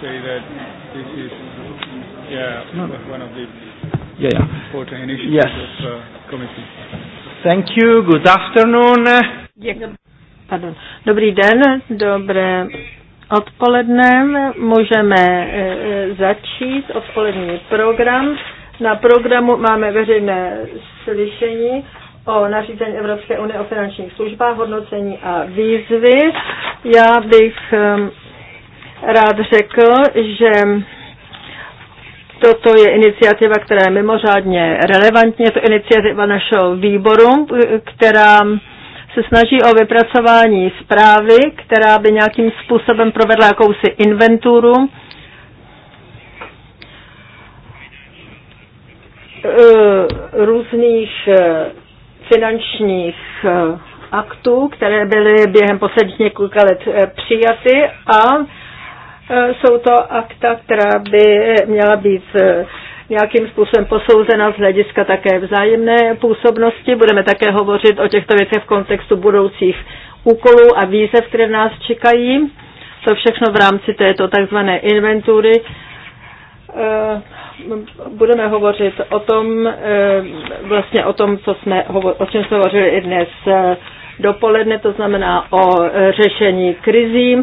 say that this is yeah, no, no. one of the yeah, yeah. important initiatives yes. of the uh, committee. Thank you. Good afternoon. Pardon. Dobrý den, dobré odpoledne. Můžeme e, začít odpolední program. Na programu máme veřejné slyšení o nařízení Evropské unie o finančních službách, hodnocení a výzvy. Já bych ehm, rád řekl, že Toto je iniciativa, která je mimořádně relevantní. Je to iniciativa našeho výboru, která se snaží o vypracování zprávy, která by nějakým způsobem provedla jakousi inventuru eh, různých eh, finančních eh, aktů, které byly během posledních několika let přijaty a Eh, jsou to akta, která by měla být eh, nějakým způsobem posouzena z hlediska také vzájemné působnosti. Budeme také hovořit o těchto věcech v kontextu budoucích úkolů a výzev, které nás čekají. To všechno v rámci této takzvané inventury. Eh, budeme hovořit o tom, vlastně o tom, co jsme, o čem jsme hovořili i dnes dopoledne, to znamená o řešení krizí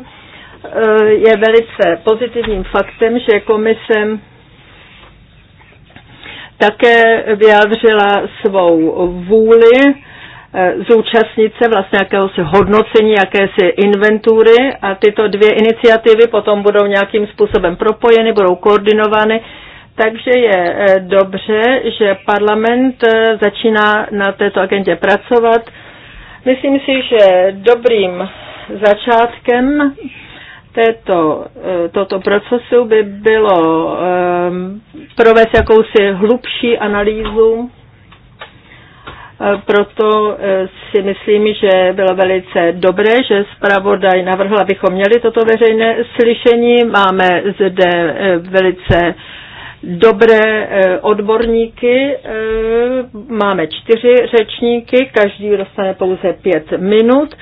Eh, je velice pozitivním faktem, že komise také vyjádřila svou vůli eh, zúčastnit se vlastně jakéhosi hodnocení, jakési inventury a tyto dvě iniciativy potom budou nějakým způsobem propojeny, budou koordinovány. Takže je eh, dobře, že parlament začíná na této agendě pracovat. Myslím si, že dobrým začátkem této, eh, toto procesu by bylo eh, provést jakousi hlubší analýzu eh, proto si myslím, že bylo velice dobré, že zpravodaj navrhl, abychom měli toto veřejné slyšení. Máme zde velice dobré odborníky, máme čtyři řečníky, každý dostane pouze pět minut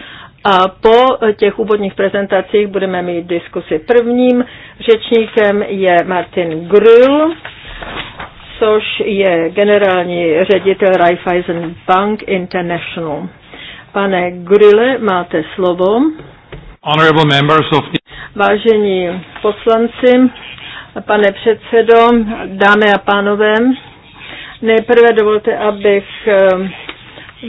a po těch úvodních prezentacích budeme mít diskusi. Prvním řečníkem je Martin Grill, což je generální ředitel Raiffeisen Bank International. Pane Grille, máte slovo. Honorable members of the... Vážení poslanci, pane předsedo, dámy a pánové, nejprve dovolte, abych eh,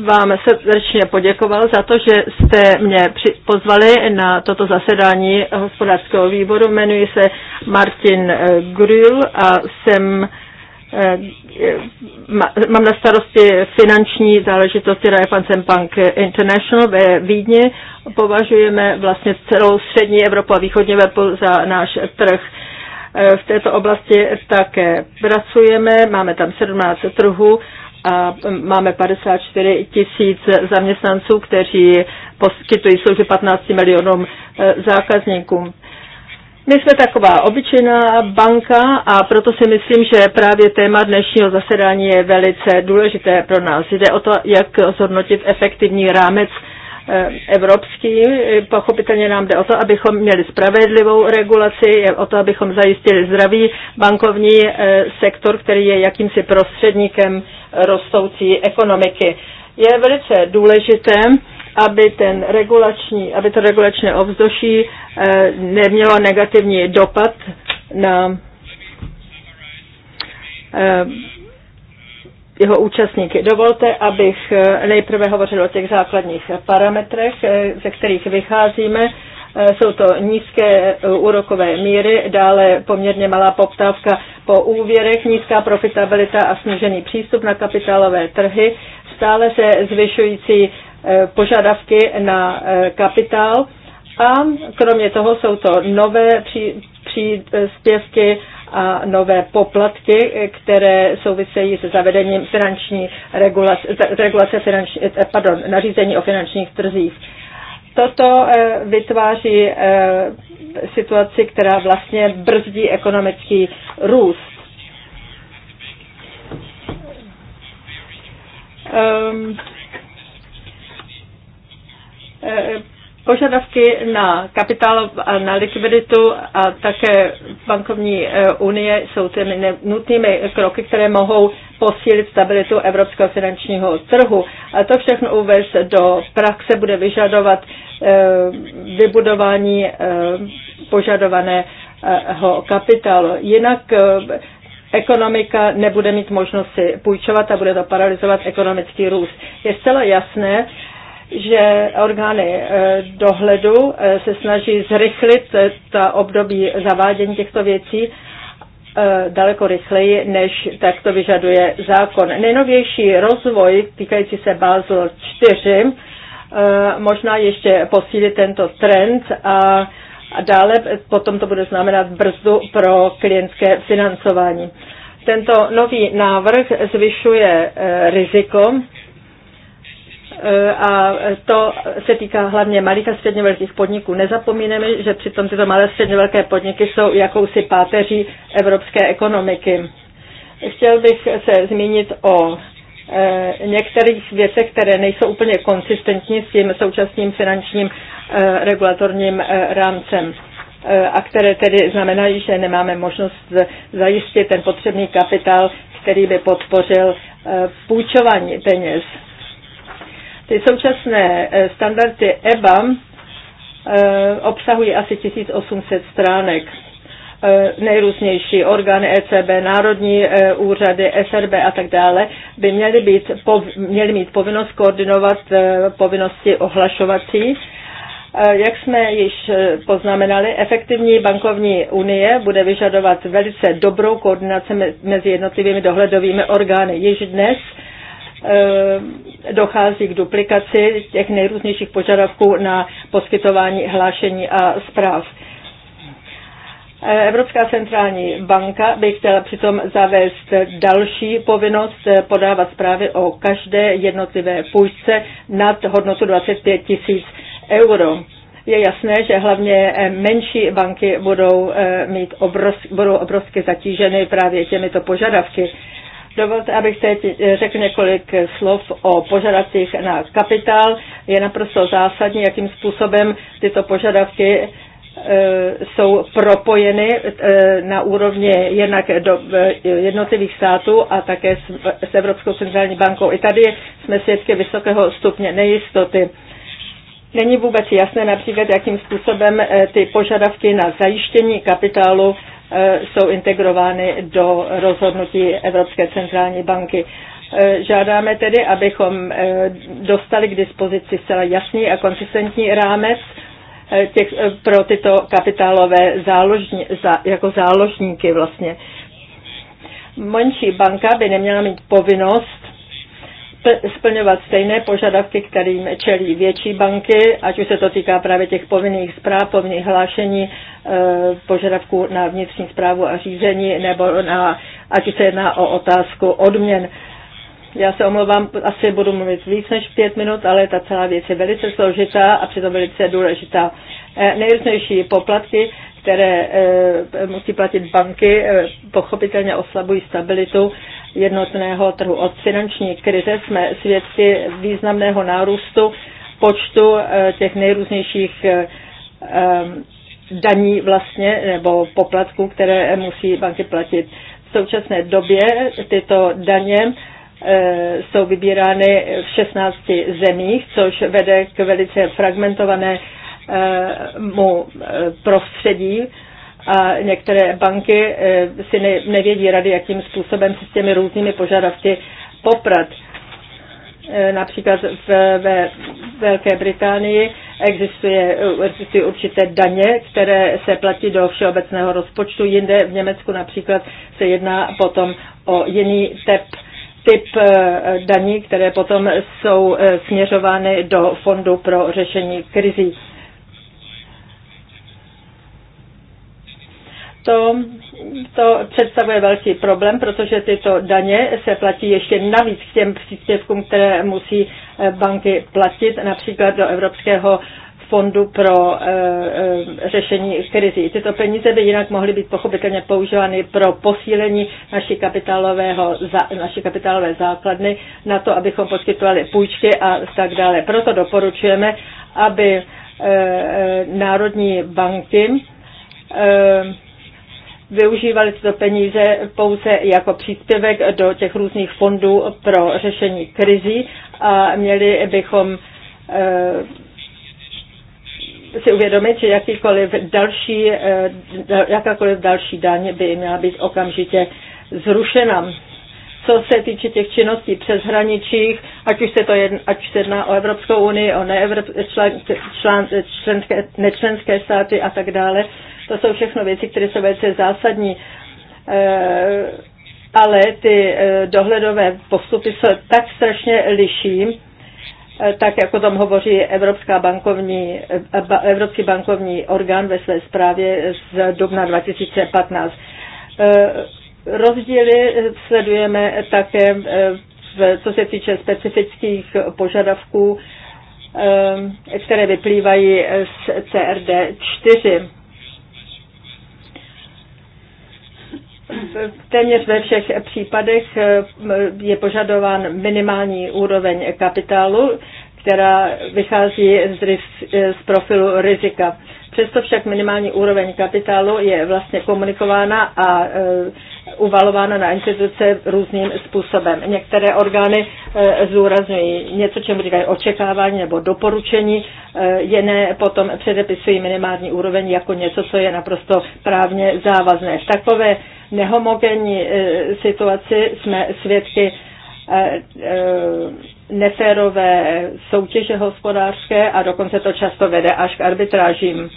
vám srdečně poděkoval za to, že jste mě pozvali na toto zasedání hospodářského výboru. Jmenuji se Martin eh, Grill a jsem eh, mám na starosti finanční záležitosti Raiffeisen Bank International ve Vídni. Považujeme vlastně celou střední Evropu a východní Evropu za náš trh. Eh, v této oblasti také pracujeme, máme tam 17 trhů a máme 54 tisíc zaměstnanců, kteří poskytují služby 15 milionům e, zákazníkům. My jsme taková obyčejná banka a proto si myslím, že právě téma dnešního zasedání je velice důležité pro nás. Jde o to, jak zhodnotit efektivní rámec Eh, evropský. Pochopitelně nám jde o to, abychom měli spravedlivou regulaci, o to, abychom zajistili zdravý bankovní eh, sektor, který je jakýmsi prostředníkem rostoucí ekonomiky. Je velice důležité, aby, ten regulační, aby to regulačné ovzdoší eh, nemělo negativní dopad na jeho účastníky. Dovolte, abych eh, nejprve hovořil o těch základních parametrech, eh, ze kterých vycházíme. Eh, jsou to nízké úrokové míry, dále poměrně malá poptávka po úvěrech, nízká profitabilita a snížený přístup na kapitálové trhy, stále se zvyšující požadavky na kapitál a kromě toho jsou to nové příspěvky a nové poplatky, které souvisejí se zavedením finanční regulace, regulace finanční, eh, pardon, nařízení o finančních trzích. Toto eh, vytváří eh, situaci, která vlastně brzdí ekonomický růst. Um, Požadavky na kapitál a na likviditu a také bankovní e, unie jsou těmi nutnými kroky, které mohou posílit stabilitu evropského finančního trhu. A to všechno uvést do praxe bude vyžadovat e, vybudování e, požadovaného kapitálu. Jinak ekonomika nebude mít možnost si půjčovat a bude to paralizovat ekonomický růst. Je zcela jasné, že orgány eh, dohledu eh, se snaží zrychlit eh, ta období zavádění těchto věcí daleko rychleji, než tak to vyžaduje zákon. Nejnovější rozvoj týkající se Basel 4 možná ještě posílit tento trend a dále potom to bude znamenat brzdu pro klientské financování. Tento nový návrh zvyšuje riziko Eh, a to se týká hlavně malých a středně velkých podniků. Nezapomínáme, že přitom tyto malé a středně velké podniky jsou jakousi páteří evropské ekonomiky. Chtěl bych se zmínit o eh, některých věcech, které nejsou úplně konsistentní s tím současným finančním eh, regulatorním rámcem a které tedy znamenají, že nemáme možnost zajistit ten potřebný kapitál, který by podpořil půjčování peněz. Ty současné eh, standardy EBA eh, obsahují asi 1800 stránek eh, nejrůznější orgány ECB, národní úřady, SRB a tak dále, by měly, být, měly mít povinnost koordinovat povinnosti ohlašovací. Jak jsme již poznamenali, efektivní bankovní unie bude vyžadovat velice dobrou koordinaci mezi jednotlivými dohledovými orgány. Již dnes Eh, dochází k duplikaci těch nejrůznějších požadavků na poskytování hlášení a zpráv. Eh, Evropská centrální banka by chtěla přitom zavést další povinnost eh, podávat zprávy o každé jednotlivé půjčce nad hodnotu 25 tisíc euro. Je jasné, že hlavně menší banky budou, mít obrovsk, budou obrovsky zatíženy právě těmito požadavky. Dovolte, abych teď eh, řekl několik eh, slov o požadavcích na kapitál. Je naprosto zásadní, jakým způsobem tyto požadavky eh, jsou propojeny na úrovni jednak do jednotlivých států a také s Evropskou centrální bankou. I tady jsme svědky vysokého stupně nejistoty. Není vůbec jasné například, jakým způsobem ty požadavky na zajištění kapitálu E, jsou integrovány do rozhodnutí Evropské centrální banky. E, žádáme tedy, abychom e, dostali k dispozici zcela jasný a konsistentní rámec těch, pro tyto kapitálové záložní, za, jako záložníky vlastně. Menší banka by neměla mít povinnost splňovat stejné požadavky, kterým čelí větší banky, ať už se to týká právě těch povinných zpráv, povinných hlášení, e, požadavků na vnitřní zprávu a řízení, nebo na, ať už se jedná o otázku odměn. Já se omlouvám, asi budu mluvit víc než pět minut, ale ta celá věc je velice složitá a přitom velice důležitá. E, nejrůznější poplatky, které e, musí platit banky, pochopitelně oslabují stabilitu jednotného trhu. Od finanční krize jsme svědky významného nárůstu počtu eh, těch nejrůznějších eh, eh, daní vlastně nebo poplatků, které musí banky platit. V současné době tyto daně jsou vybírány v 16 zemích, což vede k velice fragmentovanému prostředí, a některé banky eh, si nevědí rady, jakým způsobem si s těmi různými požadavky poprat. Eh, například v, ve Velké Británii existuje, existují určité daně, které se platí do všeobecného rozpočtu. Jinde v Německu například se jedná potom o jiný typ, typ eh, daní, které potom jsou směřovány do fondu pro řešení krizí. to, to představuje velký problém, protože tyto daně se platí ještě navíc k těm příspěvkům, které musí eh, banky platit, například do Evropského fondu pro e, e, řešení krizí. Tyto peníze by jinak mohly být pochopitelně používány pro posílení naší, kapitálového, za, naší kapitálové základny na to, abychom poskytovali půjčky a tak dále. Proto doporučujeme, aby e, e, národní banky e, využívali tyto peníze pouze jako příspěvek do těch různých fondů pro řešení krizí a měli bychom eh, si uvědomit, že jakýkoliv další, eh, jakákoliv další daň by měla být okamžitě zrušena. Co se týče těch činností přes hraničích, ať už se, to jedn, ať už se jedná o Evropskou unii, o neevro, člen, člen, členské, nečlenské státy a tak dále, to jsou všechno věci, které jsou velice zásadní. Eh, ale ty eh, dohledové postupy se tak strašně liší, eh, tak jako tam hovoří Evropská bankovní, Evropský bankovní orgán ve své zprávě z dubna 2015. Rozdíly sledujeme také, co se týče specifických požadavků, které vyplývají z CRD 4. Téměř ve všech případech eh, je požadován minimální úroveň kapitálu, která vychází z, eh, z profilu rizika. Přesto však minimální úroveň kapitálu je vlastně komunikována a e, uvalována na instituce různým způsobem. Některé orgány e, zúrazňují něco, čemu říkají očekávání nebo doporučení, e, jiné potom předepisují minimální úroveň jako něco, co je naprosto právně závazné. V takové nehomogenní situaci jsme svědky neférové soutěže hospodářské a dokonce to často vede až k arbitrážím.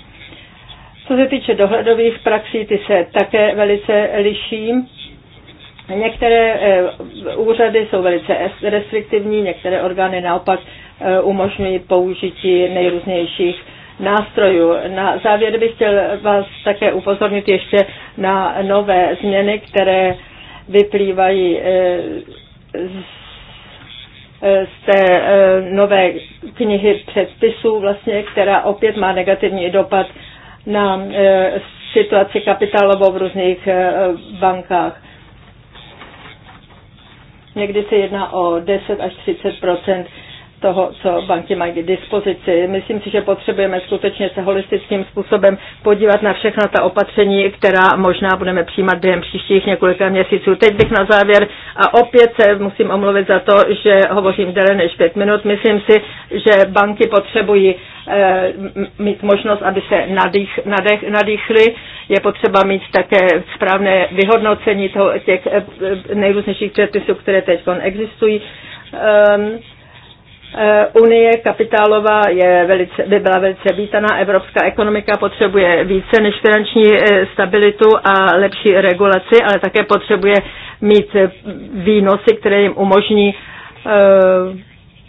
Co se týče dohledových praxí, ty se také velice liší. Některé eh, úřady jsou velice restriktivní, některé orgány naopak eh, umožňují použití nejrůznějších nástrojů. Na závěr bych chtěl vás také upozornit ještě na nové změny, které vyplývají eh, z té nové knihy předpisů, vlastně, která opět má negativní dopad na e, situaci kapitálovou v různých e, bankách. Někdy se jedná o 10 až 30 toho, co banky mají k dispozici. Myslím si, že potřebujeme skutečně se holistickým způsobem podívat na všechna ta opatření, která možná budeme přijímat během příštích několika měsíců. Teď bych na závěr a opět se musím omluvit za to, že hovořím déle než pět minut. Myslím si, že banky potřebují e, mít možnost, aby se nadých, nadech, nadýchly. Je potřeba mít také správné vyhodnocení toho, těch e, nejrůznějších předpisů, které teď existují. E, Eh, Unie kapitálová je velice, by byla velice vítaná. Evropská ekonomika potřebuje více než finanční eh, stabilitu a lepší regulaci, ale také potřebuje mít eh, výnosy, které jim umožní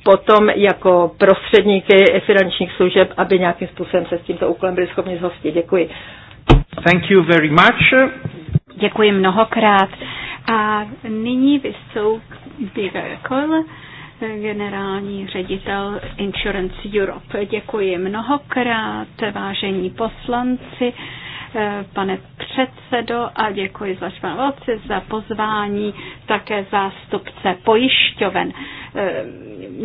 potom jako prostředníky finančních služeb, aby nějakým způsobem se s tímto úkolem byli schopni zhostit. Děkuji. Thank you very much. Děkuji mnohokrát. A nyní vystoupí Bill generální ředitel Insurance Europe. Děkuji mnohokrát, vážení poslanci. Eh, pane předsedo, a děkuji za panu Volci za pozvání, také zástupce pojišťoven. Eh,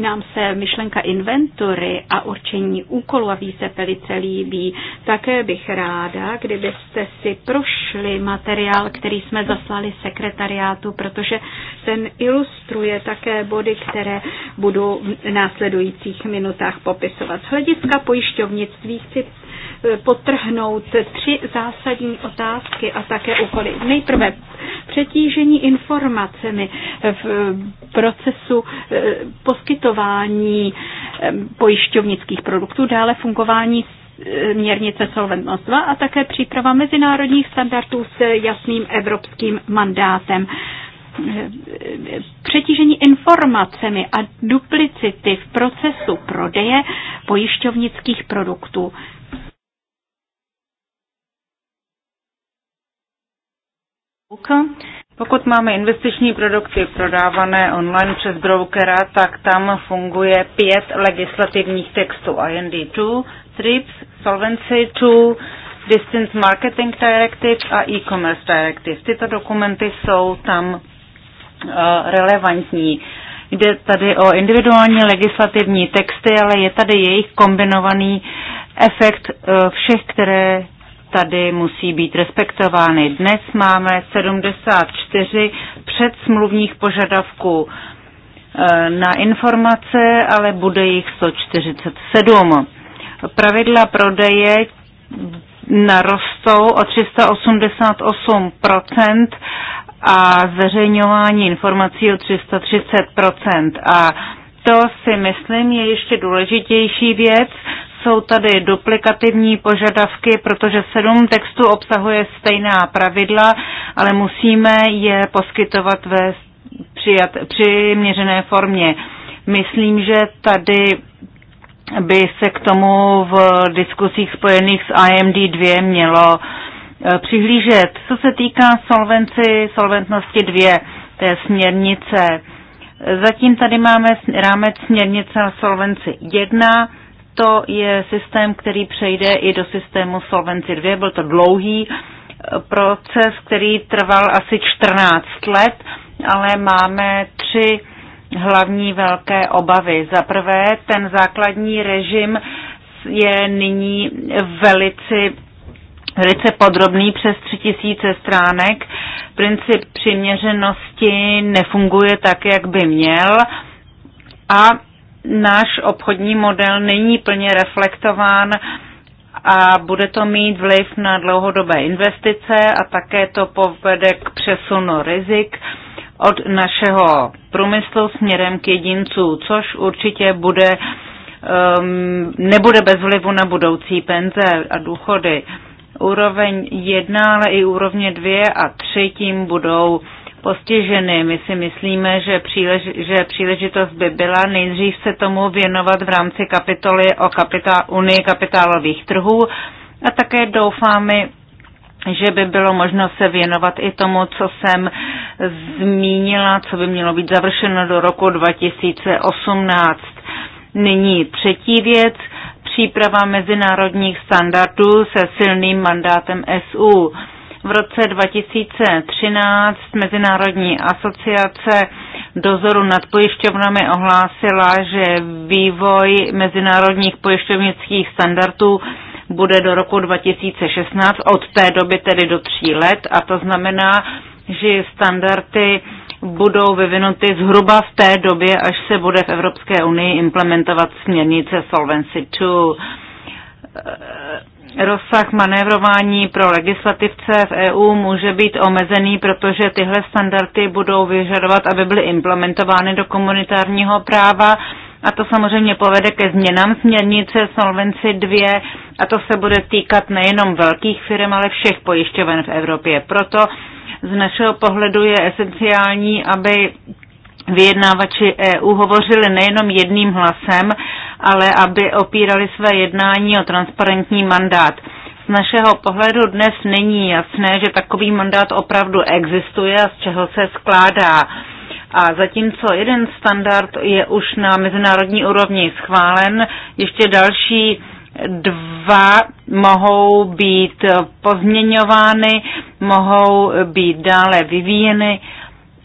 nám se myšlenka inventury a určení úkolů a více velice líbí. Také bych ráda, kdybyste si prošli materiál, který jsme zaslali sekretariátu, protože ten ilustruje také body, které budu v následujících minutách popisovat. Z hlediska pojišťovnictví chci potrhnout tři zásadní otázky a také úkoly. Nejprve přetížení informacemi v procesu eh, poskytování eh, pojišťovnických produktů, dále fungování eh, měrnice Solventnost 2 a také příprava mezinárodních standardů s jasným evropským mandátem přetížení informacemi a duplicity v procesu prodeje pojišťovnických produktů. Pokud máme investiční produkty prodávané online přes brokera, tak tam funguje pět legislativních textů IND2, TRIPS, Solvency 2, Distance Marketing Directive a E-Commerce Directive. Tyto dokumenty jsou tam eh, relevantní. Jde tady o individuální legislativní texty, ale je tady jejich kombinovaný efekt eh, všech, které tady musí být respektovány. Dnes máme 74 předsmluvních požadavků eh, na informace, ale bude jich 147. Pravidla prodeje narostou o 388% a zveřejňování informací o 330%. A to si myslím je ještě důležitější věc, jsou tady duplikativní požadavky, protože sedm textů obsahuje stejná pravidla, ale musíme je poskytovat ve přijat, přiměřené formě. Myslím, že tady by se k tomu v diskusích spojených s IMD2 mělo eh, přihlížet. Co se týká solvenci, solventnosti 2, té směrnice, zatím tady máme rámec směrnice a solvenci 1, to je systém, který přejde i do systému Solvency 2. Byl to dlouhý eh, proces, který trval asi 14 let, ale máme tři hlavní velké obavy. Za prvé, ten základní režim je nyní velice, velice podrobný přes 3000 stránek. Princip přiměřenosti nefunguje tak, jak by měl a náš obchodní model není plně reflektován a bude to mít vliv na dlouhodobé investice a také to povede k přesunu rizik od našeho průmyslu směrem k jedinců, což určitě bude, um, nebude bez vlivu na budoucí penze a důchody. Úroveň 1, ale i úrovně 2 a 3 tím budou postiženy. My si myslíme, že, přílež, že příležitost by byla nejdřív se tomu věnovat v rámci kapitoly o kapitál, Unii kapitálových trhů a také doufáme, že by bylo možno se věnovat i tomu, co jsem zmínila, co by mělo být završeno do roku 2018. Nyní třetí věc, příprava mezinárodních standardů se silným mandátem SU v roce 2013 Mezinárodní asociace dozoru nad pojišťovnami ohlásila, že vývoj mezinárodních pojišťovnických standardů bude do roku 2016, od té doby tedy do tří let, a to znamená, že standardy budou vyvinuty zhruba v té době, až se bude v Evropské unii implementovat směrnice Solvency II rozsah manévrování pro legislativce v EU může být omezený, protože tyhle standardy budou vyžadovat, aby byly implementovány do komunitárního práva a to samozřejmě povede ke změnám směrnice Solvency 2 a to se bude týkat nejenom velkých firm, ale všech pojišťoven v Evropě. Proto z našeho pohledu je esenciální, aby vyjednávači EU hovořili nejenom jedným hlasem, ale aby opírali své jednání o transparentní mandát. Z našeho pohledu dnes není jasné, že takový mandát opravdu existuje a z čeho se skládá. A zatímco jeden standard je už na mezinárodní úrovni schválen, ještě další dva mohou být pozměňovány, mohou být dále vyvíjeny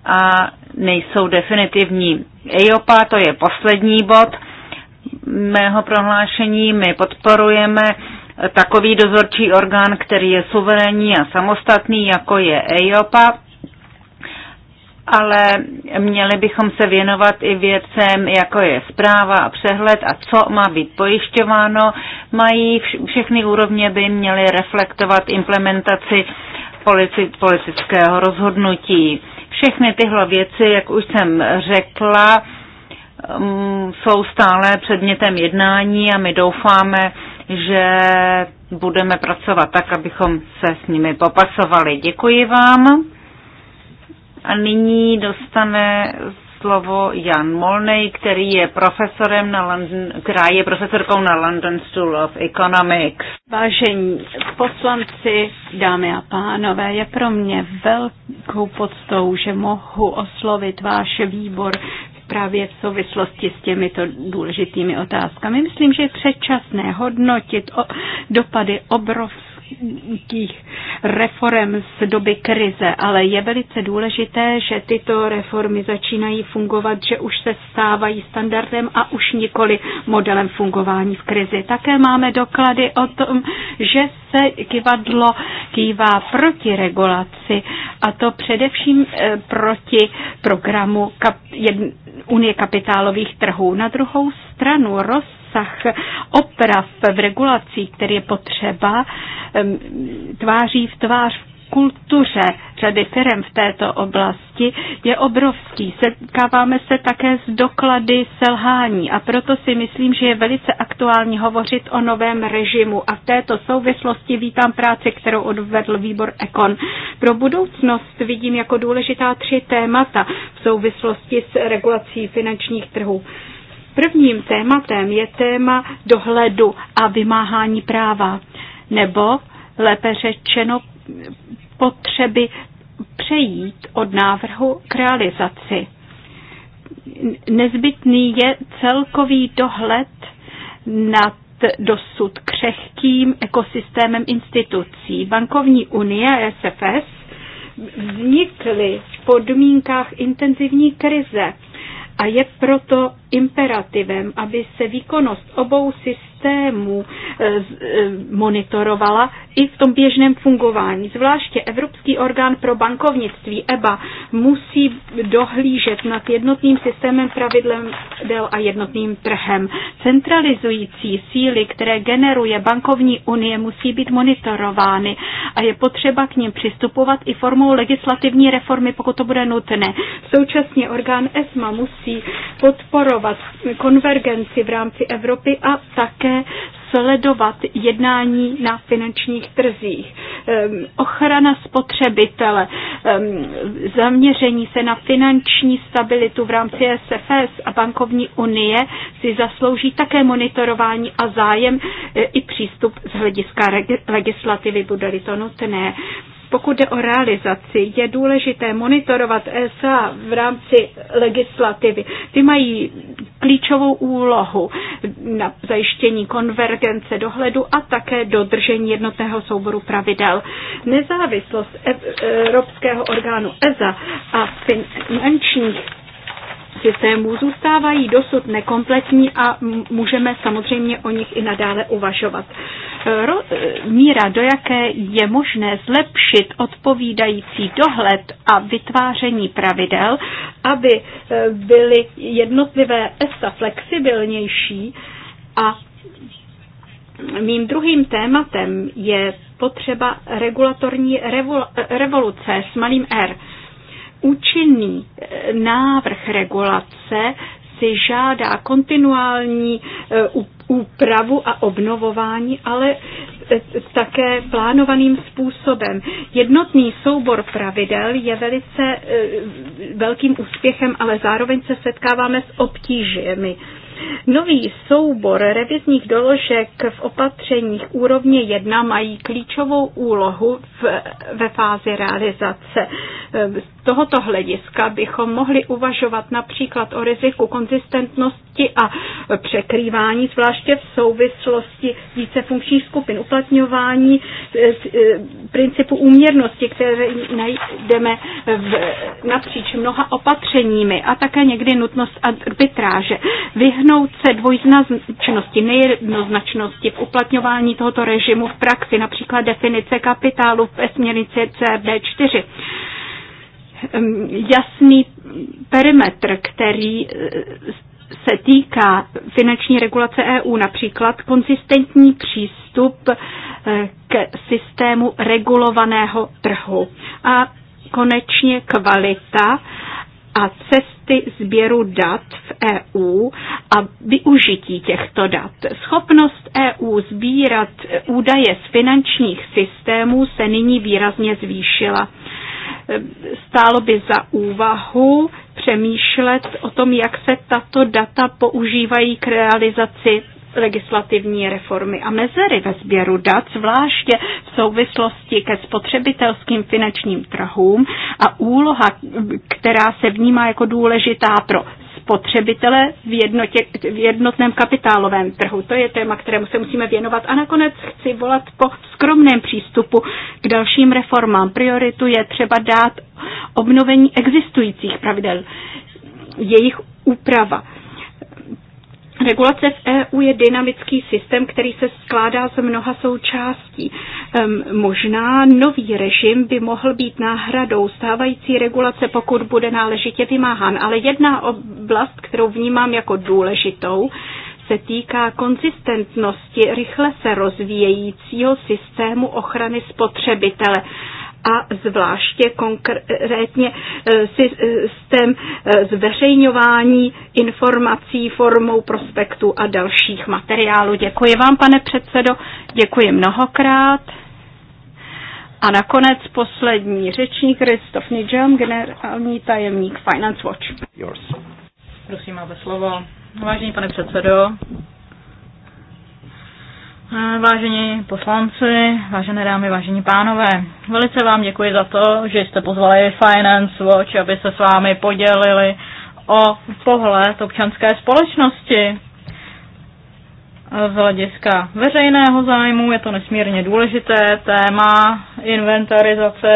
a nejsou definitivní. EIOPA to je poslední bod mého prohlášení. My podporujeme takový dozorčí orgán, který je suverénní a samostatný, jako je EIOPA, ale měli bychom se věnovat i věcem, jako je zpráva a přehled a co má být pojišťováno. Mají všechny úrovně by měly reflektovat implementaci politického rozhodnutí. Všechny tyhle věci, jak už jsem řekla, Um, jsou stále předmětem jednání a my doufáme, že budeme pracovat tak, abychom se s nimi popasovali. Děkuji vám. A nyní dostane slovo Jan Molnej, který je profesorem na London, která je profesorkou na London School of Economics. Vážení poslanci, dámy a pánové, je pro mě velkou podstou, že mohu oslovit váš výbor právě v souvislosti s těmito důležitými otázkami. Myslím, že je předčasné hodnotit dopady obrovské velkých reform z doby krize, ale je velice důležité, že tyto reformy začínají fungovat, že už se stávají standardem a už nikoli modelem fungování v krizi. Také máme doklady o tom, že se kivadlo kývá proti regulaci a to především eh, proti programu Unie kapitálových trhů. Na druhou stranu roz rozsah oprav v regulacích, který je potřeba, tváří v tvář v kultuře řady firm v této oblasti je obrovský. Setkáváme se také s doklady selhání a proto si myslím, že je velice aktuální hovořit o novém režimu a v této souvislosti vítám práci, kterou odvedl výbor Ekon. Pro budoucnost vidím jako důležitá tři témata v souvislosti s regulací finančních trhů. Prvním tématem je téma dohledu a vymáhání práva, nebo lépe řečeno potřeby přejít od návrhu k realizaci. Nezbytný je celkový dohled nad dosud křehkým ekosystémem institucí. Bankovní unie a SFS vznikly v podmínkách intenzivní krize a je proto imperativem, aby se výkonnost obou systémů systémů eh, eh, monitorovala i v tom běžném fungování. Zvláště Evropský orgán pro bankovnictví EBA musí dohlížet nad jednotným systémem pravidlem del a jednotným trhem. Centralizující síly, které generuje bankovní unie, musí být monitorovány a je potřeba k ním přistupovat i formou legislativní reformy, pokud to bude nutné. Současně orgán ESMA musí podporovat konvergenci v rámci Evropy a také také sledovat jednání na finančních trzích. Ehm, ochrana spotřebitele, ehm, zaměření se na finanční stabilitu v rámci SFS a bankovní unie si zaslouží také monitorování a zájem e, i přístup z hlediska legislativy, bude-li to nutné. Pokud jde o realizaci, je důležité monitorovat ESA v rámci legislativy. Ty mají klíčovou úlohu na zajištění konvergence dohledu a také dodržení jednotného souboru pravidel. Nezávislost Evropského orgánu ESA a finančních systémů zůstávají dosud nekompletní a můžeme samozřejmě o nich i nadále uvažovat. E, ro- e, míra, do jaké je možné zlepšit odpovídající dohled a vytváření pravidel, aby e, byly jednotlivé ESA flexibilnější a Mým druhým tématem je potřeba regulatorní revoluce s malým R účinný návrh regulace si žádá kontinuální e, úpravu a obnovování, ale e, také plánovaným způsobem. Jednotný soubor pravidel je velice e, velkým úspěchem, ale zároveň se setkáváme s obtížemi. Nový soubor revizních doložek v opatřeních úrovně 1 mají klíčovou úlohu v, ve fázi realizace. Ehm, z tohoto hlediska bychom mohli uvažovat například o riziku konzistentnosti a překrývání, zvláště v souvislosti více funkčních skupin uplatňování e, e, principu úměrnosti, které najdeme v, napříč mnoha opatřeními a také někdy nutnost arbitráže. Vyhnout vyhnout se dvojznačnosti, nejednoznačnosti v uplatňování tohoto režimu v praxi, například definice kapitálu v směrnici cb 4 ehm, jasný perimetr, který eh, se týká finanční regulace EU, například konzistentní přístup eh, k systému regulovaného trhu a konečně kvalita a cesty sběru dat v EU a využití těchto dat. Schopnost EU sbírat údaje z finančních systémů se nyní výrazně zvýšila. Stálo by za úvahu přemýšlet o tom, jak se tato data používají k realizaci legislativní reformy a mezery ve sběru dat, zvláště v souvislosti ke spotřebitelským finančním trhům a úloha, která se vnímá jako důležitá pro spotřebitele v, jednotě, v jednotném kapitálovém trhu. To je téma, kterému se musíme věnovat. A nakonec chci volat po skromném přístupu k dalším reformám. Prioritu je třeba dát obnovení existujících pravidel, jejich úprava Regulace v EU je dynamický systém, který se skládá z mnoha součástí. Ehm, možná nový režim by mohl být náhradou stávající regulace, pokud bude náležitě vymáhán. Ale jedna oblast, kterou vnímám jako důležitou, se týká konzistentnosti rychle se rozvíjejícího systému ochrany spotřebitele a zvláště konkrétně eh, eh, systém eh, zveřejňování informací formou prospektu a dalších materiálů. Děkuji vám, pane předsedo, děkuji mnohokrát. A nakonec poslední řečník Kristof Nijem, generální tajemník Finance Watch. Yours. Prosím, máte slovo. Vážený pane předsedo, Vážení poslanci, vážené dámy, vážení pánové, velice vám děkuji za to, že jste pozvali Finance Watch, aby se s vámi podělili o pohled občanské společnosti. Z hlediska veřejného zájmu je to nesmírně důležité téma inventarizace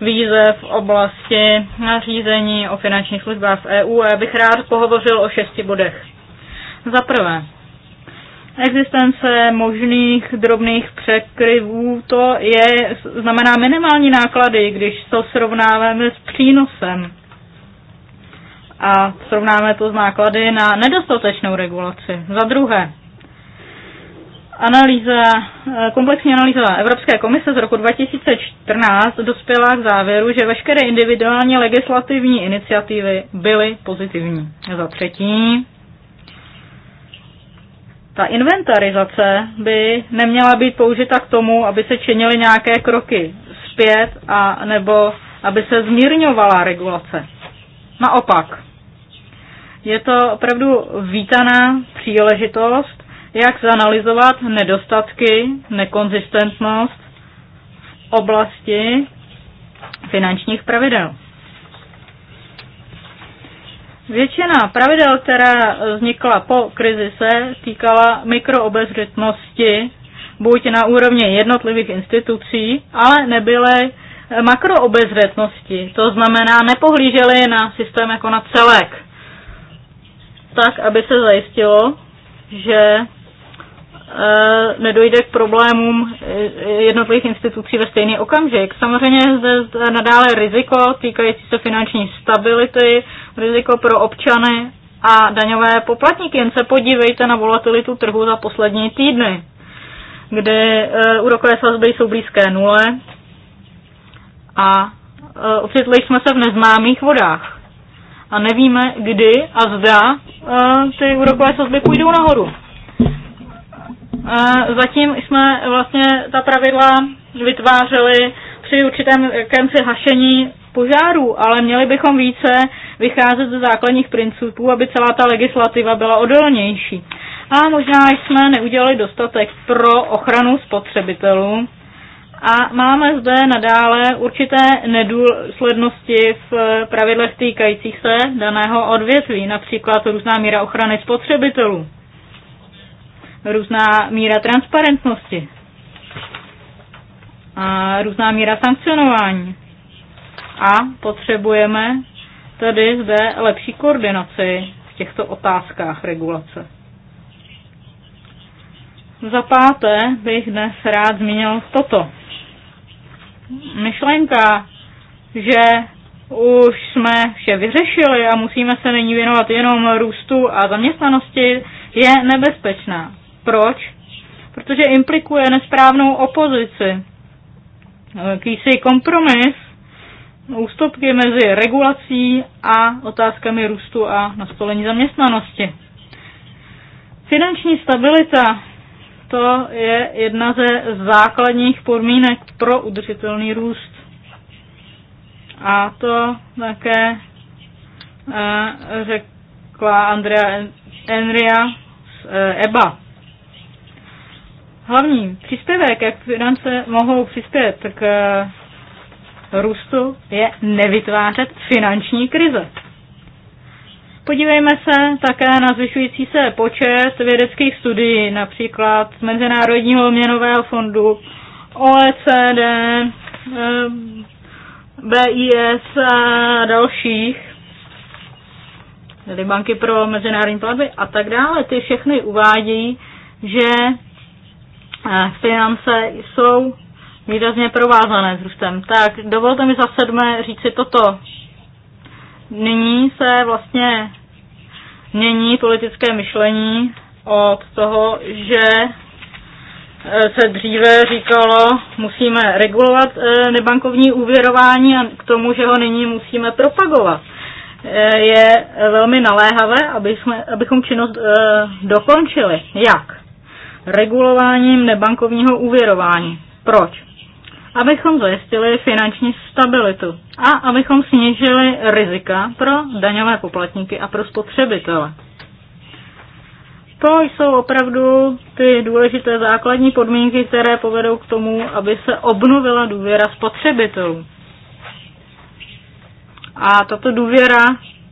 výzev v oblasti nařízení o finančních službách v EU. Já bych rád pohovořil o šesti bodech. Za prvé, Existence možných drobných překryvů, to je, znamená minimální náklady, když to srovnáváme s přínosem. A srovnáme to s náklady na nedostatečnou regulaci. Za druhé, analýza, eh, komplexní analýza Evropské komise z roku 2014 dospěla k závěru, že veškeré individuální legislativní iniciativy byly pozitivní. Za třetí, ta inventarizace by neměla být použita k tomu, aby se činily nějaké kroky zpět a nebo aby se zmírňovala regulace. Naopak, je to opravdu vítaná příležitost, jak zanalizovat nedostatky, nekonzistentnost v oblasti finančních pravidel. Většina pravidel, která e, vznikla po krizi, se týkala mikroobezřetnosti, buď na úrovni jednotlivých institucí, ale nebyly e, makroobezřetnosti. To znamená, nepohlíželi na systém jako na celek, tak, aby se zajistilo, že e, nedojde k problémům jednotlivých institucí ve stejný okamžik. Samozřejmě zde nadále riziko týkající se finanční stability, riziko pro občany a daňové poplatníky. Jen se podívejte na volatilitu trhu za poslední týdny, kdy eh, úrokové sazby jsou blízké nule a eh, ocitli jsme se v neznámých vodách. A nevíme, kdy a zda eh, ty úrokové sazby půjdou nahoru. Zatím jsme vlastně ta pravidla vytvářeli při určitém kemci hašení požárů, ale měli bychom více vycházet ze základních principů, aby celá ta legislativa byla odolnější. A možná jsme neudělali dostatek pro ochranu spotřebitelů a máme zde nadále určité nedůslednosti v pravidlech týkajících se daného odvětví, například různá míra ochrany spotřebitelů, různá míra transparentnosti a různá míra sankcionování. A potřebujeme tedy zde lepší koordinaci v těchto otázkách regulace. Za páté bych dnes rád zmínil toto. Myšlenka, že už jsme vše vyřešili a musíme se nyní věnovat jenom růstu a zaměstnanosti, je nebezpečná. Proč? Protože implikuje nesprávnou opozici. Jakýsi kompromis ústupky mezi regulací a otázkami růstu a nastolení zaměstnanosti. Finanční stabilita to je jedna ze základních podmínek pro udržitelný růst. A to také eh, řekla Andrea Enria z eh, EBA. Hlavní příspěvek, jak finance mohou přispět k růstu je nevytvářet finanční krize. Podívejme se také na zvyšující se počet vědeckých studií, například Mezinárodního měnového fondu, OECD, eh, BIS a dalších, tedy banky pro mezinárodní platby a tak dále. Ty všechny uvádějí, že eh, finance jsou výrazně provázané s růstem. Tak dovolte mi za sedmé říci toto. Nyní se vlastně mění politické myšlení od toho, že eh, se dříve říkalo, musíme regulovat eh, nebankovní úvěrování a k tomu, že ho nyní musíme propagovat. Eh, je velmi naléhavé, aby jsme, abychom činnost dokončili. Jak? Regulováním nebankovního úvěrování. Proč? abychom zajistili finanční stabilitu a abychom snížili rizika pro daňové poplatníky a pro spotřebitele. To jsou opravdu ty důležité základní podmínky, které povedou k tomu, aby se obnovila důvěra spotřebitelů. A tato důvěra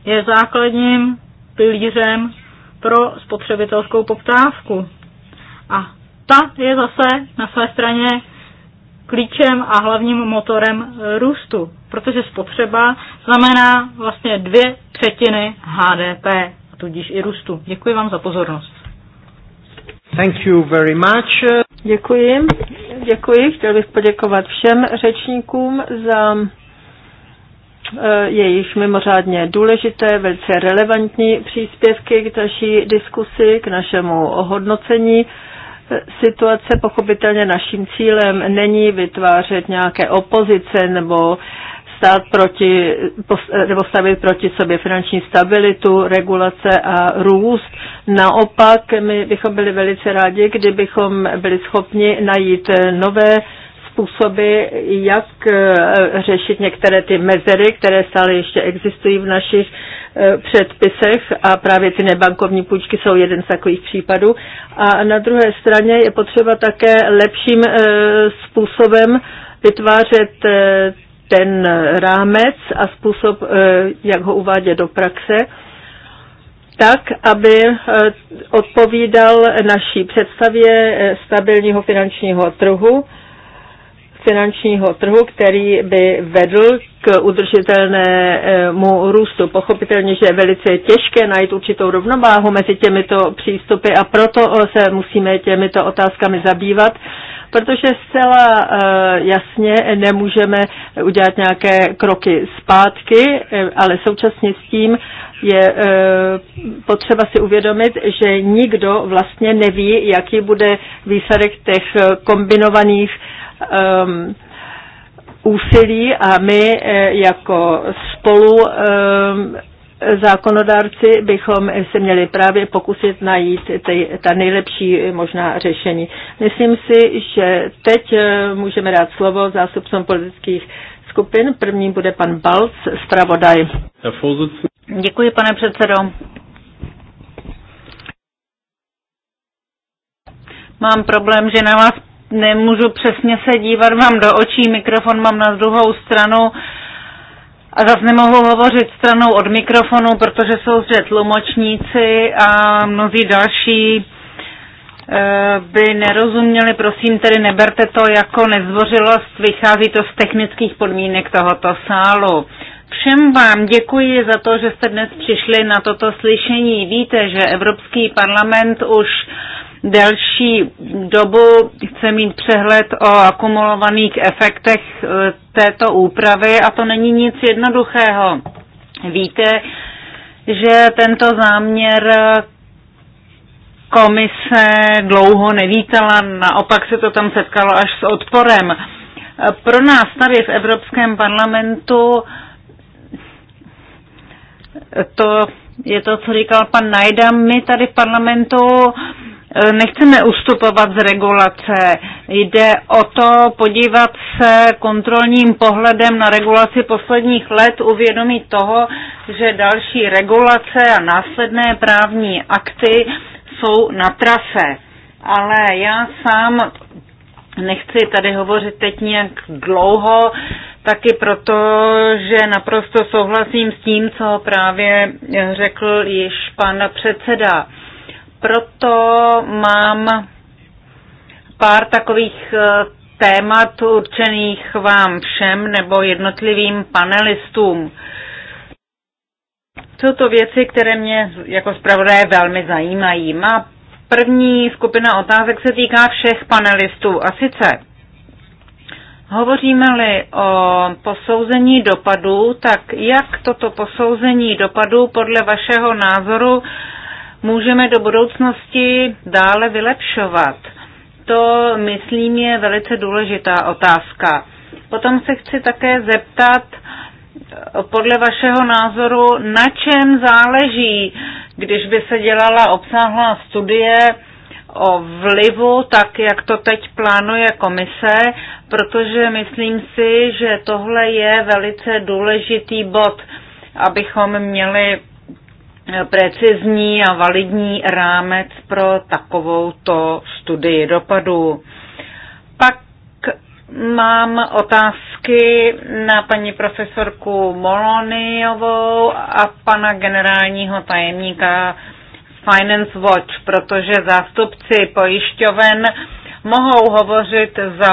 je základním pilířem pro spotřebitelskou poptávku. A ta je zase na své straně klíčem a hlavním motorem růstu, protože spotřeba znamená vlastně dvě třetiny HDP, a tudíž i růstu. Děkuji vám za pozornost. Thank you very much. Děkuji. Děkuji. Chtěl bych poděkovat všem řečníkům za eh, jejich mimořádně důležité, velice relevantní příspěvky k naší diskusi, k našemu hodnocení situace. Pochopitelně naším cílem není vytvářet nějaké opozice nebo stát proti, nebo stavit proti sobě finanční stabilitu, regulace a růst. Naopak, my bychom byli velice rádi, kdybychom byli schopni najít nové způsoby, jak eh, řešit některé ty mezery, které stále ještě existují v našich Eh, předpisech a právě ty nebankovní půjčky jsou jeden z takových případů. A na druhé straně je potřeba také lepším eh, způsobem vytvářet eh, ten rámec a způsob, jak ho uvádět do praxe, tak, aby odpovídal naší představě stabilního finančního trhu finančního trhu, který by vedl k udržitelnému růstu. Pochopitelně, že je velice těžké najít určitou rovnováhu mezi těmito přístupy a proto se musíme těmito otázkami zabývat, protože zcela eh, jasně nemůžeme udělat nějaké kroky zpátky, eh, ale současně s tím je eh, potřeba si uvědomit, že nikdo vlastně neví, jaký bude výsledek těch kombinovaných um, úsilí a my eh, jako spolu e, zákonodárci bychom se měli právě pokusit najít ty, ta nejlepší možná řešení. Myslím si, že teď eh, můžeme dát slovo zástupcům politických skupin. První bude pan Balc, zpravodaj. Děkuji, pane předsedo. Mám problém, že na vás nemůžu přesně se dívat vám do očí, mikrofon mám na druhou stranu a zase nemohu hovořit stranou od mikrofonu, protože jsou zde tlumočníci a mnozí další eh, by nerozuměli, prosím, tedy neberte to jako nezvořilost, vychází to z technických podmínek tohoto sálu. Všem vám děkuji za to, že jste dnes přišli na toto slyšení. Víte, že Evropský parlament už uh, delší dobu chce mít přehled o akumulovaných efektech eh, této úpravy a to není nic jednoduchého. Víte, že tento záměr eh, komise dlouho nevítala, naopak se to tam setkalo až s odporem. Eh, pro nás tady v Evropském parlamentu to je to, co říkal pan Najda, my tady v parlamentu E, nechceme ustupovat z regulace. Jde o to podívat se kontrolním pohledem na regulaci posledních let, uvědomit toho, že další regulace a následné právní akty jsou na trase. Ale já sám nechci tady hovořit teď nějak dlouho, taky proto, že naprosto souhlasím s tím, co právě řekl již pan předseda proto mám pár takových eh, témat určených vám všem nebo jednotlivým panelistům. Jsou to věci, které mě jako zpravodaje velmi zajímají. Má první skupina otázek se týká všech panelistů. A sice, hovoříme-li o posouzení dopadů, tak jak toto posouzení dopadů podle vašeho názoru můžeme do budoucnosti dále vylepšovat? To, myslím, je velice důležitá otázka. Potom se chci také zeptat, eh, podle vašeho názoru, na čem záleží, když by se dělala obsáhlá studie o vlivu, tak jak to teď plánuje komise, protože myslím si, že tohle je velice důležitý bod, abychom měli precizní a validní rámec pro takovouto studii dopadu. Pak mám otázky na paní profesorku Moloniovou a pana generálního tajemníka Finance Watch, protože zástupci pojišťoven mohou hovořit za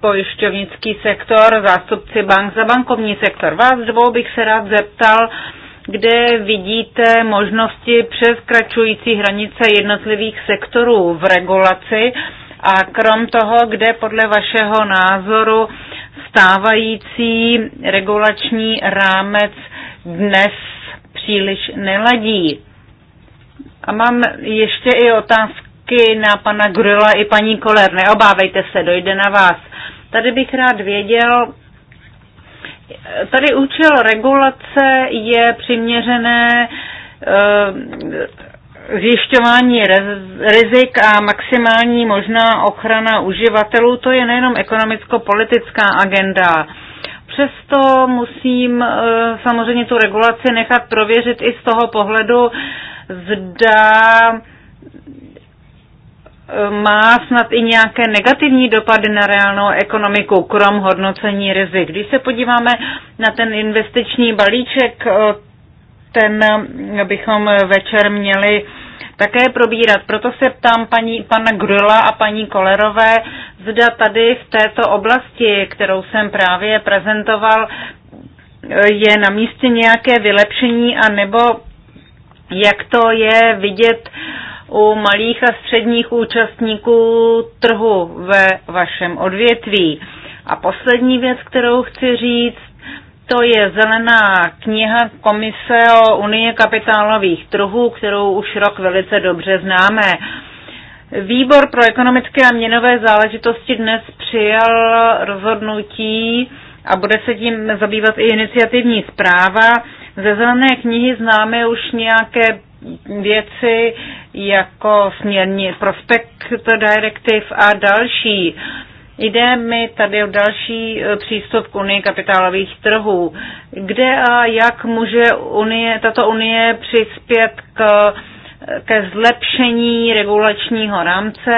pojišťovnický sektor, zástupci bank za bankovní sektor. Vás dvou bych se rád zeptal, kde vidíte možnosti přeskračující hranice jednotlivých sektorů v regulaci a krom toho, kde podle vašeho názoru stávající regulační rámec dnes příliš neladí. A mám ještě i otázky na pana Grilla i paní Koler. Neobávejte se, dojde na vás. Tady bych rád věděl, Tady účel regulace je přiměřené eh, zjišťování rizik a maximální možná ochrana uživatelů, to je nejenom ekonomicko-politická agenda. Přesto musím eh, samozřejmě tu regulaci nechat prověřit i z toho pohledu, zda má snad i nějaké negativní dopady na reálnou ekonomiku, krom hodnocení rizik. Když se podíváme na ten investiční balíček, ten eh, bychom večer měli také probírat. Proto se ptám paní, pana Grula a paní Kolerové, zda tady v této oblasti, kterou jsem právě prezentoval, eh, je na místě nějaké vylepšení, anebo jak to je vidět uh, u malých a středních účastníků trhu ve vašem odvětví. A poslední věc, kterou chci říct, to je zelená kniha Komise o unie kapitálových trhů, kterou už rok velice dobře známe. Výbor pro ekonomické a měnové záležitosti dnes přijal rozhodnutí a bude se tím zabývat i iniciativní zpráva. Ze zelené knihy známe už nějaké věci jako směrní prospekt Directive a další. Jde mi tady o další e, přístup k Unii kapitálových trhů. Kde a jak může unie, tato Unie přispět k, e, ke zlepšení regulačního rámce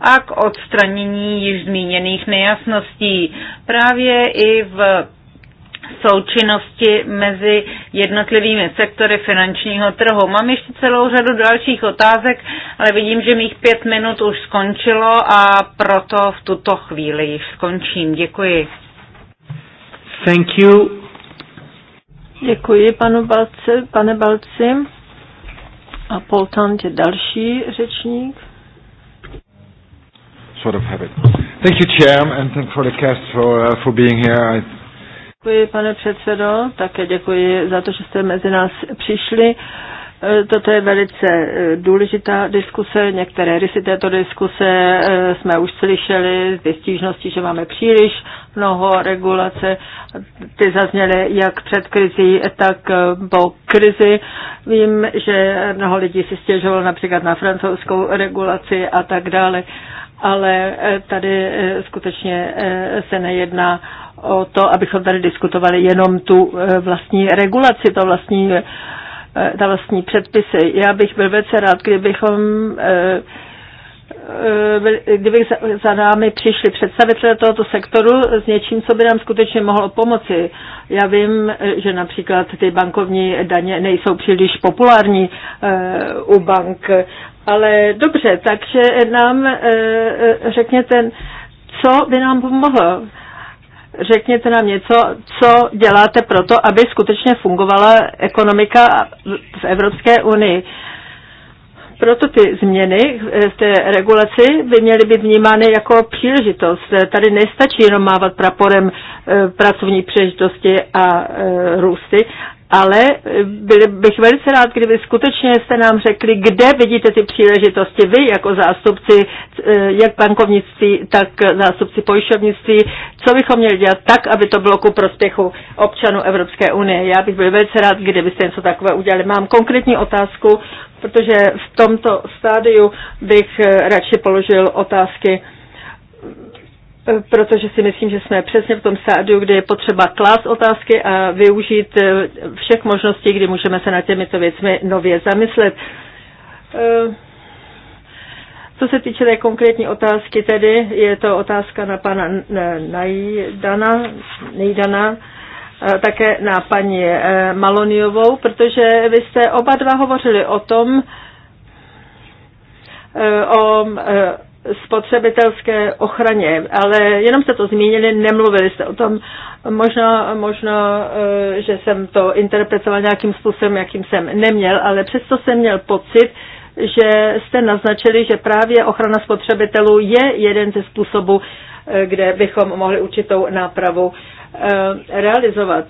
a k odstranění již zmíněných nejasností? Právě i v součinnosti mezi jednotlivými sektory finančního trhu. Mám ještě celou řadu dalších otázek, ale vidím, že mých pět minut už skončilo a proto v tuto chvíli již skončím. Děkuji. Thank you. Děkuji panu Balci, pane Balci. A Poltant je další řečník sort of habit. Thank you, Chair, and thank for the cast for uh, for being here. I Děkuji, pane předsedo, také děkuji za to, že jste mezi nás přišli. E, toto je velice e, důležitá diskuse. Některé rysy této diskuse e, jsme už slyšeli z stížnosti, že máme příliš mnoho regulace. Ty zazněly jak před krizí, tak po krizi. Vím, že mnoho lidí si stěžovalo například na francouzskou regulaci a tak dále ale tady skutečně se nejedná o to, abychom tady diskutovali jenom tu eh, vlastní regulaci, to vlastní, eh, ta vlastní předpisy. Já bych byl velice rád, kdybychom eh, kdyby za námi přišli představitelé tohoto sektoru s něčím, co by nám skutečně mohlo pomoci. Já vím, že například ty bankovní daně nejsou příliš populární u bank, ale dobře, takže nám řekněte, co by nám pomohlo řekněte nám něco, co děláte proto, aby skutečně fungovala ekonomika v Evropské unii. Proto ty změny v té regulaci by měly být vnímány jako příležitost. Tady nestačí jenom mávat praporem eh, pracovní příležitosti a eh, růsty, ale eh, byl, bych velice rád, kdyby skutečně jste nám řekli, kde vidíte ty příležitosti vy jako zástupci eh, jak bankovnictví, tak zástupci pojišťovnictví, co bychom měli dělat tak, aby to bylo ku prospěchu občanů Evropské unie. Já bych byl velice rád, kdybyste něco takové udělali. Mám konkrétní otázku, protože v tomto stádiu bych eh, radši položil otázky Eh, protože si myslím, že jsme přesně v tom stádiu, kde je potřeba klást otázky a využít eh, všech možností, kdy můžeme se na těmito věcmi nově zamyslet. Eh, co se týče té konkrétní otázky tedy, je to otázka na pana Najdana, Nejdana, také na paní Maloniovou, protože vy jste oba dva hovořili o tom, o spotřebitelské ochraně, ale jenom jste to zmínili, nemluvili jste o tom. Možná, možná, eh, že jsem to interpretoval nějakým způsobem, jakým jsem neměl, ale přesto jsem měl pocit, že jste naznačili, že právě ochrana spotřebitelů je jeden ze způsobů, eh, kde bychom mohli určitou nápravu eh, realizovat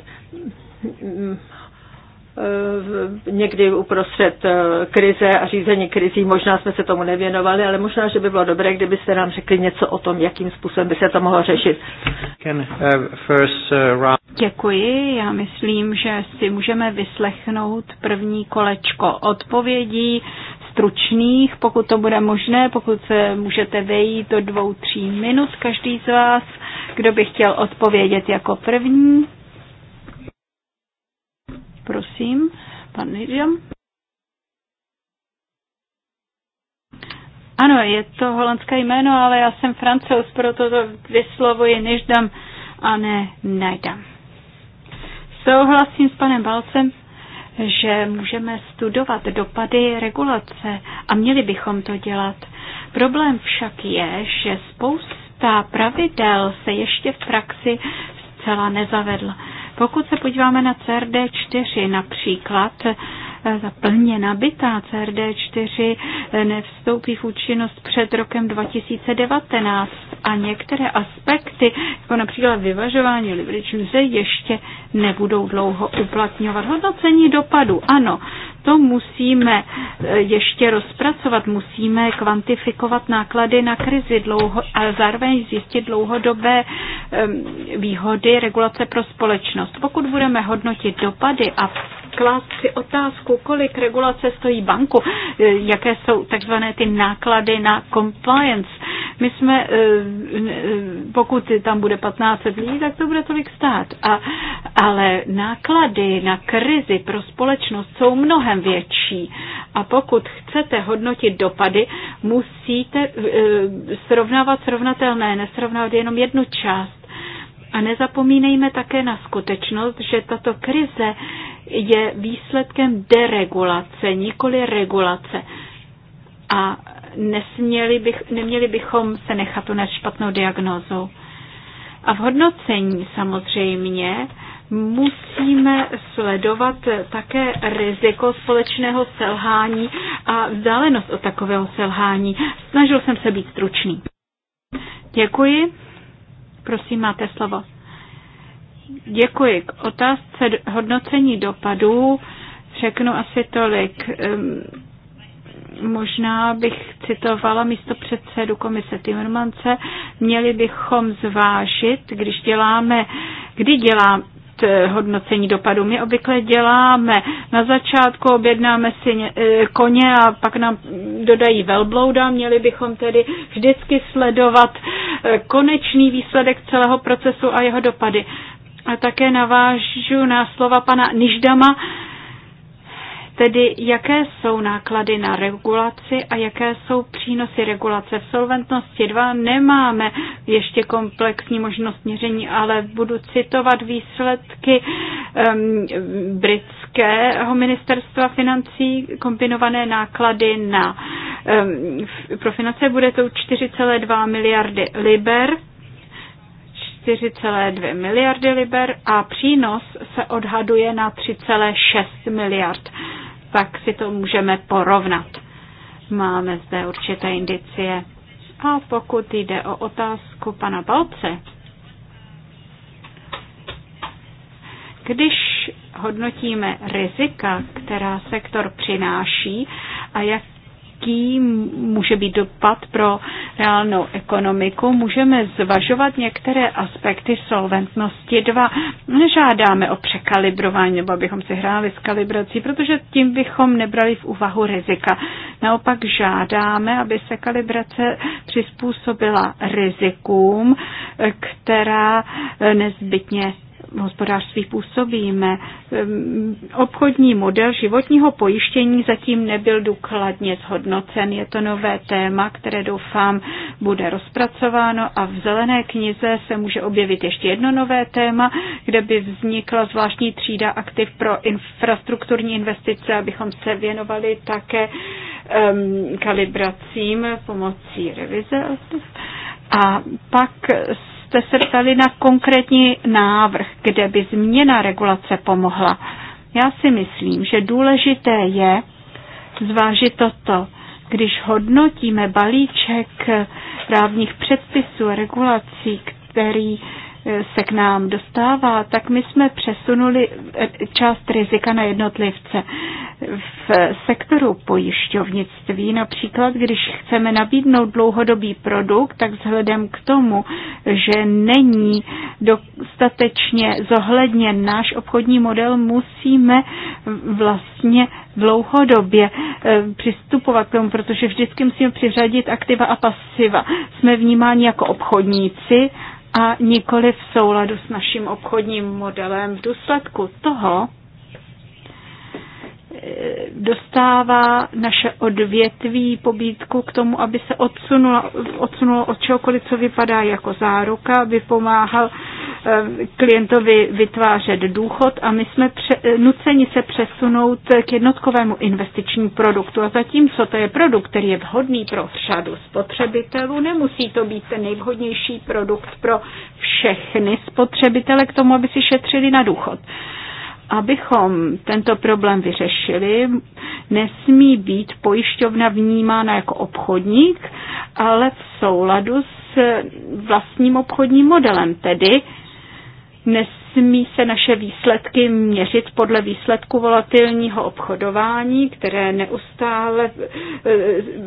Eh, někdy uprostřed eh, krize a řízení krizí. Možná jsme se tomu nevěnovali, ale možná, že by bylo dobré, kdybyste nám řekli něco o tom, jakým způsobem by se to mohlo řešit. Eh, Děkuji. Já myslím, že si můžeme vyslechnout první kolečko odpovědí stručných, pokud to bude možné, pokud se můžete vejít do dvou, tří minut každý z vás, kdo by chtěl odpovědět jako první. Prosím, pan Nidžam. Ano, je to holandské jméno, ale já jsem francouz, proto to vyslovuji Niždam a ne Najdam. Souhlasím s panem Balcem, že můžeme studovat dopady regulace a měli bychom to dělat. Problém však je, že spousta pravidel se ještě v praxi zcela nezavedla. Pokud se podíváme na CRD4 například, eh, plně nabitá CRD4 eh, nevstoupí v účinnost před rokem 2019 a některé aspekty, jako například vyvažování leverage ještě nebudou dlouho uplatňovat. Hodnocení dopadu, ano, to musíme eh, ještě rozpracovat, musíme kvantifikovat náklady na krizi dlouho, a zároveň zjistit dlouhodobé výhody regulace pro společnost. Pokud budeme hodnotit dopady a klást si otázku, kolik regulace stojí banku, e, jaké jsou takzvané ty náklady na compliance. My jsme, e, e, pokud tam bude 15 lidí, tak to bude tolik stát. A, ale náklady na krizi pro společnost jsou mnohem větší. A pokud chcete hodnotit dopady, musíte srovnávat srovnatelné, nesrovnávat jenom jednu část a nezapomínejme také na skutečnost, že tato krize je výsledkem deregulace, nikoli regulace. A nesměli bych, neměli bychom se nechat na špatnou diagnózou. A v hodnocení samozřejmě musíme sledovat také riziko společného selhání a vzdálenost od takového selhání. Snažil jsem se být stručný. Děkuji. Prosím, máte slovo. Děkuji. K otázce hodnocení dopadů řeknu asi tolik. Možná bych citovala místo předsedu komise Timmermance. Měli bychom zvážit, když děláme, kdy děláme Eh, hodnocení dopadu. My obvykle děláme na začátku, objednáme si eh, koně a pak nám dodají velblouda. Měli bychom tedy vždycky sledovat eh, konečný výsledek celého procesu a jeho dopady. A také navážu na slova pana Niždama, Tedy jaké jsou náklady na regulaci a jaké jsou přínosy regulace. V solventnosti 2 nemáme ještě komplexní možnost měření, ale budu citovat výsledky um, britského ministerstva financí. Kombinované náklady na, um, pro finance bude to 4,2 miliardy liber. 4,2 miliardy liber a přínos se odhaduje na 3,6 miliard tak si to můžeme porovnat. Máme zde určité indicie. A pokud jde o otázku pana Balce, když hodnotíme rizika, která sektor přináší a jak jaký může být dopad pro reálnou ekonomiku, můžeme zvažovat některé aspekty solventnosti 2. Nežádáme o překalibrování, nebo abychom si hráli s kalibrací, protože tím bychom nebrali v úvahu rizika. Naopak žádáme, aby se kalibrace přizpůsobila rizikům, eh, která eh, nezbytně hospodářství působíme. Ehm, obchodní model životního pojištění zatím nebyl důkladně zhodnocen. Je to nové téma, které doufám bude rozpracováno a v zelené knize se může objevit ještě jedno nové téma, kde by vznikla zvláštní třída aktiv pro infrastrukturní investice, abychom se věnovali také um, kalibracím pomocí revize. A pak jste se ptali na konkrétní návrh, kde by změna regulace pomohla. Já si myslím, že důležité je zvážit toto. Když hodnotíme balíček právních předpisů a regulací, který se k nám dostává, tak my jsme přesunuli eh, část rizika na jednotlivce. V sektoru pojišťovnictví například, když chceme nabídnout dlouhodobý produkt, tak vzhledem k tomu, že není dostatečně zohledněn náš obchodní model, musíme vlastně dlouhodobě eh, přistupovat k tomu, protože vždycky musíme přiřadit aktiva a pasiva. Jsme vnímáni jako obchodníci a nikoli v souladu s naším obchodním modelem. V důsledku toho eh, dostává naše odvětví pobídku k tomu, aby se odsunulo, odsunulo od čehokoliv, co vypadá jako záruka, aby pomáhal Eh, klientovi vytvářet důchod a my jsme pře- eh, nuceni se přesunout k jednotkovému investičnímu produktu. A zatímco to je produkt, který je vhodný pro řadu spotřebitelů, nemusí to být ten nejvhodnější produkt pro všechny spotřebitele k tomu, aby si šetřili na důchod. Uh, abychom tento problém vyřešili, nesmí být pojišťovna vnímána jako obchodník, ale v souladu s vlastním obchodním modelem, tedy Nesmí se naše výsledky měřit podle výsledku volatilního obchodování, které neustále eh,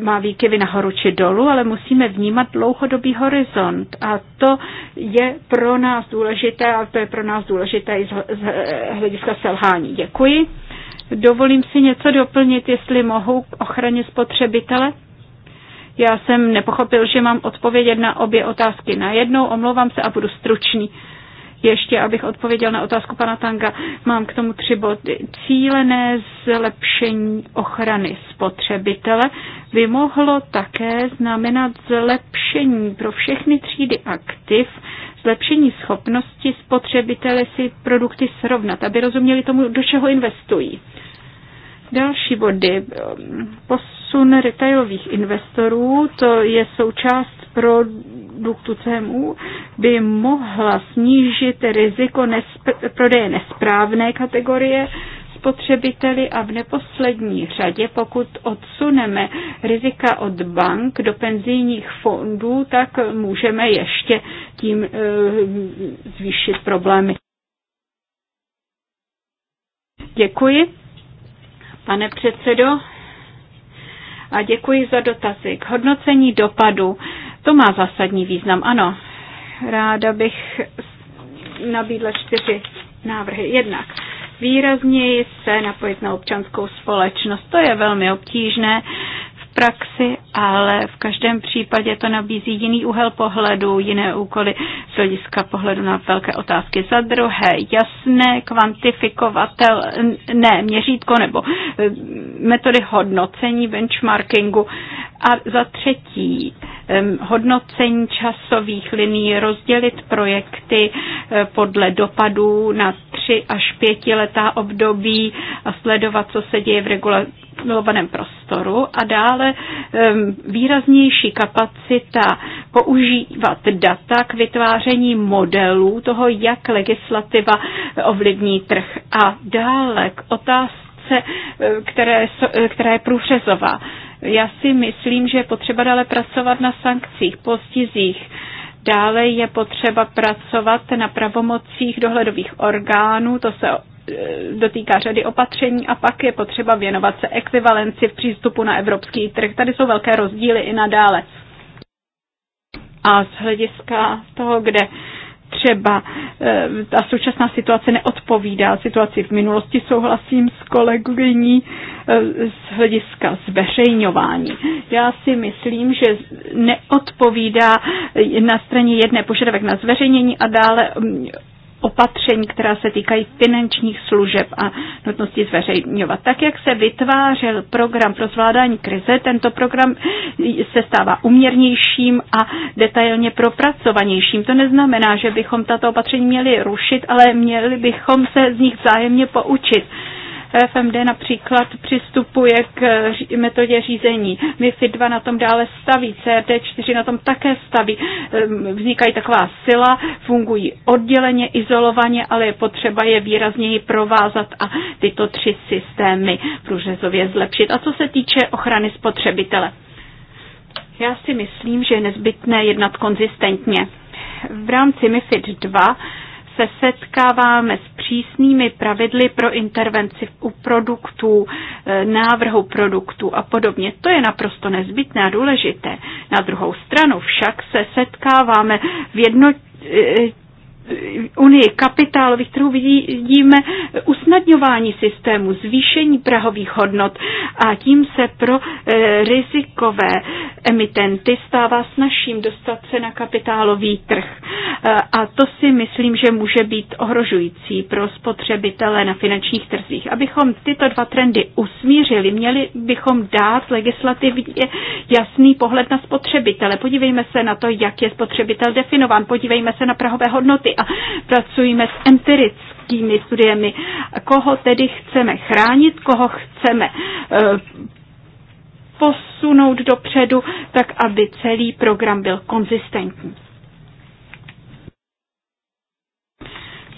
má výkyvy nahoru či dolů, ale musíme vnímat dlouhodobý horizont. A to je pro nás důležité a to je pro nás důležité i z hlediska selhání. Děkuji. Dovolím si něco doplnit, jestli mohu k ochraně spotřebitele? Já jsem nepochopil, že mám odpovědět na obě otázky najednou. Omlouvám se a budu stručný. Ještě, abych odpověděl na otázku pana Tanga, mám k tomu tři body. Cílené zlepšení ochrany spotřebitele by mohlo také znamenat zlepšení pro všechny třídy aktiv, zlepšení schopnosti spotřebitele si produkty srovnat, aby rozuměli tomu, do čeho investují. Další body. Posun retailových investorů, to je součást produktu CMU, by mohla snížit riziko nespr- prodeje nesprávné kategorie spotřebiteli a v neposlední řadě, pokud odsuneme rizika od bank do penzijních fondů, tak můžeme ještě tím e, zvýšit problémy. Děkuji pane předsedo. A děkuji za dotazy. K hodnocení dopadu. To má zásadní význam, ano. Ráda bych nabídla čtyři návrhy. Jednak výrazněji se napojit na občanskou společnost. To je velmi obtížné praxi, ale v každém případě to nabízí jiný úhel pohledu, jiné úkoly z hlediska pohledu na velké otázky. Za druhé, jasné kvantifikovatel, ne, měřítko nebo eh, metody hodnocení benchmarkingu. A za třetí, hodnocení časových liní, rozdělit projekty eh, podle dopadů na tři až pětiletá období a sledovat, co se děje v regulovaném prostoru a dále výraznější kapacita používat data k vytváření modelů toho, jak legislativa ovlivní trh a dále k otázce, které, která je průřezová. Já si myslím, že je potřeba dále pracovat na sankcích, postizích, Dále je potřeba pracovat na pravomocích dohledových orgánů, to se e, dotýká řady opatření a pak je potřeba věnovat se ekvivalenci v přístupu na evropský trh. Tady jsou velké rozdíly i nadále. A z hlediska toho, kde třeba eh, ta současná situace neodpovídá situaci v minulosti, souhlasím s kolegyní eh, z hlediska zveřejňování. Já si myslím, že neodpovídá na straně jedné požadavek na zveřejnění a dále mm, opatření, která se týkají finančních služeb a nutnosti zveřejňovat. Tak, jak se vytvářel program pro zvládání krize, tento program se stává uměrnějším a detailně propracovanějším. To neznamená, že bychom tato opatření měli rušit, ale měli bychom se z nich vzájemně poučit. FMD například přistupuje k metodě řízení. MIFID 2 na tom dále staví, CRD 4 na tom také staví. Ehm, vznikají taková sila, fungují odděleně, izolovaně, ale je potřeba je výrazněji provázat a tyto tři systémy průřezově zlepšit. A co se týče ochrany spotřebitele? Já si myslím, že je nezbytné jednat konzistentně. V rámci MIFID 2 se setkáváme s přísnými pravidly pro intervenci u produktů, eh, návrhu produktů a podobně. To je naprosto nezbytné a důležité. Na druhou stranu však se setkáváme v jednotě eh, unii kapitálových trhů vidíme usnadňování systému, zvýšení prahových hodnot a tím se pro eh, rizikové emitenty stává snažším dostat se na kapitálový trh. Eh, a to si myslím, že může být ohrožující pro spotřebitele na finančních trzích. Abychom tyto dva trendy usmířili, měli bychom dát legislativně jasný pohled na spotřebitele. Podívejme se na to, jak je spotřebitel definován. Podívejme se na prahové hodnoty a pracujeme s empirickými studiemi. Koho tedy chceme chránit, koho chceme eh, posunout dopředu, tak aby celý program byl konzistentní.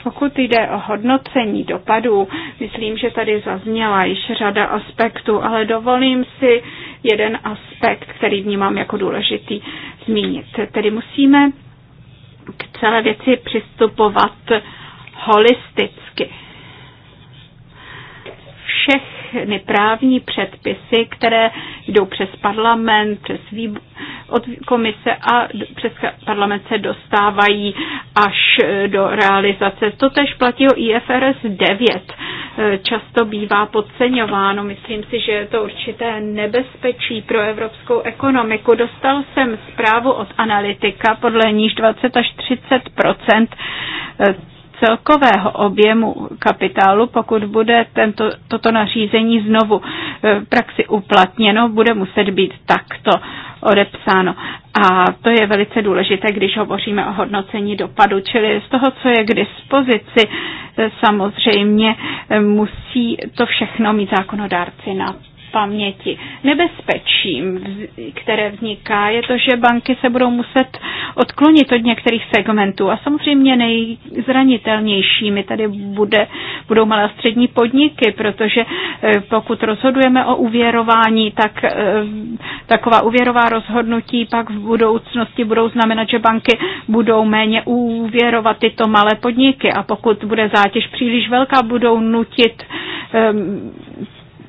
Pokud jde o hodnocení dopadů, myslím, že tady zazněla již řada aspektů, ale dovolím si jeden aspekt, který vnímám jako důležitý, zmínit. Tedy musíme k celé věci přistupovat holisticky. Všech všechny právní předpisy, které jdou přes parlament, přes výb- od komise a přes parlament se dostávají až e, do realizace. To tež platí o IFRS 9. E, často bývá podceňováno. Myslím si, že je to určité nebezpečí pro evropskou ekonomiku. Dostal jsem zprávu od analytika, podle níž 20 až 30 celkového objemu kapitálu, pokud bude tento, toto nařízení znovu e, v praxi uplatněno, bude muset být takto odepsáno. A to je velice důležité, když hovoříme o hodnocení dopadu, čili z toho, co je k dispozici, e, samozřejmě e, musí to všechno mít zákonodárci na paměti. Nebezpečím, které vzniká, je to, že banky se budou muset odklonit od některých segmentů a samozřejmě nejzranitelnějšími tady bude, budou malé a střední podniky, protože eh, pokud rozhodujeme o uvěrování, tak eh, taková uvěrová rozhodnutí pak v budoucnosti budou znamenat, že banky budou méně uvěrovat tyto malé podniky a pokud bude zátěž příliš velká, budou nutit ehm,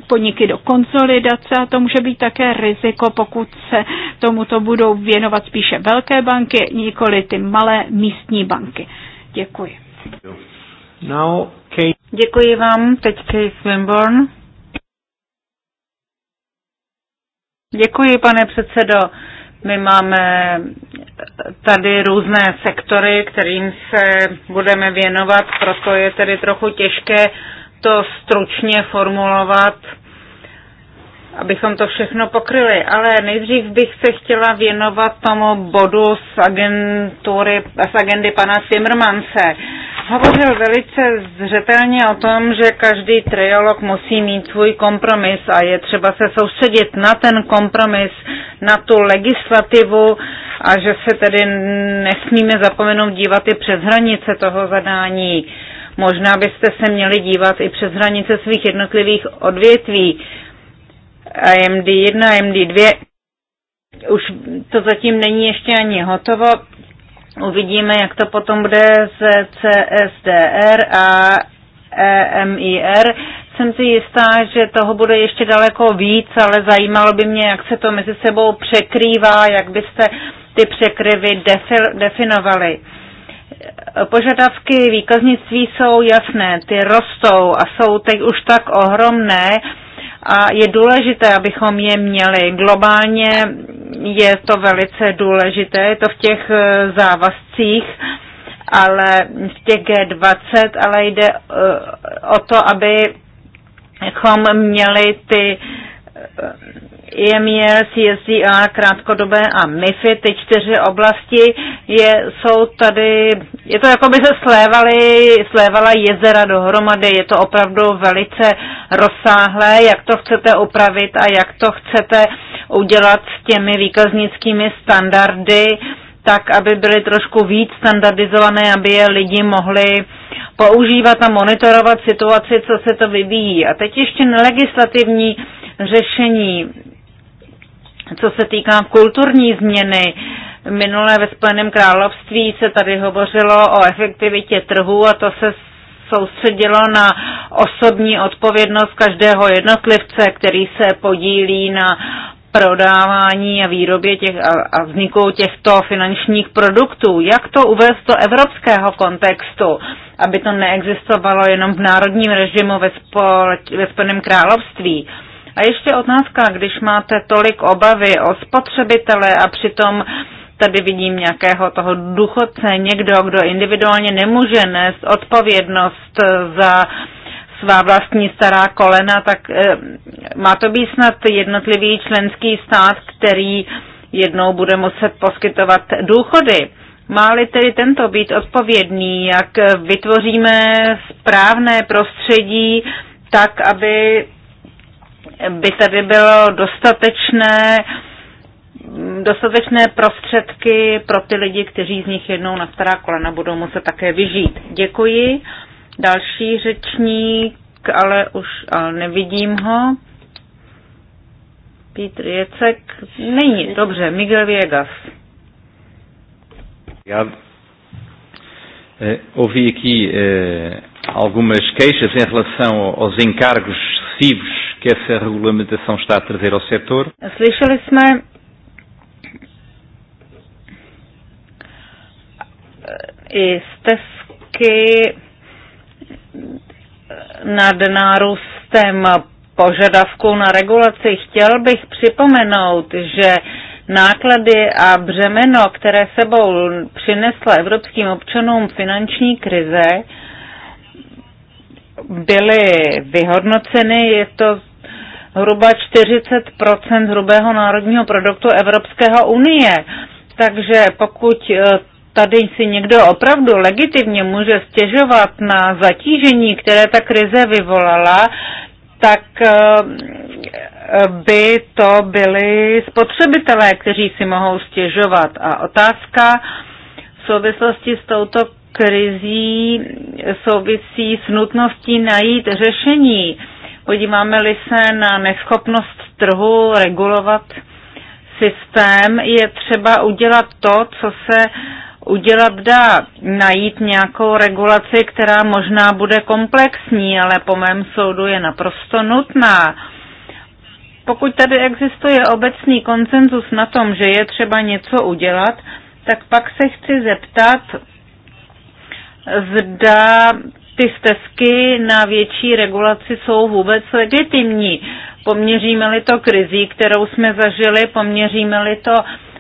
podniky do konsolidace a to může být také riziko, pokud se tomuto budou věnovat spíše velké banky, nikoli ty malé místní banky. Děkuji. Now, Děkuji vám, teď Kate Swinburne. Děkuji, pane předsedo. My máme tady různé sektory, kterým se budeme věnovat, proto je tedy trochu těžké to stručně formulovat, abychom to všechno pokryli. Ale nejdřív bych se chtěla věnovat tomu bodu z, agentury, z agendy pana Timmermanse. Hovořil velice zřetelně o tom, že každý triolog musí mít svůj kompromis a je třeba se soustředit na ten kompromis, na tu legislativu a že se tedy nesmíme zapomenout dívat i přes hranice toho zadání. Možná byste se měli dívat i přes hranice svých jednotlivých odvětví. AMD1, AMD2, už to zatím není ještě ani hotovo. Uvidíme, jak to potom bude z CSDR a EMIR. Jsem si jistá, že toho bude ještě daleko víc, ale zajímalo by mě, jak se to mezi sebou překrývá, jak byste ty překryvy definovali. Požadavky výkaznictví jsou jasné, ty rostou a jsou teď už tak ohromné a je důležité, abychom je měli. Globálně je to velice důležité, je to v těch eh, závazcích, ale v těch G20, ale jde eh, o to, abychom měli ty eh, IMR, CSDR, krátkodobé a MIFI, ty čtyři oblasti, je, jsou tady, je to jako by se slévaly, slévala jezera dohromady, je to opravdu velice rozsáhlé, jak to chcete upravit a jak to chcete udělat s těmi výkaznickými standardy, tak, aby byly trošku víc standardizované, aby je lidi mohli používat a monitorovat situaci, co se to vyvíjí. A teď ještě legislativní řešení co se týká kulturní změny, minulé ve Spojeném království se tady hovořilo o efektivitě trhu a to se soustředilo na osobní odpovědnost každého jednotlivce, který se podílí na prodávání a výrobě těch a, a vzniku těchto finančních produktů. Jak to uvést do evropského kontextu, aby to neexistovalo jenom v národním režimu ve, spole, ve Spojeném království? Uh, a ještě otázka, když máte tolik obavy o spotřebitele a přitom tady vidím nějakého toho důchodce, někdo, kdo individuálně nemůže nést odpovědnost za svá vlastní stará kolena, tak e, má to být snad jednotlivý členský stát, který jednou bude muset poskytovat důchody. Má-li tedy tento být odpovědný, jak vytvoříme správné prostředí, tak aby by tady bylo dostatečné dostatečné prostředky pro ty lidi, kteří z nich jednou na stará kolena budou muset také vyžít. Děkuji. Další řečník, ale už ale nevidím ho. Petr Jecek. Není, dobře, Miguel Viegas. Já eh, ouvi aqui eh, algumas queixas em relação aos encargos agressivos que essa regulamentação está a trazer ao setor. Slyšeli jsme eh, i stezky nad nárůstem požadavků na regulaci. Chtěl bych připomenout, že náklady a břemeno, které sebou přinesla evropským občanům finanční krize, byly vyhodnoceny, je to hruba 40 hrubého národního produktu Evropské unie. Takže pokud eh, tady si někdo opravdu legitimně může stěžovat na zatížení, které ta krize vyvolala, tak eh, by to byli spotřebitelé, kteří si mohou stěžovat. A otázka v souvislosti s touto krizí souvisí s nutností najít řešení. Podíváme-li se na neschopnost trhu regulovat systém, je třeba udělat to, co se udělat dá. Najít nějakou regulaci, která možná bude komplexní, ale po mém soudu je naprosto nutná. Pokud tady existuje obecný konsenzus na tom, že je třeba něco udělat, tak pak se chci zeptat, zda ty stezky na větší regulaci jsou vůbec legitimní. Poměříme-li to krizí, kterou jsme zažili, poměříme-li to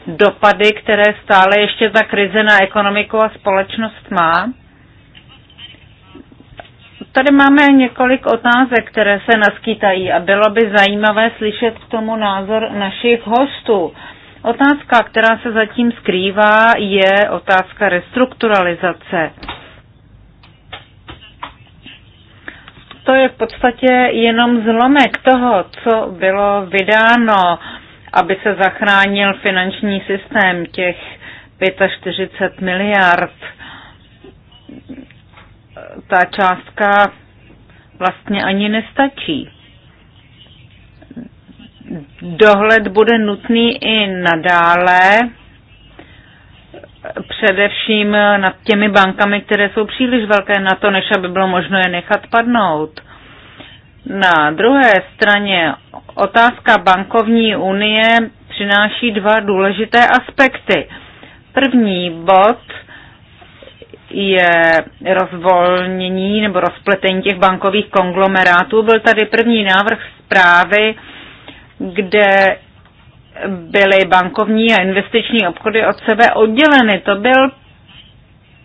dopady, které stále ještě ta krize na ekonomiku a společnost má. Tady máme několik otázek, které se naskýtají a bylo by zajímavé slyšet k tomu názor našich hostů. Otázka, která se zatím skrývá, je otázka restrukturalizace. to je v podstatě jenom zlomek toho, co bylo vydáno, aby se zachránil finanční systém těch 45 miliard. Ta částka vlastně ani nestačí. Dohled bude nutný i nadále především nad těmi bankami, které jsou příliš velké na to, než aby bylo možno je nechat padnout. Na druhé straně otázka bankovní unie přináší dva důležité aspekty. První bod je rozvolnění nebo rozpletení těch bankových konglomerátů. Byl tady první návrh zprávy, kde byly bankovní a investiční obchody od sebe odděleny. To byl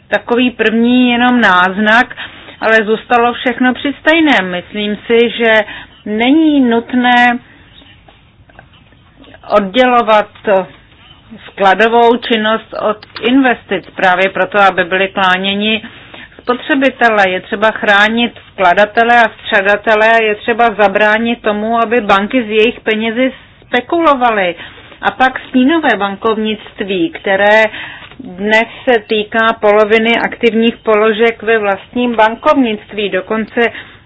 takový první jenom náznak, ale zůstalo všechno při stejném. Myslím si, že není nutné oddělovat skladovou činnost od investic právě proto, aby byly kláněni spotřebitele. Je třeba chránit skladatele a střadatele, je třeba zabránit tomu, aby banky z jejich penězi spekulovali. A pak stínové bankovnictví, které dnes se týká poloviny aktivních položek ve vlastním bankovnictví, dokonce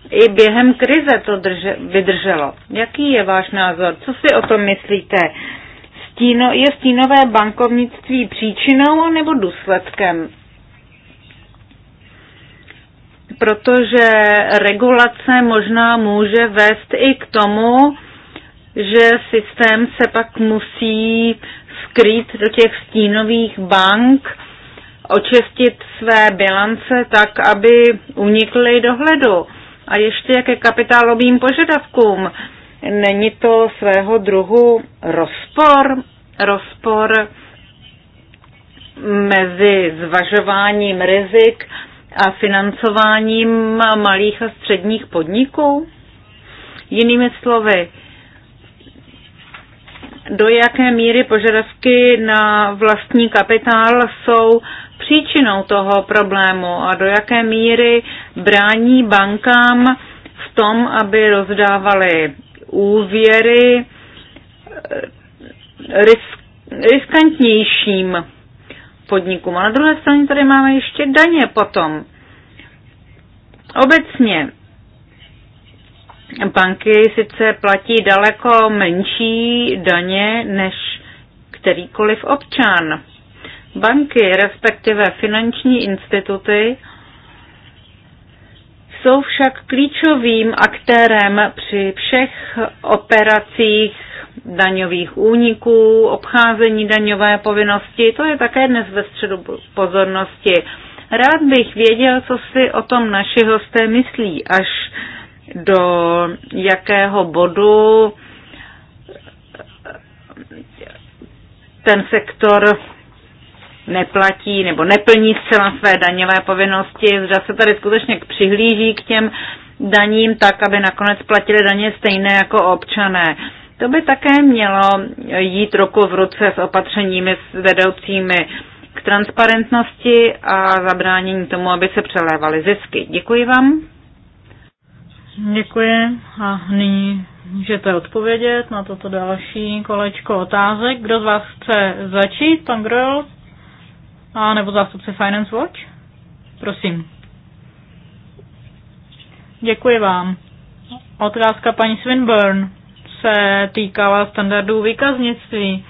i během krize to drže, vydrželo. Jaký je váš názor? Co si o tom myslíte? Stíno, je stínové bankovnictví příčinou nebo důsledkem? Protože regulace možná může vést i k tomu, že systém se pak musí skrýt do těch stínových bank, očistit své bilance tak, aby unikly dohledu. A ještě ke kapitálovým požadavkům. Není to svého druhu rozpor, rozpor mezi zvažováním rizik a financováním malých a středních podniků? Jinými slovy, do jaké míry požadavky na vlastní kapitál jsou příčinou toho problému a do jaké míry brání bankám v tom, aby rozdávaly úvěry eh, risk, riskantnějším podnikům. A na druhé straně tady máme ještě daně potom. Obecně banky sice platí daleko menší daně než kterýkoliv občan. Banky, respektive finanční instituty, jsou však klíčovým aktérem při všech operacích daňových úniků, obcházení daňové povinnosti. To je také dnes ve středu pozornosti. Rád bych věděl, co si o tom naši hosté myslí, až do jakého bodu ten sektor neplatí nebo neplní zcela své daňové povinnosti, zda se tady skutečně přihlíží k těm daním tak, aby nakonec platili daně stejné jako občané. To by také mělo jít roku v ruce s opatřeními s vedoucími k transparentnosti a zabránění tomu, aby se přelévaly zisky. Děkuji vám. Děkuji a nyní můžete odpovědět na toto další kolečko otázek. Kdo z vás chce začít, pan Grohl? A nebo zástupce Finance Watch? Prosím. Děkuji vám. Otázka paní Swinburne se týkala standardů výkaznictví.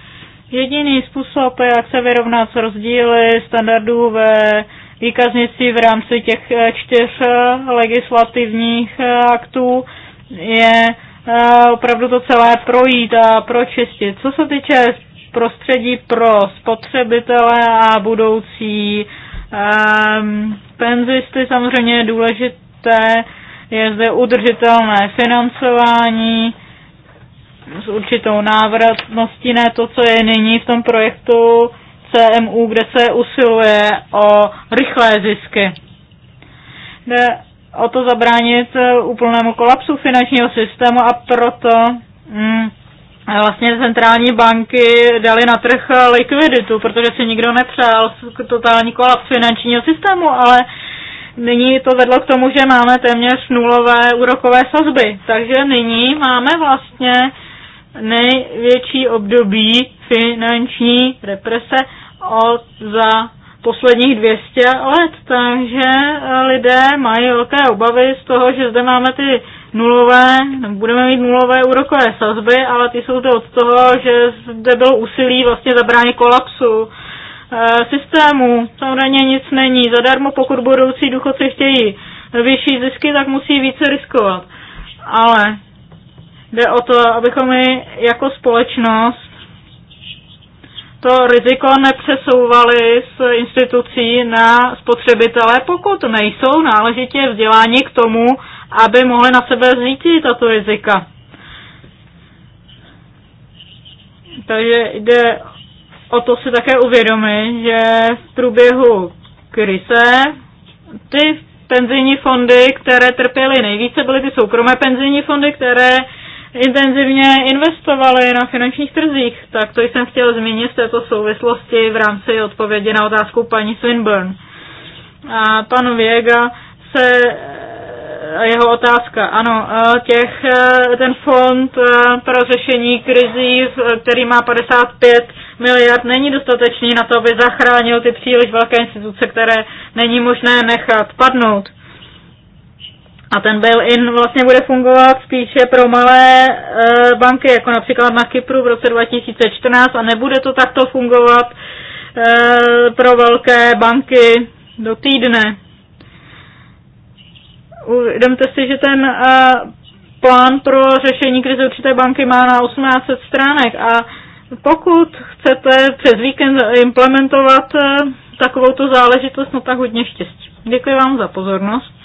Jediný způsob, jak se vyrovnat s rozdíly standardů ve výkaznictví v rámci těch eh, čtyř eh, legislativních eh, aktů je opravdu to celé projít a pročistit. Co se týče prostředí pro spotřebitele a budoucí um, penzisty, samozřejmě je důležité, je zde udržitelné financování s určitou návratností, ne to, co je nyní v tom projektu CMU, kde se usiluje o rychlé zisky. Jde o to zabránit eh, úplnému kolapsu finančního systému a proto mm, vlastně centrální banky dali na trh eh, likviditu, protože si nikdo nepřál totální kolaps finančního systému, ale nyní to vedlo k tomu, že máme téměř nulové úrokové sazby. Takže nyní máme vlastně největší období finanční represe od za posledních 200 let, takže eh, lidé mají velké obavy z toho, že zde máme ty nulové, budeme mít nulové úrokové sazby, ale ty jsou to od toho, že zde bylo úsilí vlastně zabránit kolapsu e, systému. Samozřejmě nic není zadarmo, pokud budoucí důchodci chtějí vyšší zisky, tak musí více riskovat. Ale Jde o to, abychom my jako společnost to riziko nepřesouvali z institucí na spotřebitele, pokud nejsou náležitě vzděláni k tomu, aby mohli na sebe vzít tato rizika. Takže jde o to si také uvědomit, že v průběhu krize ty penzijní fondy, které trpěly nejvíce, byly ty soukromé penzijní fondy, které intenzivně investovali na finančních trzích, tak to jsem chtěl zmínit v této souvislosti v rámci odpovědi na otázku paní Swinburne. A pan Viega se jeho otázka. Ano, těch, e, ten fond e, pro řešení krizí, který má 55 miliard, není dostatečný na to, aby zachránil ty příliš velké instituce, které není možné nechat padnout. A ten bail-in vlastně bude fungovat spíše pro malé e, banky, jako například na Kypru v roce 2014 a nebude to takto fungovat e, pro velké banky do týdne. Uvědomte si, že ten e, plán pro řešení krize určité banky má na 1800 stránek a pokud chcete přes víkend implementovat e, takovouto záležitost, no tak hodně štěstí. Děkuji vám za pozornost.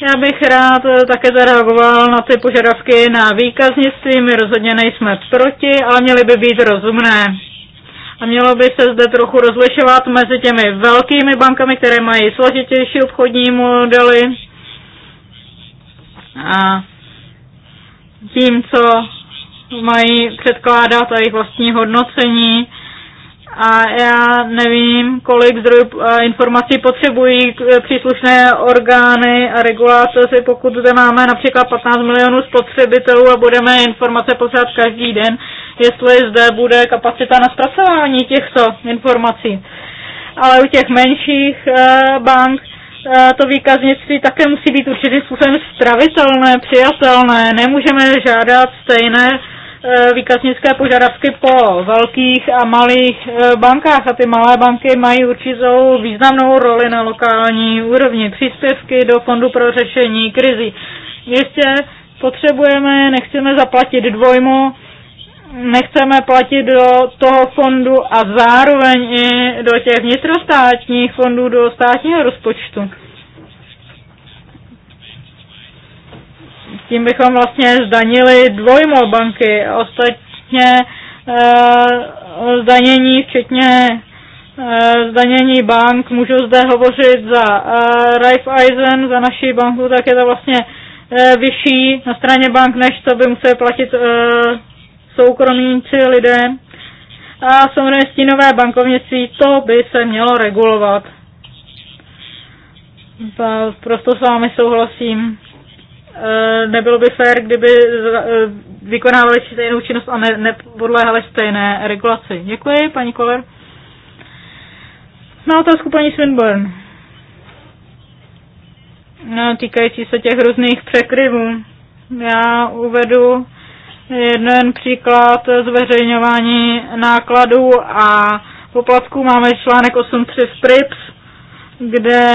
Já bych rád eh, také zareagoval na ty požadavky na výkaznictví. My rozhodně nejsme proti, ale měly by být rozumné. A mělo by se zde trochu rozlišovat mezi těmi velkými bankami, které mají složitější obchodní modely a tím, co mají předkládat a jejich vlastní hodnocení a já nevím, kolik zdrojů eh, informací potřebují příslušné orgány a regulátoři, pokud zde máme například 15 milionů spotřebitelů a budeme informace posílat každý den, jestli zde bude kapacita na zpracování těchto informací. Ale u těch menších eh, bank eh, to výkaznictví také musí být určitým způsobem stravitelné, přijatelné. Nemůžeme žádat stejné Eh, výkaznické požadavky po velkých a malých eh, bankách a ty malé banky mají určitou významnou roli na lokální úrovni. Příspěvky do fondu pro řešení krizi. Ještě potřebujeme, nechceme zaplatit dvojmu, nechceme platit do toho fondu a zároveň i do těch vnitrostátních fondů, do státního rozpočtu. tím bychom vlastně zdanili dvojmo banky a ostatně e, zdanění, včetně e, zdanění bank, můžu zde hovořit za e, Raiffeisen, za naší banku, tak je to vlastně e, vyšší na straně bank, než to by museli platit e, soukromníci lidé. A samozřejmě stínové bankovnictví, to by se mělo regulovat. Prosto s vámi souhlasím. Eh, nebylo by fér, kdyby eh, vykonávali stejnou činnost a ne, nepodléhali stejné regulaci. Děkuji, paní Koller. Na otázku paní Swinburne. No, týkající se těch různých překryvů. Já uvedu jeden příklad zveřejňování nákladů a poplatků. Máme článek 8.3 v PRIPS, kde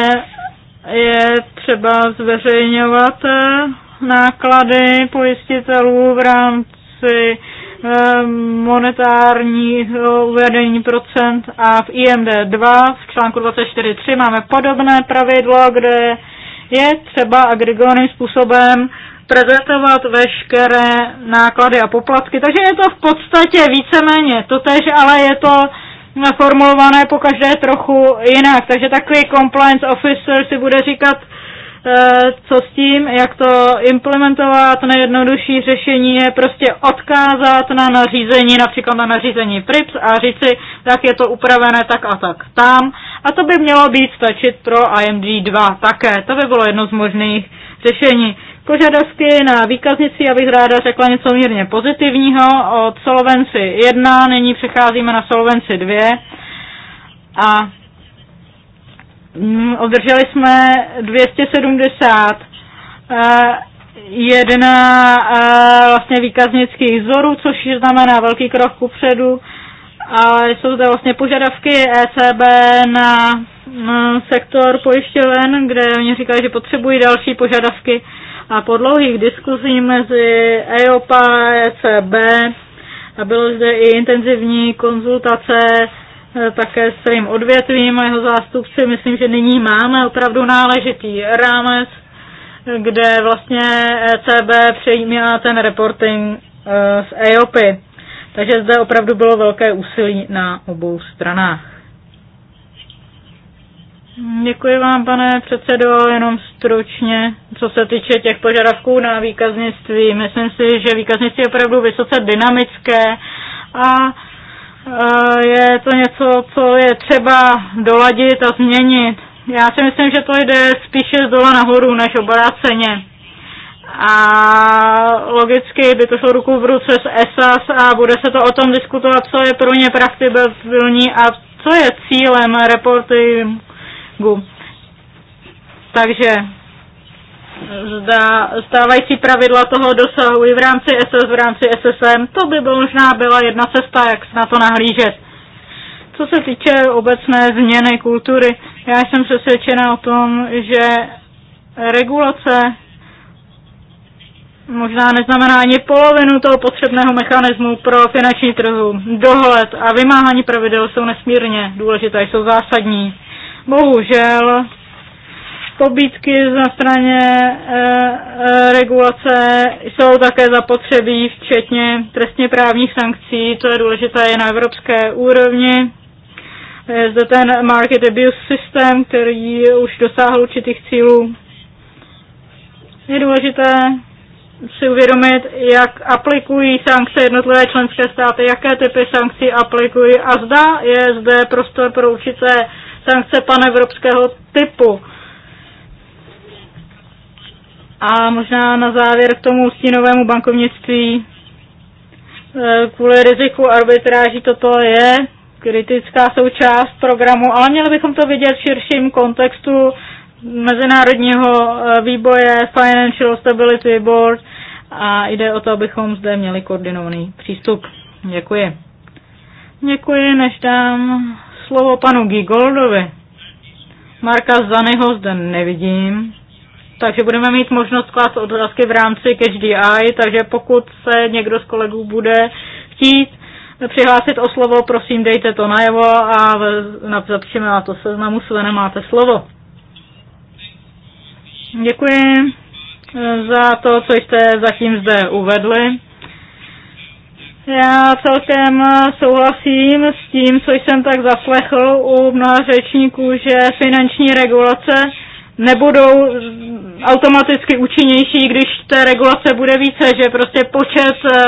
je třeba zveřejňovat eh, náklady pojistitelů v rámci eh, monetární eh, uvedení procent a v IMD 2 v článku 24.3 máme podobné pravidlo, kde je třeba agregovaným způsobem prezentovat veškeré náklady a poplatky. Takže je to v podstatě víceméně totéž, ale je to naformulované po každé trochu jinak. Takže takový compliance officer si bude říkat, eh, co s tím, jak to implementovat. Nejjednodušší řešení je prostě odkázat na nařízení, například na nařízení PRIPS a říci, tak je to upravené tak a tak tam. A to by mělo být stačit pro IMG 2 také. To by bylo jedno z možných řešení požadavky na výkaznici, abych ráda řekla něco mírně pozitivního. Od Solvency 1 nyní přecházíme na Solvency 2 a mm, održeli jsme 270 eh, jedna eh, vlastně výkaznických vzorů, což znamená velký krok kupředu. Ale jsou zde vlastně požadavky ECB na mm, sektor pojišťoven, kde oni říkají, že potřebují další požadavky a po dlouhých diskuzích mezi EOPA a ECB a bylo zde i intenzivní konzultace eh, také s celým odvětvím a jeho zástupci. Myslím, že nyní máme opravdu náležitý rámec, kde vlastně ECB přejímá ten reporting eh, z EOPy. Takže zde opravdu bylo velké úsilí na obou stranách. Děkuji vám, pane předsedo, jenom stručně, co se týče těch požadavků na výkaznictví. Myslím si, že výkaznictví je opravdu vysoce dynamické a eh, je to něco, co je třeba doladit a změnit. Já si myslím, že to jde spíše z dola nahoru než obráceně. A logicky by to šlo ruku v ruce s ESAS a bude se to o tom diskutovat, co je pro ně praktibilní a co je cílem reporty Gu. Takže zda stávající pravidla toho dosahují v rámci SS, v rámci SSM, to by byl možná byla jedna cesta, jak na to nahlížet. Co se týče obecné změny kultury, já jsem přesvědčena o tom, že regulace možná neznamená ani polovinu toho potřebného mechanismu pro finanční trhu. Dohled a vymáhání pravidel jsou nesmírně důležité, jsou zásadní. Bohužel pobítky na straně e, e, regulace jsou také zapotřebí, včetně trestně právních sankcí, to je důležité i na evropské úrovni. Je zde ten market abuse systém, který už dosáhl určitých cílů. Je důležité si uvědomit, jak aplikují sankce jednotlivé členské státy, jaké typy sankcí aplikují a zda je zde prostor pro určité sankce panevropského typu. A možná na závěr k tomu stínovému bankovnictví. E, kvůli riziku arbitráží toto je kritická součást programu, ale měli bychom to vidět v širším kontextu mezinárodního e, výboje Financial Stability Board a jde o to, abychom zde měli koordinovaný přístup. Děkuji. Děkuji, než dám slovo panu Gigoldovi. Marka Zaneho zde nevidím, takže budeme mít možnost klást otázky v rámci HDI, takže pokud se někdo z kolegů bude chtít přihlásit o slovo, prosím dejte to najevo a zapíšeme na to seznamu, své nemáte slovo. Děkuji eh, za to, co jste zatím zde uvedli. Já celkem eh, souhlasím s tím, co jsem tak zaslechl u mnoha řečníků, že finanční regulace nebudou automaticky účinnější, když té regulace bude více, že prostě počet eh,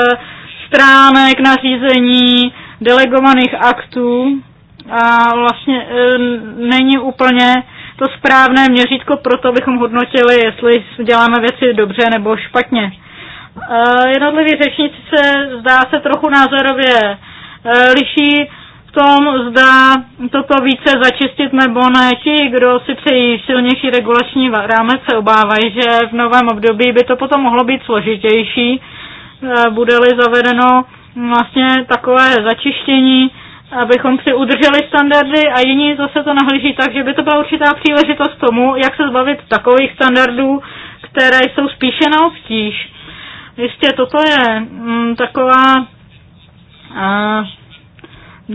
stránek, nařízení, delegovaných aktů a vlastně eh, není úplně to správné měřítko pro to, abychom hodnotili, jestli děláme věci dobře nebo špatně. Eh, jednotliví řečníci se zdá se trochu názorově eh, liší v tom, zda toto více začistit nebo ne. Ti, kdo si přejí silnější regulační rámec, se obávají, že v novém období by to potom mohlo být složitější, eh, bude-li zavedeno vlastně takové začištění, abychom si udrželi standardy a jiní zase to nahlíží tak, že by to byla určitá příležitost tomu, jak se zbavit takových standardů, které jsou spíše na obtíž. Jistě, toto je mm, taková uh,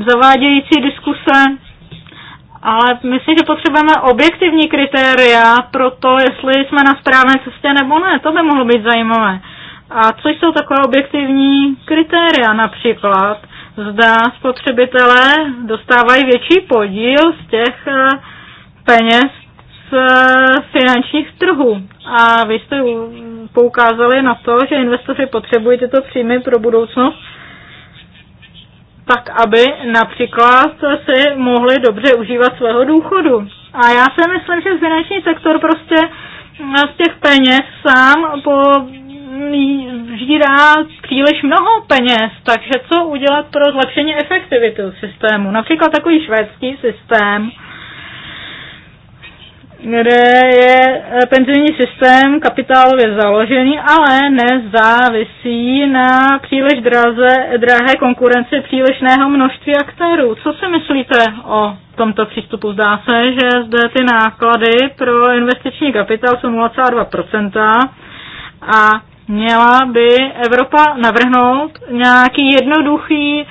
zavádějící diskuse, ale myslím, že potřebujeme objektivní kritéria pro to, jestli jsme na správné cestě nebo ne. To by mohlo být zajímavé. A co jsou takové objektivní kritéria například? Zda spotřebitelé dostávají větší podíl z těch eh, peněz, z eh, finančních trhů. A vy jste poukázali na to, že investoři potřebují tyto příjmy pro budoucnost, tak aby například si mohli dobře užívat svého důchodu. A já si myslím, že finanční sektor prostě eh, z těch peněz sám po žírá příliš mnoho peněz, takže co udělat pro zlepšení efektivity systému? Například takový švédský systém, kde je eh, penzijní systém kapitálově založený, ale nezávisí na příliš draze, drahé konkurenci přílišného množství aktérů. Co si myslíte o tomto přístupu? Zdá se, že zde ty náklady pro investiční kapitál jsou 0,2% a měla by Evropa navrhnout nějaký jednoduchý e,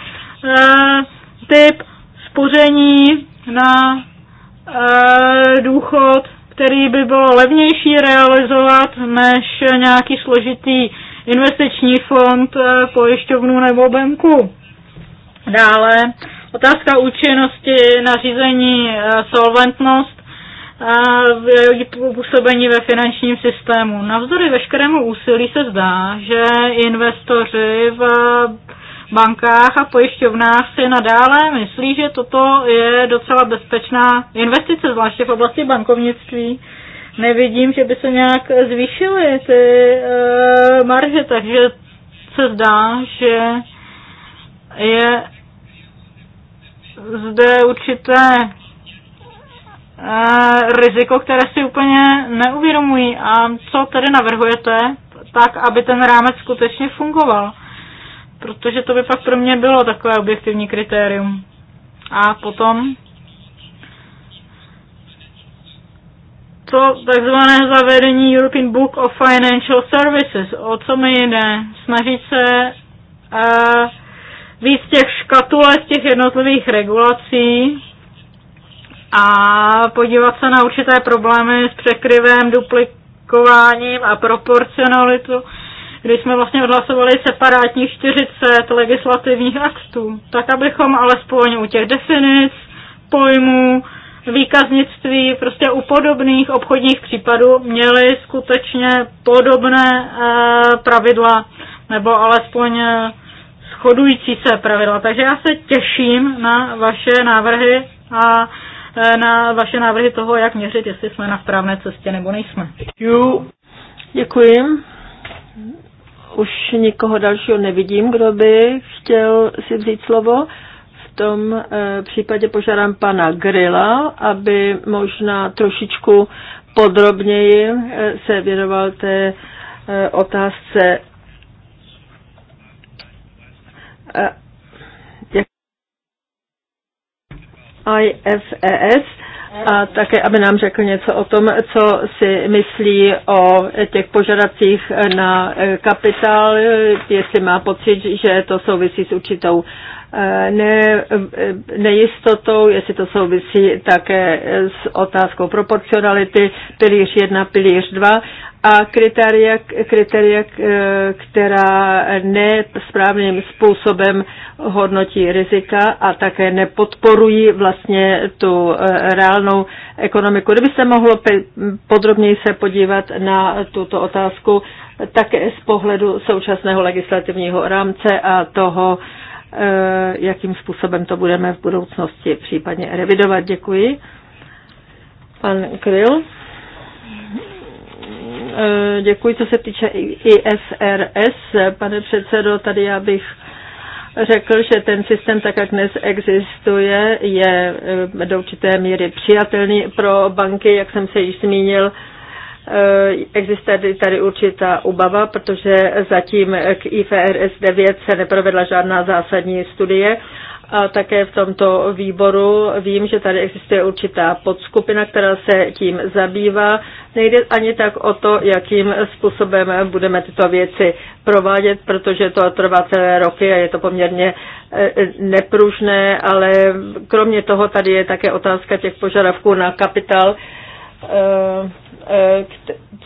typ spoření na Eh, důchod, který by bylo levnější realizovat než nějaký složitý investiční fond, eh, pojišťovnu nebo banku. Dále otázka účinnosti nařízení eh, solventnost působení ve finančním systému. Navzdory veškerému úsilí se zdá, že investoři v bankách a pojišťovnách si nadále myslí, že toto je docela bezpečná investice, zvláště v oblasti bankovnictví. Nevidím, že by se nějak zvýšily ty e, marže, takže se zdá, že je zde určité e, riziko, které si úplně neuvědomují. A co tedy navrhujete, tak aby ten rámec skutečně fungoval? protože to by pak pro mě bylo takové objektivní kritérium. A potom to takzvané zavedení European Book of Financial Services. O co mi jde? Snažit se uh, víc těch škatule z těch jednotlivých regulací a podívat se na určité problémy s překryvem, duplikováním a proporcionalitou kdy jsme vlastně odhlasovali separátních 40 legislativních aktů, tak abychom alespoň u těch definic, pojmů, výkaznictví, prostě u podobných obchodních případů měli skutečně podobné eh, pravidla nebo alespoň eh, shodující se pravidla. Takže já se těším na vaše návrhy a eh, na vaše návrhy toho, jak měřit, jestli jsme na správné cestě nebo nejsme. Děkuji. Už nikoho dalšího nevidím, kdo by chtěl si vzít slovo. V tom eh, případě požádám pana Grilla, aby možná trošičku podrobněji eh, se věnoval té eh, otázce IFES a také, aby nám řekl něco o tom, co si myslí o těch požadacích na e, kapitál, jestli má pocit, že to souvisí s určitou e, ne, e, nejistotou, jestli to souvisí také s otázkou proporcionality, pilíř 1, pilíř 2 a kritéria, kritéria eh, která nesprávným způsobem hodnotí rizika a také nepodporují vlastně tu eh, reálnou ekonomiku. Kdyby se mohlo podrobněji se podívat na tuto otázku také z pohledu současného legislativního rámce a toho, eh, jakým způsobem to budeme v budoucnosti případně revidovat. Děkuji. Pan Kryl. Eh, děkuji, co se týče ISRS, Pane předsedo, tady já bych řekl, že ten systém, tak jak dnes existuje, je eh, do určité míry přijatelný pro banky, jak jsem se již zmínil. Eh, existuje tady určitá ubava, protože zatím k IFRS 9 se neprovedla žádná zásadní studie a také v tomto výboru vím, že tady existuje určitá podskupina, která se tím zabývá. Nejde ani tak o to, jakým způsobem budeme tyto věci provádět, protože to trvá celé roky a je to poměrně e, nepružné, ale kromě toho tady je také otázka těch požadavků na kapitál e, e,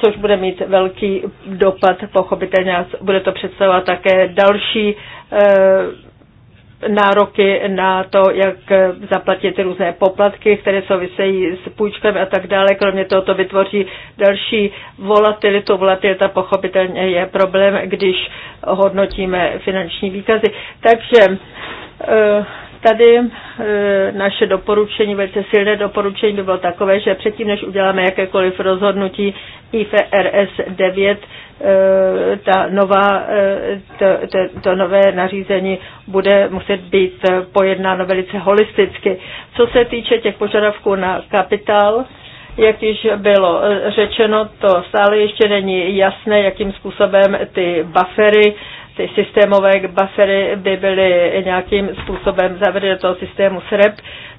což bude mít velký dopad, pochopitelně bude to představovat také další nároky na to, jak zaplatit různé poplatky, které souvisejí s půjčkami a tak dále. Kromě toho to vytvoří další volatilitu. Volatilita pochopitelně je problém, když hodnotíme finanční výkazy. Takže eh, Tady e, naše doporučení, velice silné doporučení by bylo takové, že předtím, než uděláme jakékoliv rozhodnutí IFRS 9, e, ta nová, e, to, to, to nové nařízení bude muset být pojednáno velice holisticky. Co se týče těch požadavků na kapitál, jak již bylo řečeno, to stále ještě není jasné, jakým způsobem ty buffery ty systémové buffery by byly nějakým způsobem zavedeny do toho systému SREP,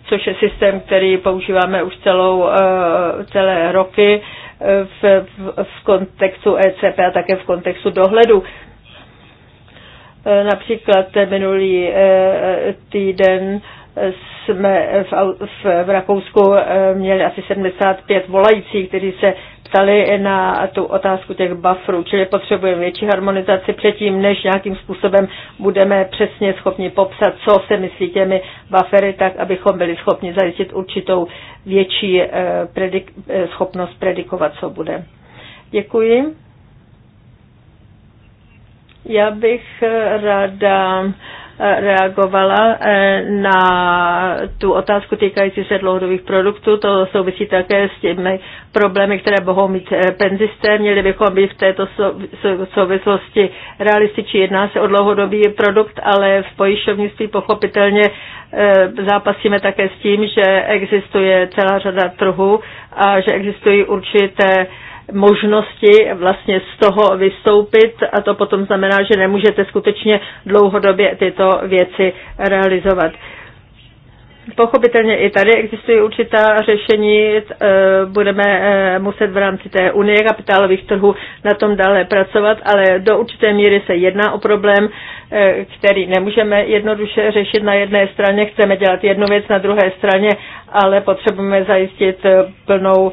což je systém, který používáme už celou, eh, celé roky eh, v, v, v kontextu ECP a také v kontextu dohledu. Eh, například minulý týden jsme v, v, v Rakousku měli asi 75 volajících, kteří se ptali na tu otázku těch bufferů, čili potřebujeme větší harmonizaci předtím, než nějakým způsobem budeme přesně schopni popsat, co se myslí těmi buffery, tak abychom byli schopni zajistit určitou větší eh, predik- eh, schopnost predikovat, co bude. Děkuji. Já bych eh, ráda reagovala eh, na tu otázku týkající se dlouhodobých produktů. To souvisí také s těmi problémy, které mohou mít eh, penzisté. Měli bychom být v této souvislosti realističtí. Jedná se o dlouhodobý produkt, ale v pojišťovnictví pochopitelně eh, zápasíme také s tím, že existuje celá řada trhů a že existují určité možnosti vlastně z toho vystoupit a to potom znamená, že nemůžete skutečně dlouhodobě tyto věci realizovat. Pochopitelně i tady existují určitá řešení, e, budeme e, muset v rámci té unie kapitálových trhů na tom dále pracovat, ale do určité míry se jedná o problém, e, který nemůžeme jednoduše řešit na jedné straně, chceme dělat jednu věc na druhé straně, ale potřebujeme zajistit plnou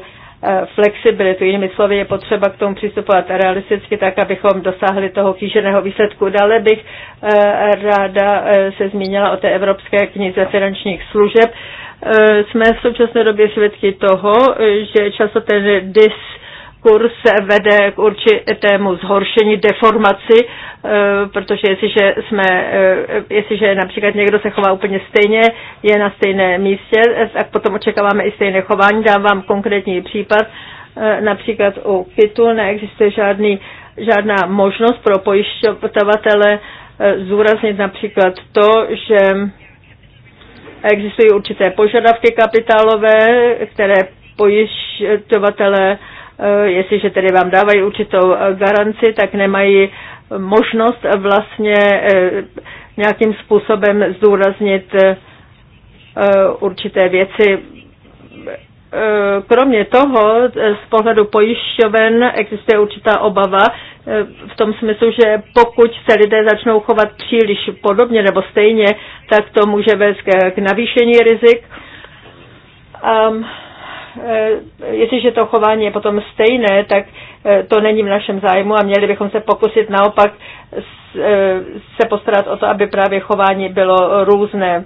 flexibilitu. Jinými slovy, je potřeba k tomu přistupovat realisticky tak, abychom dosáhli toho kýženého výsledku. Dále bych eh, ráda eh, se zmínila o té Evropské knize finančních služeb. Eh, jsme v současné době svědky toho, že často ten dis vede k určitému zhoršení, deformaci Eh, protože jestliže, jsme, eh, jestliže například někdo se chová úplně stejně, je na stejném místě, eh, tak potom očekáváme i stejné chování. Dám vám konkrétní případ, například u KITu neexistuje žádný, žádná možnost pro pojišťovatele zúraznit například to, že existují určité požadavky kapitálové, které pojišťovatele, jestliže tedy vám dávají určitou garanci, tak nemají možnost vlastně eh, nějakým způsobem zdůraznit eh, určité věci. Eh, kromě toho, z pohledu pojišťoven existuje určitá obava v tom smyslu, že pokud se lidé začnou chovat příliš podobně nebo stejně, tak to může vést k navýšení rizik. jestliže to chování je potom stejné, tak Eh, to není v našem zájmu a měli bychom se pokusit naopak eh, se postarat o to, aby právě chování bylo různé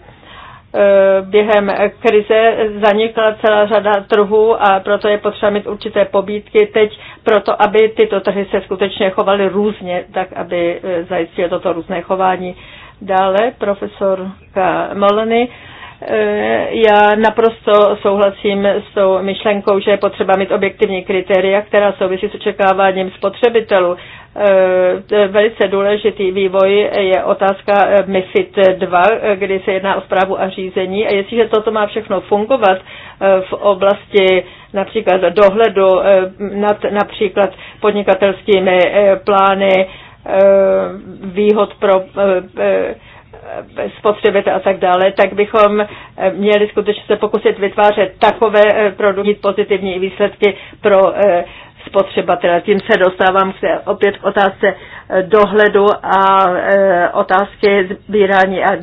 eh, během krize zanikla celá řada trhů a proto je potřeba mít určité pobídky teď, proto aby tyto trhy se skutečně chovaly různě, tak aby zajistilo toto různé chování. Dále profesorka Molony. E, já naprosto souhlasím s tou myšlenkou, že je potřeba mít objektivní kritéria, která souvisí s očekáváním spotřebitelů. E, velice důležitý vývoj je otázka e, MIFID 2, kdy se jedná o zprávu a řízení. A jestliže toto má všechno fungovat v oblasti například dohledu nad například podnikatelskými plány, výhod pro Eh, spotřebitel a tak dále, tak bychom eh, měli skutečně se pokusit vytvářet takové eh, produkty pozitivní výsledky pro spotřebatele. Tím se dostávám k opět k otázce dohledu a otázky sbírání a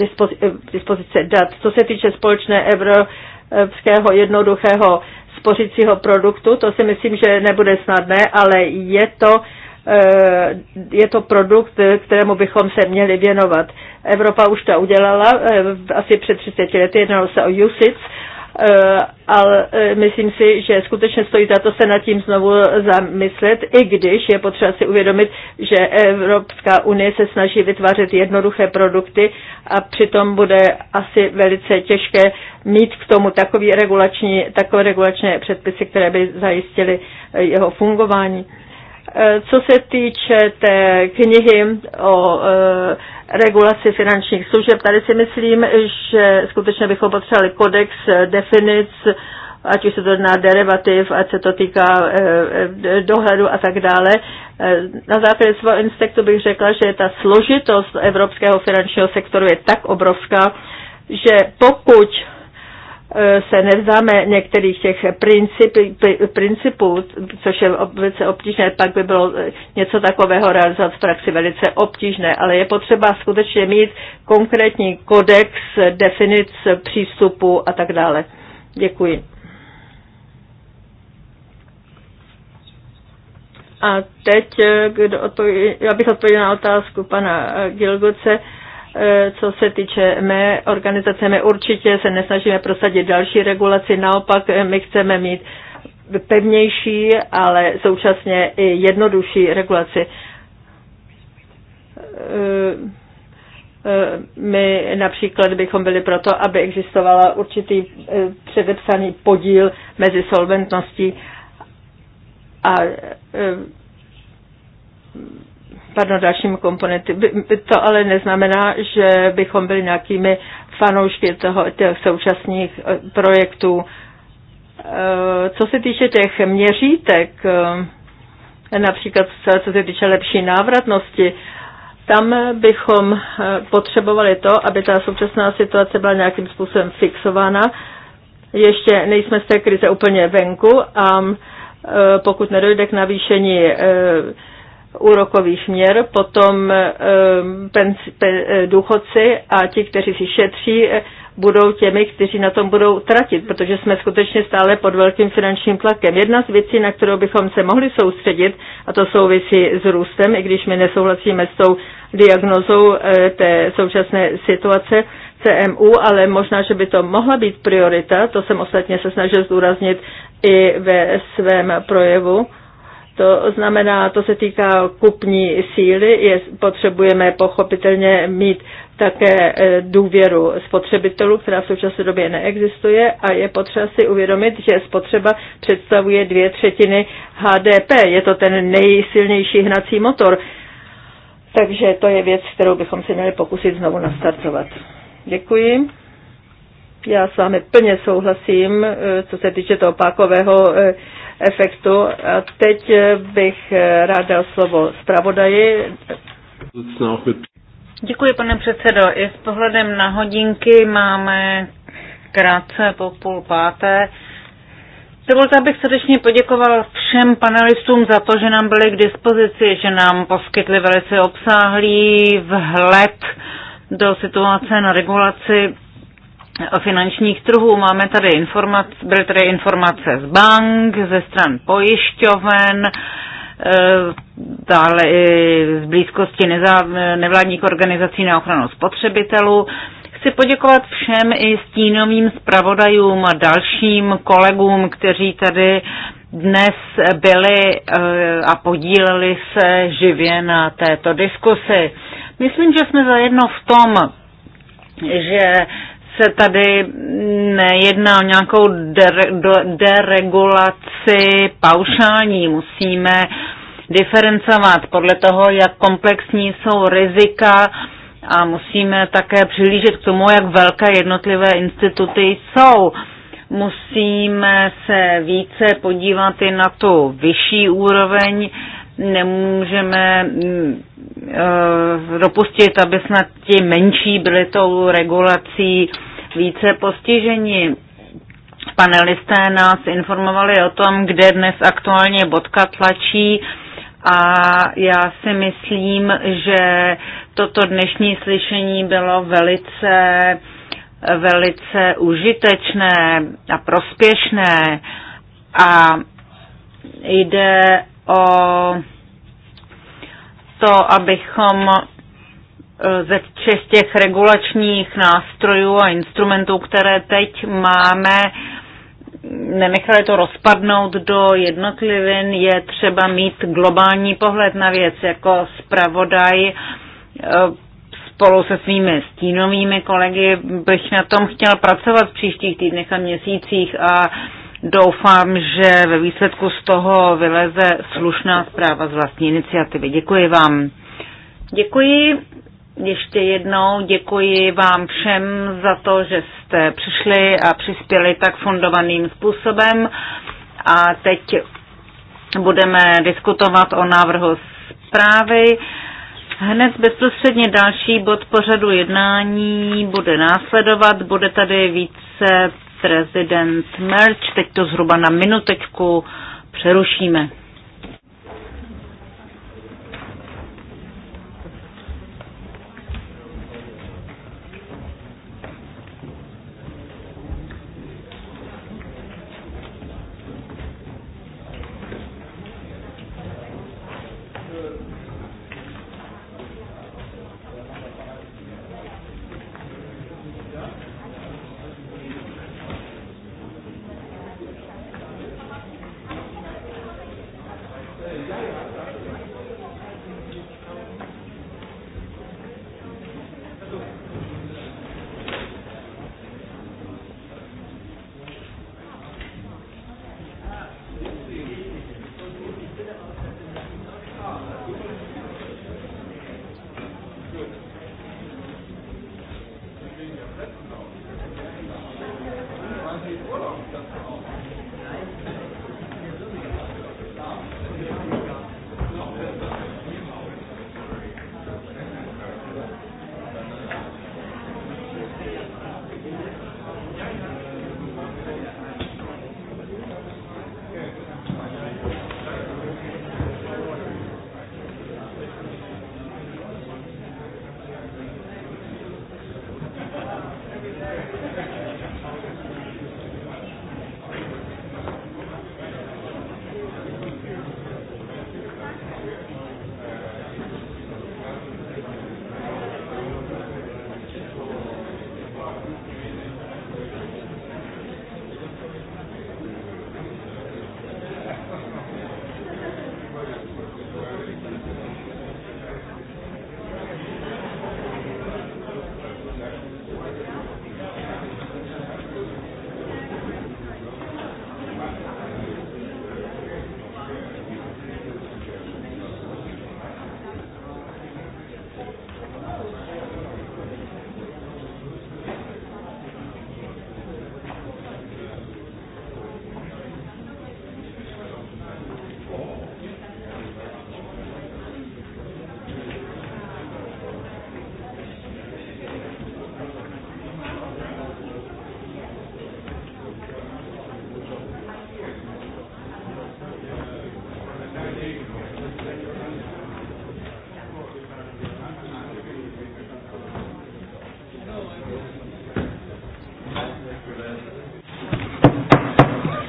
dispozice dat. Co se týče společné evropského jednoduchého spořícího produktu, to si myslím, že nebude snadné, ale je to Eh, je to produkt, kterému bychom se měli věnovat. Evropa už to udělala eh, asi před 30 lety, jednalo se o USIC, eh, ale myslím si, že skutečně stojí za to se nad tím znovu zamyslet, i když je potřeba si uvědomit, že Evropská unie se snaží vytvářet jednoduché produkty a přitom bude asi velice těžké mít k tomu takové regulační, takové regulační předpisy, které by zajistily jeho fungování. Eh, co se týče té knihy o eh, regulaci finančních služeb, tady si myslím, že skutečně bychom potřebovali kodex definic, ať už se to dná derivativ, ať se to týká eh, dohledu a tak dále. Na základě svého instinktu bych řekla, že ta složitost evropského finančního sektoru je tak obrovská, že pokud Eh, se nevzdáme některých těch principů, principů, což je velice obtížné, pak by bylo eh, něco takového realizovat v praxi velice obtížné, ale je potřeba skutečně mít konkrétní kodex, definic přístupu a tak dále. Děkuji. A teď, eh, kdo odpovědě, já bych odpověděl na otázku pana Gilgoce. Uh, E, co se týče mé organizace, my určitě se nesnažíme prosadit další regulaci, naopak e, my chceme mít pevnější, ale současně i jednodušší regulaci. E, my například bychom byli proto, aby existovala určitý předepsaný podíl mezi solventností a pardon, dalšími komponenty. To ale neznamená, že bychom byli nějakými fanoušky toho, těch současných eh, projektů. Eh, co se týče těch měřítek, eh, například co se týče lepší návratnosti, tam bychom potřebovali to, aby ta současná situace byla nějakým způsobem fixována. Ještě nejsme z té krize úplně venku a pokud nedojde k navýšení úrokový směr, potom ehm, eh, důchodci a ti, kteří si šetří, eh, budou těmi, kteří na tom budou tratit, protože jsme skutečně stále pod velkým finančním tlakem. Jedna z věcí, na kterou bychom se mohli soustředit, a to souvisí s růstem, i když my nesouhlasíme s tou diagnozou eh, té současné situace CMU, ale možná, že by to mohla být priorita, to jsem ostatně se snažil zdůraznit i ve svém projevu to znamená, to se týká kupní síly, je, potřebujeme pochopitelně mít také e, důvěru spotřebitelů, která v současné době neexistuje a je potřeba si uvědomit, že spotřeba představuje dvě třetiny HDP. Je to ten nejsilnější hnací motor. Takže to je věc, kterou bychom si měli pokusit znovu nastartovat. Děkuji. Já s vámi plně souhlasím, e, co se týče toho pákového e, efektu. A teď eh, bych eh, rád dal slovo zpravodaji. Děkuji, pane předsedo. I s pohledem na hodinky máme krátce po půl páté. Dovolte, abych srdečně poděkoval všem panelistům za to, že nám byli k dispozici, že nám poskytli velice obsáhlý vhled do situace na regulaci finančních trhů. Máme tady informace, byly tady informace z bank, ze stran pojišťoven, e, dále z blízkosti nevládních organizací na ochranu spotřebitelů. Chci poděkovat všem i stínovým zpravodajům a dalším kolegům, kteří tady dnes byli e, a podíleli se živě na této diskusi. Myslím, že jsme zajedno v tom, že se tady nejedná o nějakou deregulaci paušální. Musíme diferencovat podle toho, jak komplexní jsou rizika a musíme také přihlížet k tomu, jak velké jednotlivé instituty jsou. Musíme se více podívat i na tu vyšší úroveň, nemůžeme uh, dopustit, aby snad ti menší byli tou regulací více postiženi. Panelisté nás informovali o tom, kde dnes aktuálně bodka tlačí a já si myslím, že toto dnešní slyšení bylo velice, velice užitečné a prospěšné a jde o to, abychom Eh, ze všech těch regulačních nástrojů a instrumentů, které teď máme, nenechali to rozpadnout do jednotlivin, je třeba mít globální pohled na věc jako zpravodaj eh, spolu se svými stínovými kolegy bych na tom chtěl pracovat v příštích týdnech a měsících a doufám, že ve výsledku z toho vyleze slušná zpráva z vlastní iniciativy. Děkuji vám. Děkuji. Ještě jednou děkuji vám všem za to, že jste přišli a přispěli tak fundovaným způsobem. A teď budeme diskutovat o návrhu zprávy. Hned bezprostředně další bod pořadu jednání bude následovat. Bude tady více prezident Merch. Teď to zhruba na minutečku přerušíme.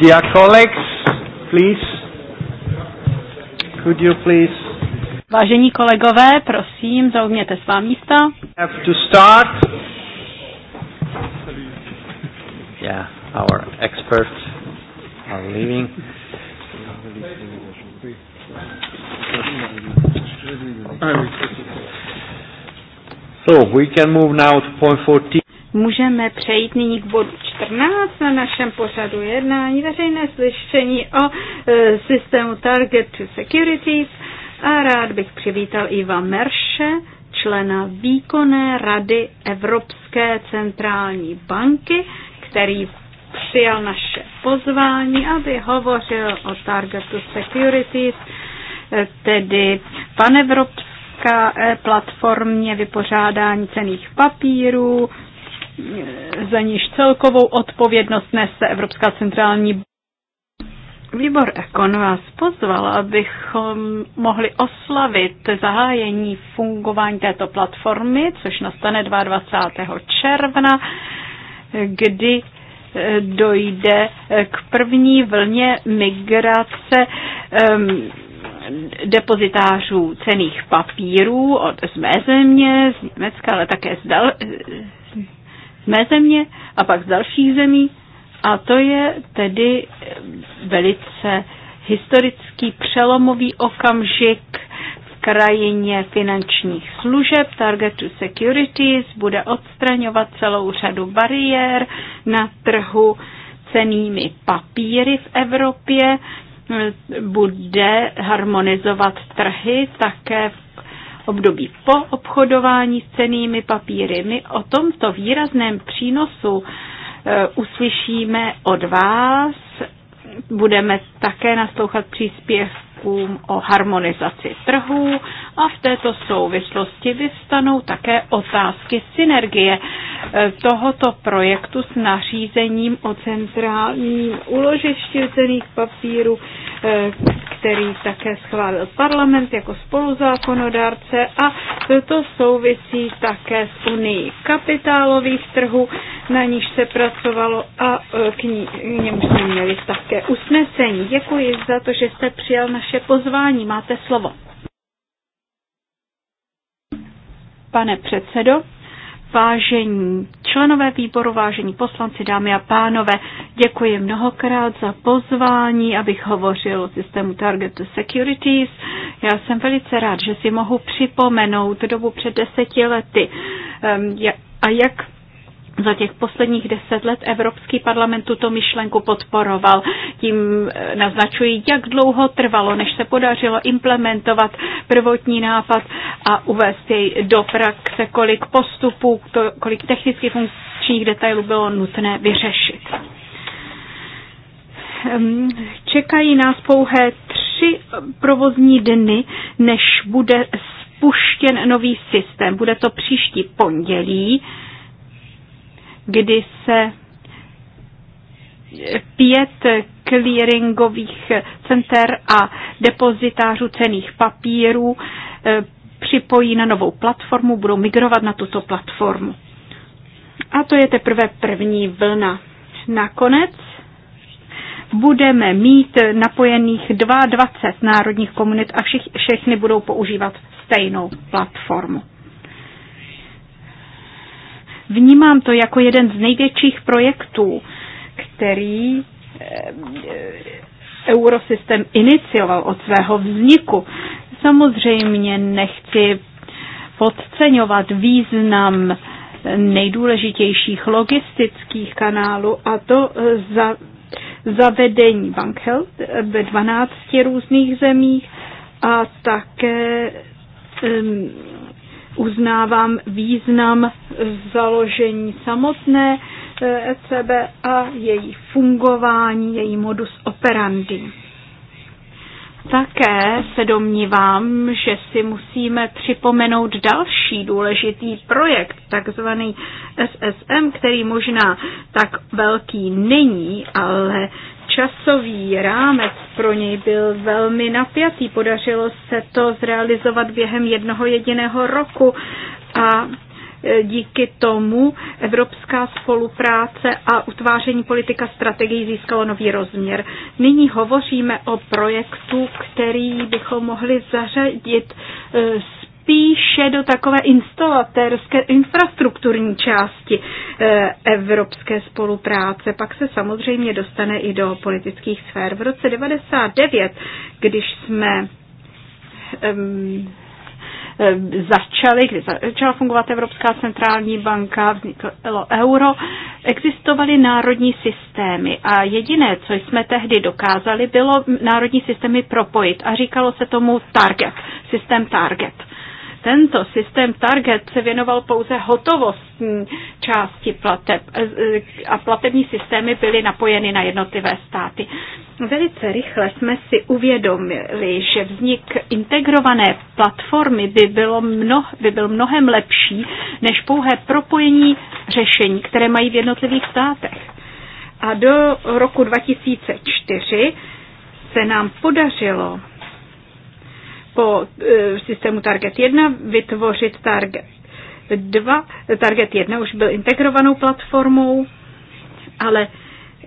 Dear colleagues, please, could you please Vážení kolegové, prosím, zaujměte svá místa. Have to start. Yeah, our experts are leaving. So, we can move now to point 14. Můžeme přejít nyní k bodu 14 na našem pořadu jednání veřejné slyšení o e, systému Target to Securities a rád bych přivítal Iva Merše, člena výkonné rady Evropské centrální banky, který přijal naše pozvání, aby hovořil o Targetu Securities, e, tedy panevropské e, platformě vypořádání cených papírů, za níž celkovou odpovědnost nese Evropská centrální Výbor Ekon vás pozval, abychom mohli oslavit zahájení fungování této platformy, což nastane 22. června, kdy eh, dojde eh, k první vlně migrace um, depozitářů cených papírů od, z mé země, z Německa, ale také z, dal, mé země a pak z dalších zemí. A to je tedy velice historický přelomový okamžik v krajině finančních služeb. Target to Securities bude odstraňovat celou řadu bariér na trhu cenými papíry v Evropě, bude harmonizovat trhy také v období po obchodování s cenými papíry. My o tomto výrazném přínosu e, uslyšíme od vás. Budeme také naslouchat příspěvkům o harmonizaci trhů a v této souvislosti vyvstanou také otázky synergie e, tohoto projektu s nařízením o centrálním uložišti cených papíru, e, který také schválil parlament jako spoluzákonodárce a to souvisí také s unii kapitálových trhů, na níž se pracovalo a e, k, ní, k němu jsme měli také usnesení. Děkuji za to, že jste přijal naše pozvání. Máte slovo. Pane předsedo, Vážení členové výboru, vážení poslanci, dámy a pánové, děkuji mnohokrát za pozvání, abych hovořil o systému Target to Securities. Já jsem velice rád, že si mohu připomenout dobu před deseti lety ehm, a jak za těch posledních deset let Evropský parlament tuto myšlenku podporoval. Tím eh, naznačují, jak dlouho trvalo, než se podařilo implementovat prvotní nápad a uvést jej do praxe, kolik postupů, kolik technicky funkčních detailů bylo nutné vyřešit. Ehm, čekají nás pouhé tři provozní dny, než bude spuštěn nový systém. Bude to příští pondělí kdy se pět clearingových center a depozitářů cených papírů eh, připojí na novou platformu, budou migrovat na tuto platformu. A to je teprve první vlna. Nakonec budeme mít napojených 22 národních komunit a všich, všechny budou používat stejnou platformu. Vnímám to jako jeden z největších projektů, který eh, Eurosystem inicioval od svého vzniku. Samozřejmě nechci podceňovat význam nejdůležitějších logistických kanálů a to eh, za zavedení Bankheld ve 12 různých zemích a také uznávám význam založení samotné ECB eh, e a její fungování, její modus operandi. Také se domnívám, že si musíme připomenout další důležitý projekt, takzvaný SSM, který možná tak velký není, ale časový rámec pro něj byl velmi napjatý. Podařilo se to zrealizovat během jednoho jediného roku a e, díky tomu evropská spolupráce a utváření politika strategií získalo nový rozměr. Nyní hovoříme o projektu, který bychom mohli zařadit e, spíše do takové instalatérské infrastrukturní části eh, evropské spolupráce. Pak se samozřejmě dostane i do politických sfér. V roce 99, když jsme začali, začaly, kdy začala fungovat Evropská centrální banka, vzniklo euro, existovaly národní systémy a jediné, co jsme tehdy dokázali, bylo národní systémy propojit a říkalo se tomu target, systém target. Tento systém Target se věnoval pouze hotovostní části plateb a platební systémy byly napojeny na jednotlivé státy. Velice rychle jsme si uvědomili, že vznik integrované platformy by, bylo mnoh, by byl mnohem lepší než pouhé propojení řešení, které mají v jednotlivých státech. A do roku 2004 se nám podařilo po e, systému Target 1 vytvořit Target 2. Target 1 už byl integrovanou platformou, ale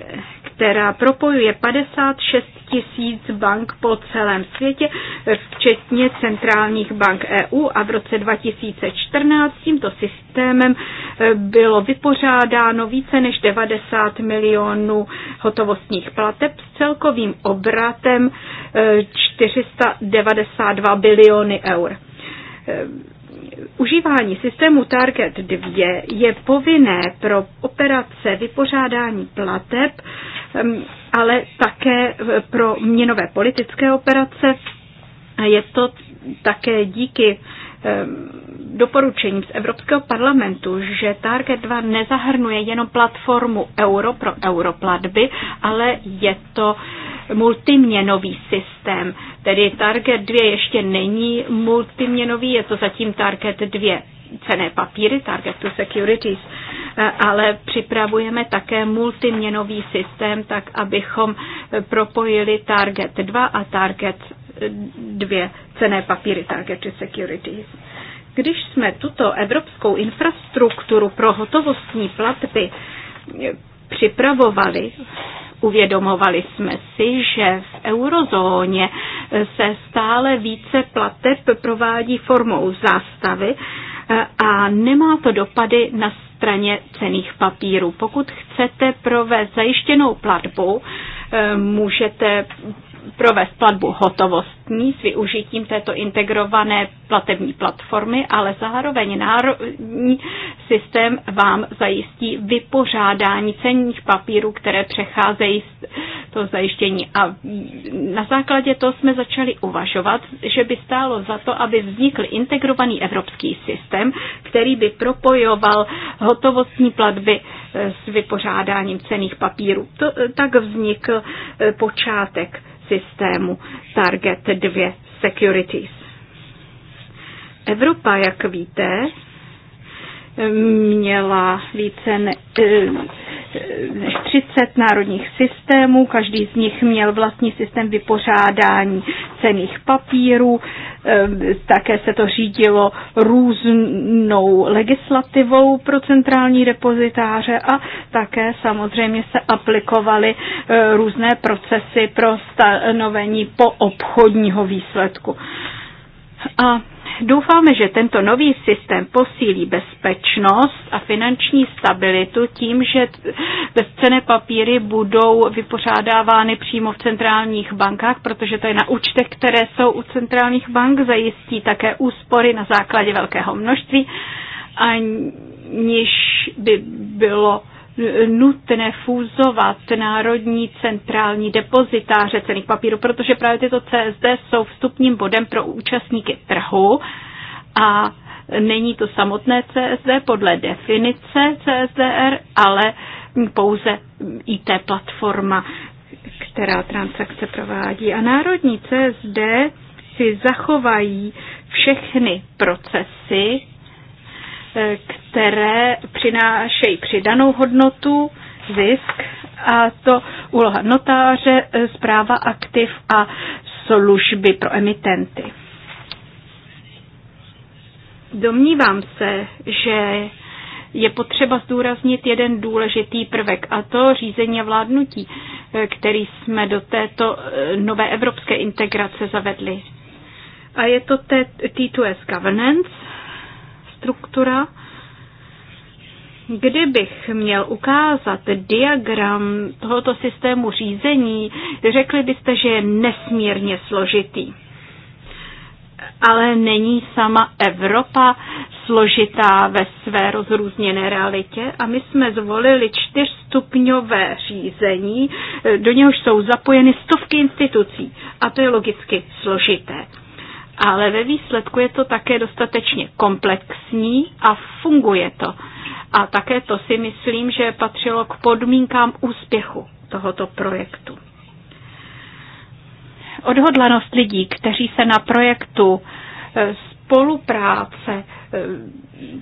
e, která propojuje 56 tisíc bank po celém světě, včetně centrálních bank EU a v roce 2014 tímto systémem e, bylo vypořádáno více než 90 milionů hotovostních plateb s celkovým obratem 492 biliony eur. Eh, užívání systému Target 2 je povinné pro operace vypořádání plateb, ehm, ale také pro měnové politické operace. Je to také díky ehm, doporučením z Evropského parlamentu, že Target 2 nezahrnuje jenom platformu euro pro europlatby, ale je to multiměnový systém. Tedy Target 2 ještě není multiměnový, je to zatím Target 2 cené papíry, Target to Securities, ale připravujeme také multiměnový systém, tak abychom propojili Target 2 a Target 2 cené papíry, Target to Securities. Když jsme tuto evropskou infrastrukturu pro hotovostní platby připravovali, uvědomovali jsme si, že v eurozóně se stále více plateb provádí formou zástavy eh, a nemá to dopady na straně cených papírů. Pokud chcete provést zajištěnou platbu, eh, můžete provést platbu hotovostní s využitím této integrované platební platformy, ale zároveň národní systém vám zajistí vypořádání cenních papírů, které přecházejí z to zajištění. A na základě toho jsme začali uvažovat, že by stálo za to, aby vznikl integrovaný evropský systém, který by propojoval hotovostní platby eh, s vypořádáním cených papírů. To, eh, tak vznikl eh, počátek systému Target 2 Securities. Evropa, jak víte, měla více ne, eh, 30 národních systémů. Každý z nich měl vlastní systém vypořádání cených papírů. Ehm, také se to řídilo různou legislativou pro centrální depozitáře a také samozřejmě se aplikovaly eh, různé procesy pro stanovení po obchodního výsledku. A Doufáme, že tento nový systém posílí bezpečnost a finanční stabilitu tím, že bezcené papíry budou vypořádávány přímo v centrálních bankách, protože to je na účtech, které jsou u centrálních bank, zajistí také úspory na základě velkého množství, aniž by bylo nutné fúzovat národní centrální depozitáře cených papírů, protože právě tyto CSD jsou vstupním bodem pro účastníky trhu a není to samotné CSD podle definice CSDR, ale pouze IT platforma, která transakce provádí. A národní CSD si zachovají všechny procesy, které přinášejí přidanou hodnotu, zisk, a to úloha notáře, zpráva aktiv a služby pro emitenty. Domnívám se, že je potřeba zdůraznit jeden důležitý prvek a to řízení a vládnutí, který jsme do této eh, nové evropské integrace zavedli. A je to T2S Governance, struktura. Kdybych měl ukázat diagram tohoto systému řízení, řekli byste, že je nesmírně složitý. Ale není sama Evropa složitá ve své rozrůzněné realitě a my jsme zvolili čtyřstupňové řízení, do něhož jsou zapojeny stovky institucí a to je logicky složité ale ve výsledku je to také dostatečně komplexní a funguje to. A také to si myslím, že patřilo k podmínkám úspěchu tohoto projektu. Odhodlanost lidí, kteří se na projektu e, spolupráce e,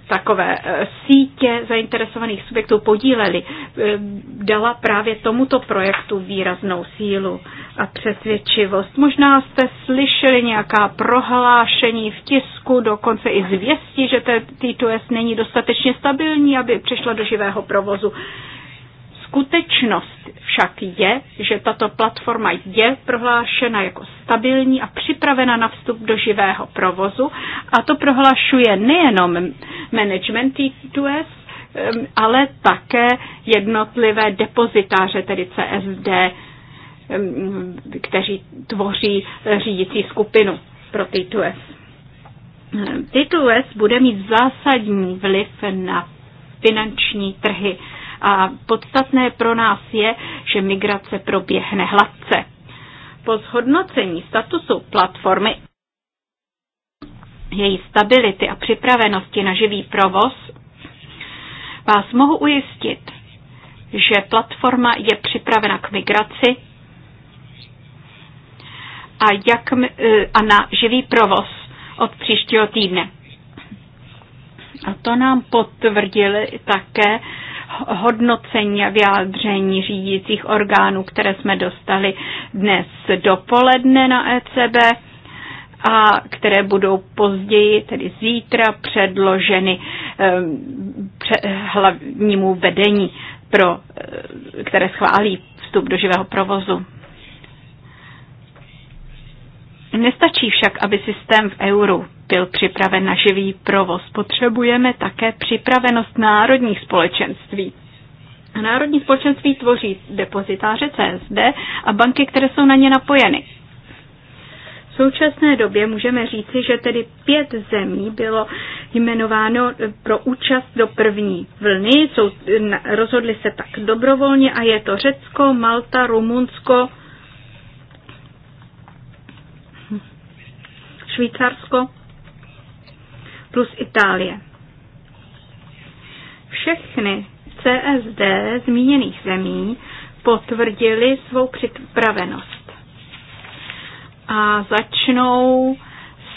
takové e, sítě zainteresovaných subjektů podíleli, dala právě tomuto projektu výraznou sílu a přesvědčivost. Možná jste slyšeli nějaká prohlášení v tisku, dokonce i zvěstí, že T2S není dostatečně stabilní, aby přešla do živého provozu. Skutečnost však je, že tato platforma je prohlášena jako stabilní a připravena na vstup do živého provozu a to prohlášuje nejenom management T2S, ale také jednotlivé depozitáře, tedy CSD, kteří tvoří řídící skupinu pro T2S. T2S bude mít zásadní vliv na finanční trhy a podstatné pro nás je, že migrace proběhne hladce. Po zhodnocení statusu platformy její stability a připravenosti na živý provoz, vás mohu ujistit, že platforma je připravena k migraci a, jak, e, a na živý provoz od příštího týdne. A to nám potvrdili také hodnocení a vyjádření řídících orgánů, které jsme dostali dnes dopoledne na ECB a které budou později, tedy zítra, předloženy e, hlavnímu vedení, pro, e, které schválí vstup do živého provozu. Nestačí však, aby systém v euru byl připraven na živý provoz. Potřebujeme také připravenost národních společenství. Národní společenství tvoří depozitáře CSD a banky, které jsou na ně napojeny. V současné době můžeme říci, že tedy pět zemí bylo jmenováno eh, pro účast do první vlny. Jsou, eh, rozhodli se tak dobrovolně a je to Řecko, Malta, Rumunsko, Švýcarsko plus Itálie. Všechny CSD zmíněných zemí potvrdili svou připravenost a začnou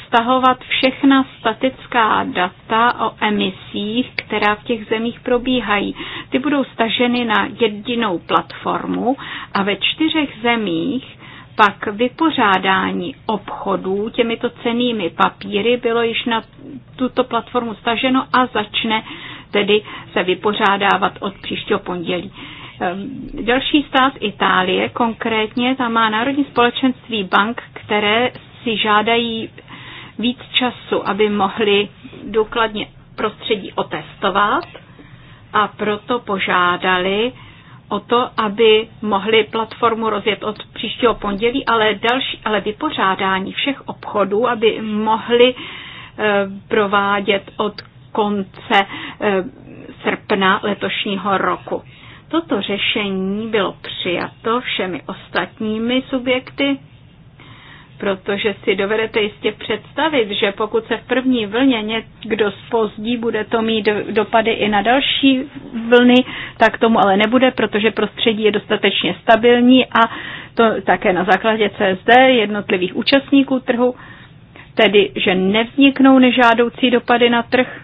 stahovat všechna statická data o emisích, která v těch zemích probíhají. Ty budou staženy na jedinou platformu a ve čtyřech zemích pak vypořádání obchodů těmito cenými papíry bylo již na tuto platformu staženo a začne tedy se vypořádávat od příštího pondělí. Ehm, další stát Itálie, konkrétně tam má Národní společenství bank, které si žádají víc času, aby mohli důkladně prostředí otestovat a proto požádali o to, aby mohli platformu rozjet od příštího pondělí, ale, další, ale vypořádání všech obchodů, aby mohli eh, provádět od konce eh, srpna letošního roku. Toto řešení bylo přijato všemi ostatními subjekty protože si dovedete jistě představit, že pokud se v první vlně někdo spozdí, bude to mít dopady i na další vlny, tak tomu ale nebude, protože prostředí je dostatečně stabilní a to také na základě CSD jednotlivých účastníků trhu, tedy že nevzniknou nežádoucí dopady na trh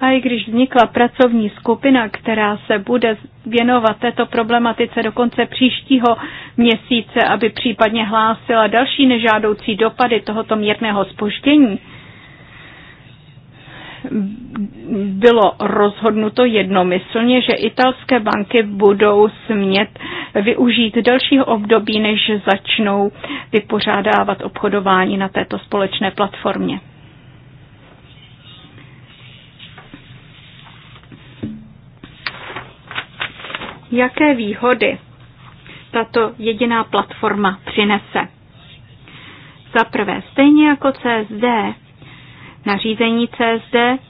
a i když vznikla pracovní skupina, která se bude věnovat této problematice do konce příštího měsíce, aby případně hlásila další nežádoucí dopady tohoto mírného spoždění, bylo rozhodnuto jednomyslně, že italské banky budou smět využít dalšího období, než začnou vypořádávat obchodování na této společné platformě. jaké výhody tato jediná platforma přinese. Za prvé, stejně jako CSD, nařízení CSD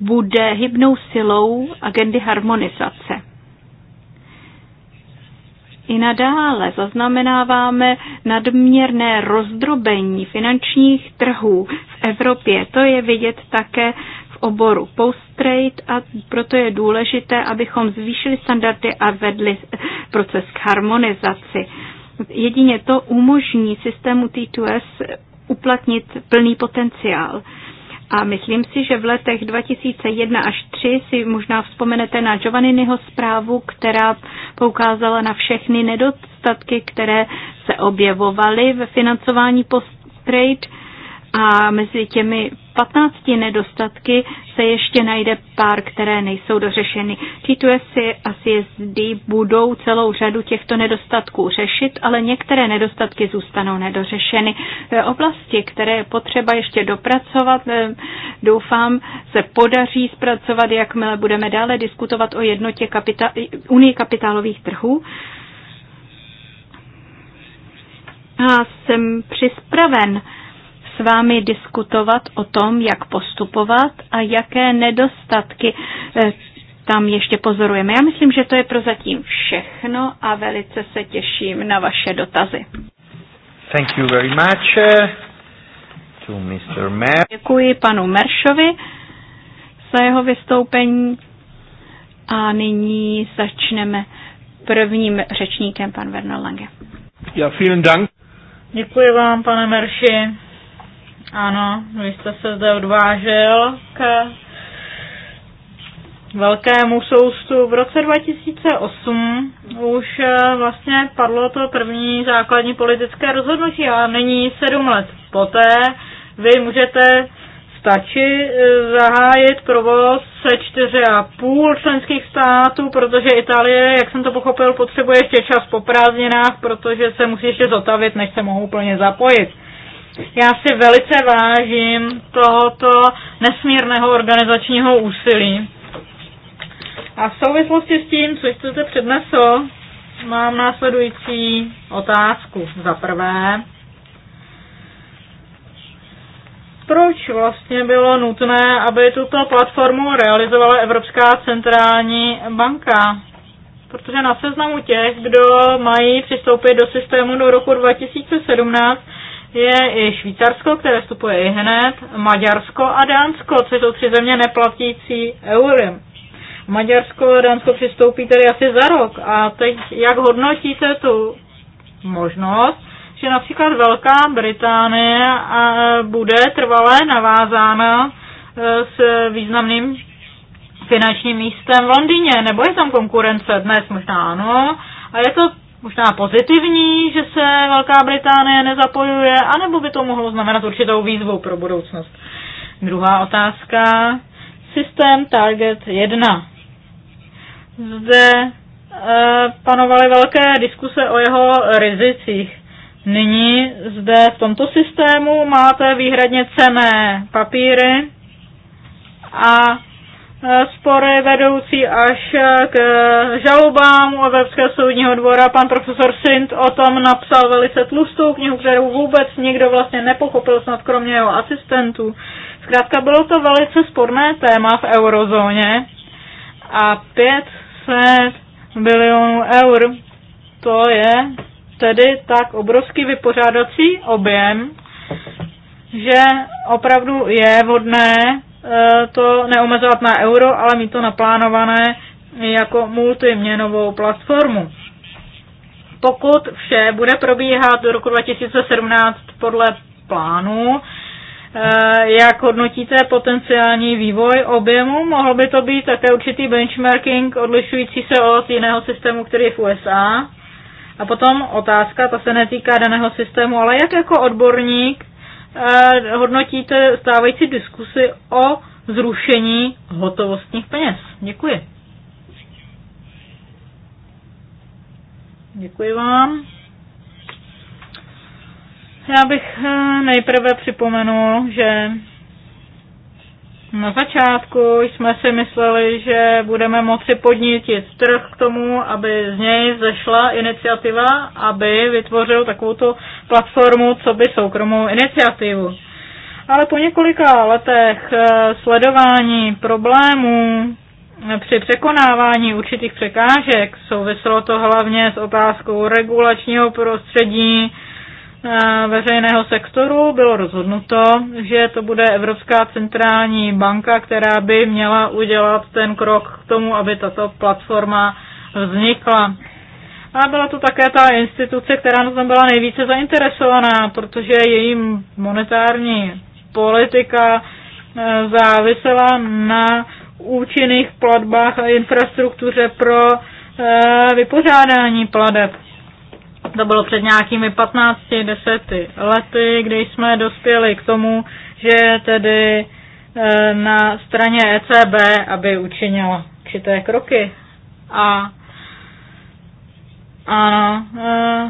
bude hybnou silou agendy harmonizace. I nadále zaznamenáváme nadměrné rozdrobení finančních trhů v Evropě. To je vidět také oboru post-trade a proto je důležité, abychom zvýšili standardy a vedli proces k harmonizaci. Jedině to umožní systému T2S uplatnit plný potenciál. A myslím si, že v letech 2001 až 3 si možná vzpomenete na Giovanniho zprávu, která poukázala na všechny nedostatky, které se objevovaly ve financování post-trade a mezi těmi 15 nedostatky se ještě najde pár, které nejsou dořešeny. t si asi a CSD budou celou řadu těchto nedostatků řešit, ale některé nedostatky zůstanou nedořešeny. E, oblasti, které je potřeba ještě dopracovat, e, doufám, se podaří zpracovat, jakmile budeme dále diskutovat o jednotě kapita- Unii kapitálových trhů. A jsem přispraven s vámi diskutovat o tom, jak postupovat a jaké nedostatky eh, tam ještě pozorujeme. Já myslím, že to je prozatím všechno a velice se těším na vaše dotazy. Thank you very much eh, to Mr. Mer. Děkuji panu Meršovi za jeho vystoupení a nyní začneme prvním řečníkem, pan Werner Lange. Ja, vielen Dank. Děkuji vám, pane Merši. Ano, vy jste se zde odvážel k velkému soustu. V roce 2008 už eh, vlastně padlo to první základní politické rozhodnutí a není sedm let poté. Vy můžete stačí eh, zahájit provoz se čtyři a půl členských států, protože Itálie, jak jsem to pochopil, potřebuje ještě čas po prázdninách, protože se musí ještě zotavit, než se mohou plně zapojit. Já si velice vážím tohoto nesmírného organizačního úsilí. A v souvislosti s tím, co jste přednesl, mám následující otázku. Za prvé, proč vlastně bylo nutné, aby tuto platformu realizovala Evropská centrální banka? Protože na seznamu těch, kdo mají přistoupit do systému do roku 2017, je i Švýcarsko, které vstupuje i hned, Maďarsko a Dánsko, což jsou tři země neplatící eurem. Maďarsko a Dánsko přistoupí tedy asi za rok. A teď jak hodnotíte tu možnost, že například Velká Británie bude trvalé navázána e, s významným finančním místem v Londýně, nebo je tam konkurence dnes možná ano, a je to možná pozitivní, že se Velká Británie nezapojuje, anebo by to mohlo znamenat určitou výzvu pro budoucnost. Druhá otázka. Systém Target 1. Zde e, panovaly velké diskuse o jeho rizicích. Nyní zde v tomto systému máte výhradně cené papíry a spory vedoucí až k eh, žalobám u Evropského soudního dvora. Pan profesor Sint o tom napsal velice tlustou knihu, kterou vůbec nikdo vlastně nepochopil, snad kromě jeho asistentů. Zkrátka bylo to velice sporné téma v eurozóně a 500 bilionů eur, to je tedy tak obrovský vypořádací objem, že opravdu je vhodné Eh, to neomezovat na euro, ale mít to naplánované jako multiměnovou platformu. Pokud vše bude probíhat do roku 2017 podle plánu, eh, jak hodnotíte potenciální vývoj objemu? Mohl by to být také určitý benchmarking odlišující se od jiného systému, který je v USA? A potom otázka, ta se netýká daného systému, ale jak jako odborník Eh, hodnotíte stávající diskusy o zrušení hotovostních peněz? Děkuji. Děkuji vám. Já bych eh, nejprve připomenul, že na začátku jsme si mysleli, že budeme moci podnítit trh k tomu, aby z něj zešla iniciativa, aby vytvořil takovou platformu, co by soukromou iniciativu. Ale po několika letech eh, sledování problémů eh, při překonávání určitých překážek souviselo to hlavně s otázkou regulačního prostředí, Eh, veřejného sektoru bylo rozhodnuto, že to bude Evropská centrální banka, která by měla udělat ten krok k tomu, aby tato platforma vznikla. A byla to také ta instituce, která na tom byla nejvíce zainteresovaná, protože její monetární politika eh, závisela na účinných platbách a infrastruktuře pro eh, vypořádání pladeb. To bylo před nějakými 15, 10 lety, kdy jsme dospěli k tomu, že tedy eh, na straně ECB, aby učinila určité kroky. A ano, eh,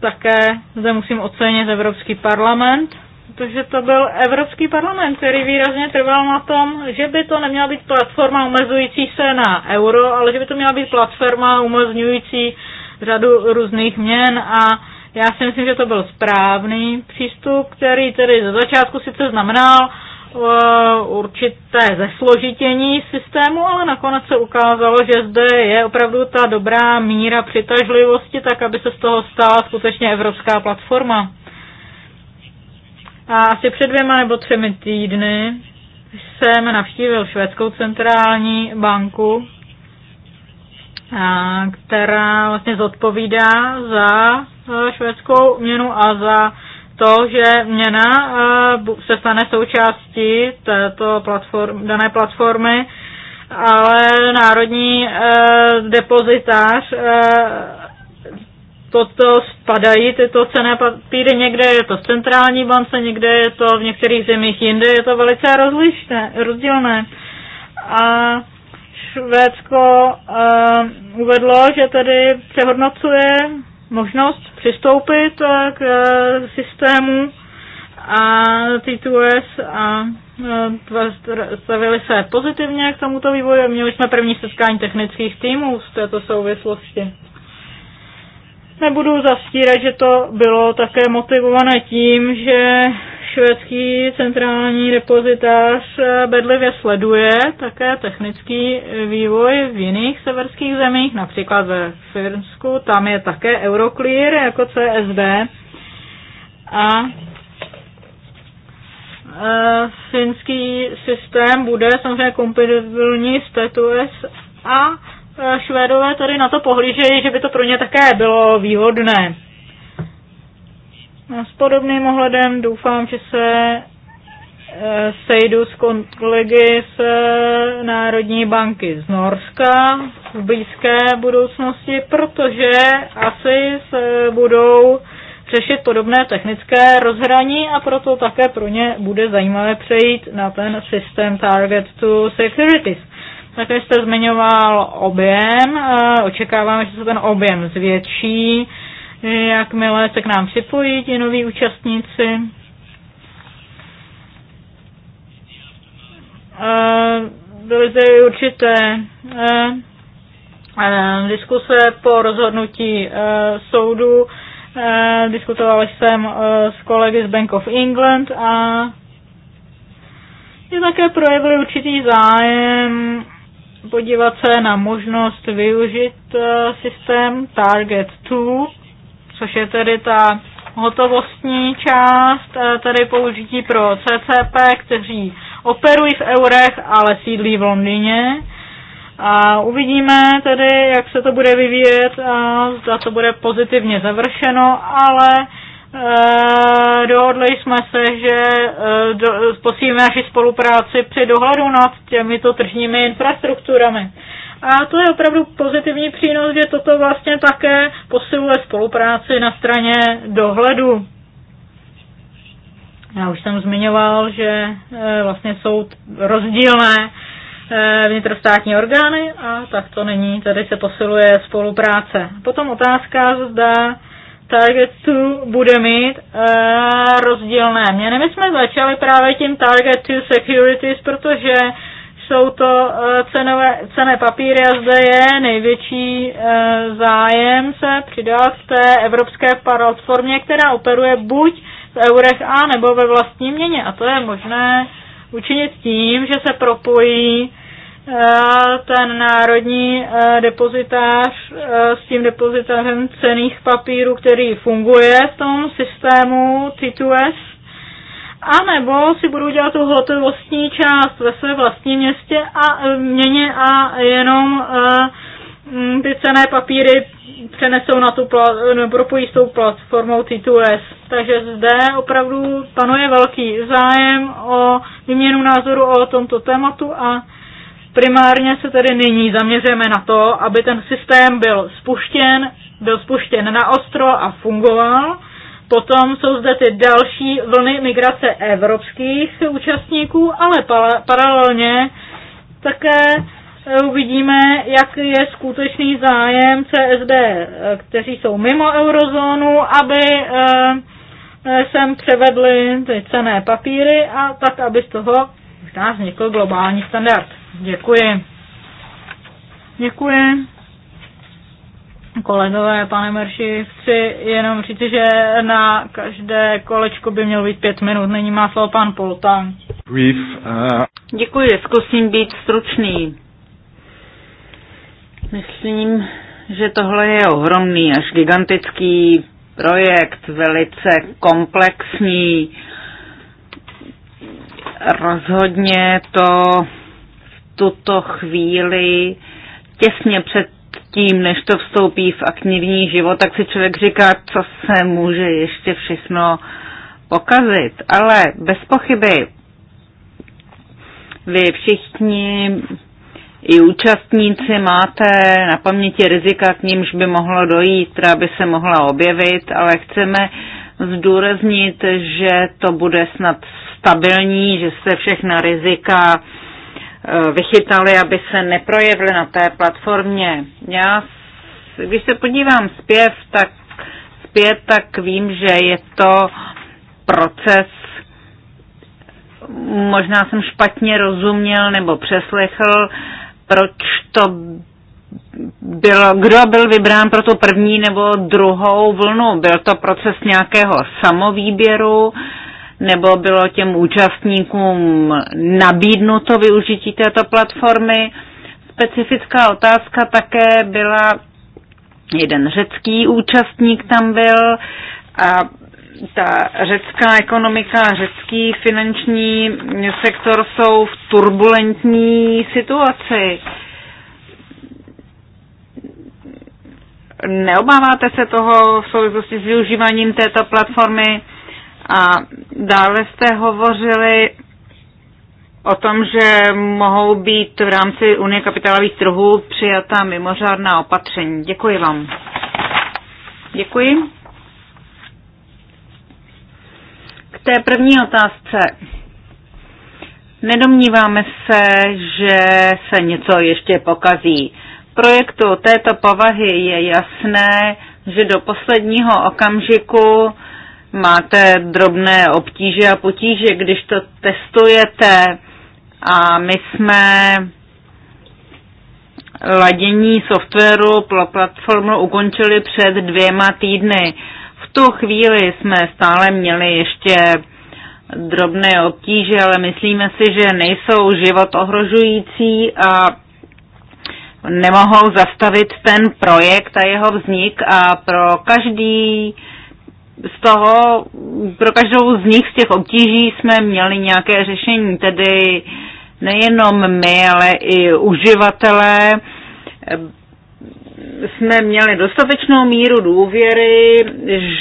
také zde musím ocenit Evropský parlament, protože to byl Evropský parlament, který výrazně trval na tom, že by to neměla být platforma omezující se na euro, ale že by to měla být platforma umožňující řadu různých měn a já si myslím, že to byl správný přístup, který tedy ze začátku sice znamenal eh, určité zesložitění systému, ale nakonec se ukázalo, že zde je opravdu ta dobrá míra přitažlivosti, tak aby se z toho stala skutečně evropská platforma. A asi před dvěma nebo třemi týdny jsem navštívil Švédskou centrální banku která vlastně zodpovídá za e, švédskou měnu a za to, že měna e, se stane součástí této platform, dané platformy, ale národní e, depozitář toto spadají tyto cené papíry, někde je to v centrální bance, někde je to v některých zemích jinde, je to velice rozlišné, rozdílné. A Švédsko uh, uvedlo, že tedy přehodnocuje možnost přistoupit eh, k uh, systému a T2S a eh, stavili se pozitivně k tomuto vývoji. Měli jsme první setkání technických týmů z této souvislosti. Nebudu zastírat, že to bylo také motivované tím, že švédský centrální depozitář bedlivě sleduje také technický vývoj v jiných severských zemích, například ve Finsku, tam je také Euroclear jako CSD a e, finský systém bude samozřejmě kompatibilní s TTS a Švédové tady na to pohlížejí, že by to pro ně také bylo výhodné. S podobným ohledem doufám, že se e, sejdu s kolegy z e, Národní banky z Norska v blízké budoucnosti, protože asi se budou řešit podobné technické rozhraní a proto také pro ně bude zajímavé přejít na ten systém Target to Securities. Také jste zmiňoval objem, eh, očekáváme, že se ten objem zvětší, jakmile se k nám připojí ti noví účastníci. Eh, byly zde i určité eh, diskuse po rozhodnutí soudu. Diskutoval jsem s kolegy z Bank of England a je také projevili určitý zájem podívat se na možnost využít eh, systém Target 2, což je tedy ta hotovostní část, eh, tedy použití pro CCP, kteří operují v eurech, ale sídlí v Londýně. A uvidíme tedy, jak se to bude vyvíjet a zda to bude pozitivně završeno, ale Eh, dohodli jsme se, že eh, posílíme naši spolupráci při dohledu nad těmito tržními infrastrukturami. A to je opravdu pozitivní přínos, že toto vlastně také posiluje spolupráci na straně dohledu. Já už jsem zmiňoval, že eh, vlastně jsou rozdílné vnitrostátní orgány a tak to není, tady se posiluje spolupráce. Potom otázka, zda Target targetů bude mít uh, rozdílné měny. My jsme začali právě tím target to securities, protože jsou to uh, cenové, cené papíry a zde je největší uh, zájem se přidat v té evropské platformě, která operuje buď v eurech a nebo ve vlastní měně. A to je možné učinit tím, že se propojí Eh, ten národní eh, depozitář eh, s tím depozitářem cených papírů, který funguje v tom systému T2S, a nebo si budu dělat tu hotovostní část ve své vlastní městě a měně a jenom mm, ty cené papíry přenesou na tu propojí s tou platformou T2S. Takže zde opravdu panuje velký zájem o vyměnu názoru o tomto tématu a Primárně se tedy nyní zaměřujeme na to, aby ten systém byl spuštěn, byl spuštěn na ostro a fungoval. Potom jsou zde ty další vlny migrace evropských účastníků, ale paralelně také eh, uvidíme, jak je skutečný zájem CSD, eh, kteří jsou mimo eurozónu, aby eh, sem převedli ty cené papíry a tak, aby z toho možná vznikl globální standard. Děkuji. Děkuji. Kolegové, pane Merši, chci jenom říct, že na každé kolečko by mělo být pět minut. Není má slovo pan Poltan. uh... Děkuji, zkusím být stručný. Myslím, že tohle je ohromný až gigantický projekt, velice komplexní. Rozhodně to tuto chvíli těsně před tím, než to vstoupí v aktivní život, tak si člověk říká, co se může ještě všechno pokazit. Ale bez pochyby vy všichni i účastníci máte na paměti rizika, k nímž by mohlo dojít, která by se mohla objevit, ale chceme zdůraznit, že to bude snad stabilní, že se všechna rizika vychytali, aby se neprojevili na té platformě. Já, když se podívám zpěv, tak zpět, tak vím, že je to proces, možná jsem špatně rozuměl nebo přeslechl, proč to bylo, kdo byl vybrán pro tu první nebo druhou vlnu. Byl to proces nějakého samovýběru, nebo bylo těm účastníkům nabídnuto využití této platformy. Specifická otázka také byla, jeden řecký účastník tam byl a ta řecká ekonomika, řecký finanční sektor jsou v turbulentní situaci. Neobáváte se toho v souvislosti s využíváním této platformy? A dále jste hovořili o tom, že mohou být v rámci Unie kapitálových trhů přijatá mimořádná opatření. Děkuji vám. Děkuji. K té první otázce. Nedomníváme se, že se něco ještě pokazí. Projektu této povahy je jasné, že do posledního okamžiku máte drobné obtíže a potíže, když to testujete. A my jsme ladění softwaru pro platformu ukončili před dvěma týdny. V tu chvíli jsme stále měli ještě drobné obtíže, ale myslíme si, že nejsou život ohrožující a nemohou zastavit ten projekt a jeho vznik a pro každý z toho, pro každou z nich z těch obtíží jsme měli nějaké řešení, tedy nejenom my, ale i uživatelé ehm, jsme měli dostatečnou míru důvěry,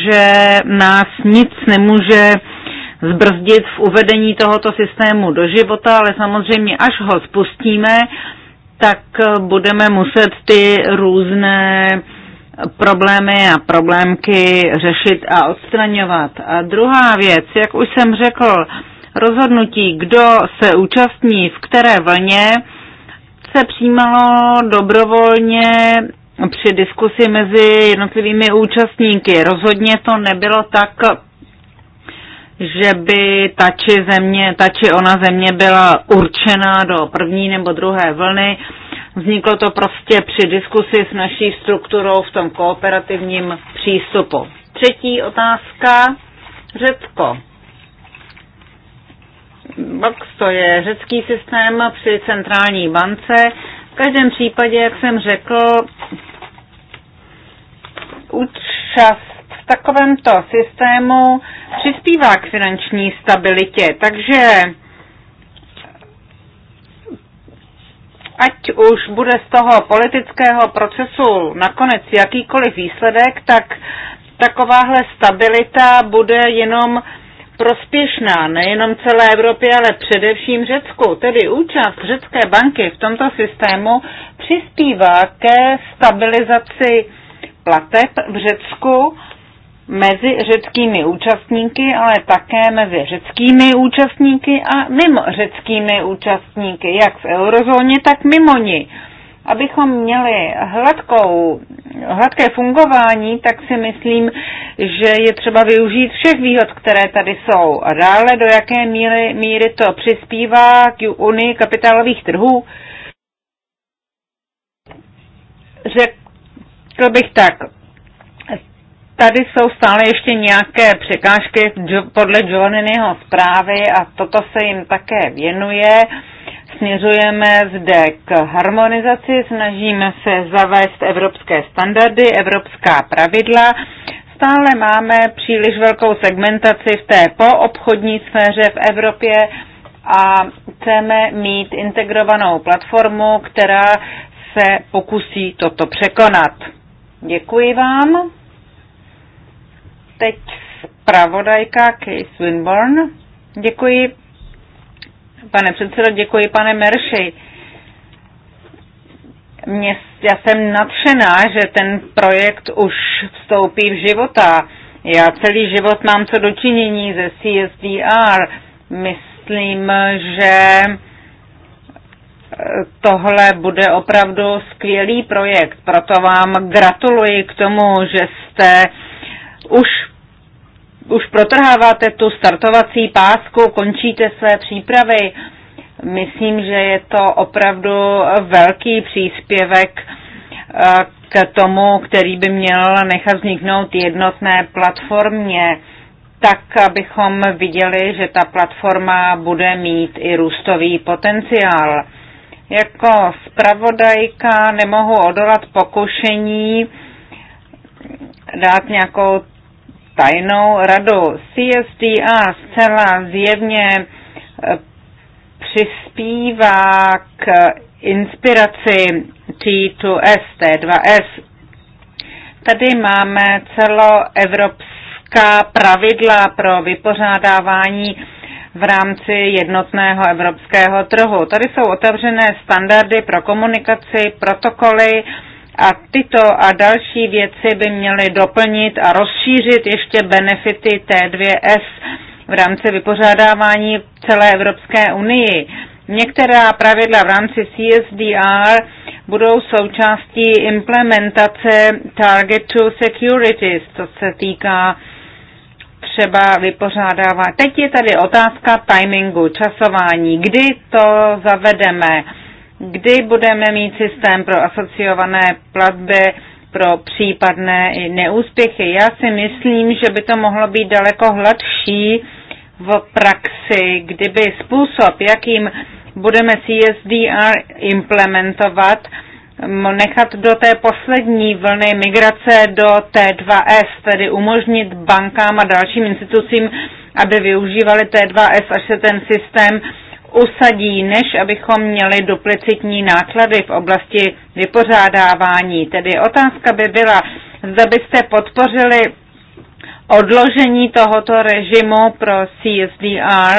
že nás nic nemůže zbrzdit v uvedení tohoto systému do života, ale samozřejmě až ho spustíme, tak budeme muset ty různé uh, problémy a problémky řešit a odstraňovat. A druhá věc, jak už jsem řekl, rozhodnutí, kdo se účastní v které vlně, se přijímalo dobrovolně při diskusi mezi jednotlivými účastníky. Rozhodně to nebylo tak, že by ta či, země, ta či ona země byla určena do první nebo druhé vlny. Vzniklo to prostě při diskusi s naší strukturou v tom kooperativním přístupu. Třetí otázka. Řecko. Box to je řecký systém při centrální bance. V každém případě, jak jsem řekl, účast v takovémto systému přispívá k finanční stabilitě. Takže ať už bude z toho politického procesu nakonec jakýkoliv výsledek, tak takováhle stabilita bude jenom prospěšná nejenom celé Evropě, ale především Řecku. Tedy účast řecké banky v tomto systému přispívá ke stabilizaci plateb v Řecku mezi řeckými účastníky, ale také mezi řeckými účastníky a mimo řeckými účastníky, jak v eurozóně, tak mimo ní. Abychom měli hladkou, hladké fungování, tak si myslím, že je třeba využít všech výhod, které tady jsou. A dále, do jaké míry, míry to přispívá k unii kapitálových trhů, řekl bych tak, tady jsou stále ještě nějaké překážky podle Johanniniho zprávy a toto se jim také věnuje. Směřujeme zde k harmonizaci, snažíme se zavést evropské standardy, evropská pravidla. Stále máme příliš velkou segmentaci v té poobchodní sféře v Evropě a chceme mít integrovanou platformu, která se pokusí toto překonat. Děkuji vám teď zpravodajka Kay Swinburne. Děkuji, pane předsedo, děkuji, pane Merši. Mě, já jsem nadšená, že ten projekt už vstoupí v života. Já celý život mám co dočinění ze CSDR. Myslím, že eh, tohle bude opravdu skvělý projekt. Proto vám gratuluji k tomu, že jste už, už protrháváte tu startovací pásku, končíte své přípravy. Myslím, že je to opravdu velký příspěvek eh, k tomu, který by měl nechat vzniknout jednotné platformě, tak abychom viděli, že ta platforma bude mít i růstový potenciál. Jako zpravodajka nemohu odolat pokušení dát nějakou tajnou radu. CSDR zcela zjevně eh, přispívá k inspiraci T2S, T2S. Tady máme celoevropská pravidla pro vypořádávání v rámci jednotného evropského trhu. Tady jsou otevřené standardy pro komunikaci, protokoly, a tyto a další věci by měly doplnit a rozšířit ještě benefity T2S v rámci vypořádávání celé Evropské unii. Některá pravidla v rámci CSDR budou součástí implementace Target to Securities, co se týká třeba vypořádávání. Teď je tady otázka timingu, časování. Kdy to zavedeme? kdy budeme mít systém pro asociované platby pro případné neúspěchy. Já si myslím, že by to mohlo být daleko hladší v praxi, kdyby způsob, jakým budeme CSDR implementovat, nechat do té poslední vlny migrace do T2S, tedy umožnit bankám a dalším institucím, aby využívali T2S, až se ten systém usadí, než abychom měli duplicitní náklady v oblasti vypořádávání. Tedy otázka by byla, zda byste podpořili odložení tohoto režimu pro CSDR,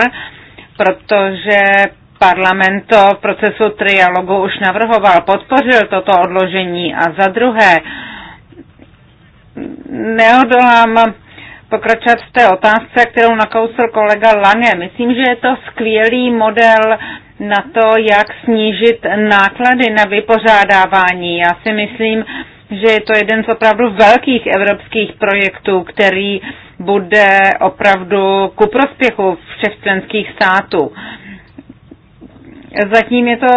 protože parlament to v procesu trialogu už navrhoval, podpořil toto odložení a za druhé neodolám pokračovat v té otázce, kterou nakousil kolega Lange. Myslím, že je to skvělý model na to, jak snížit náklady na vypořádávání. Já si myslím, že je to jeden z opravdu velkých evropských projektů, který bude opravdu ku prospěchu všech členských států. Zatím je to,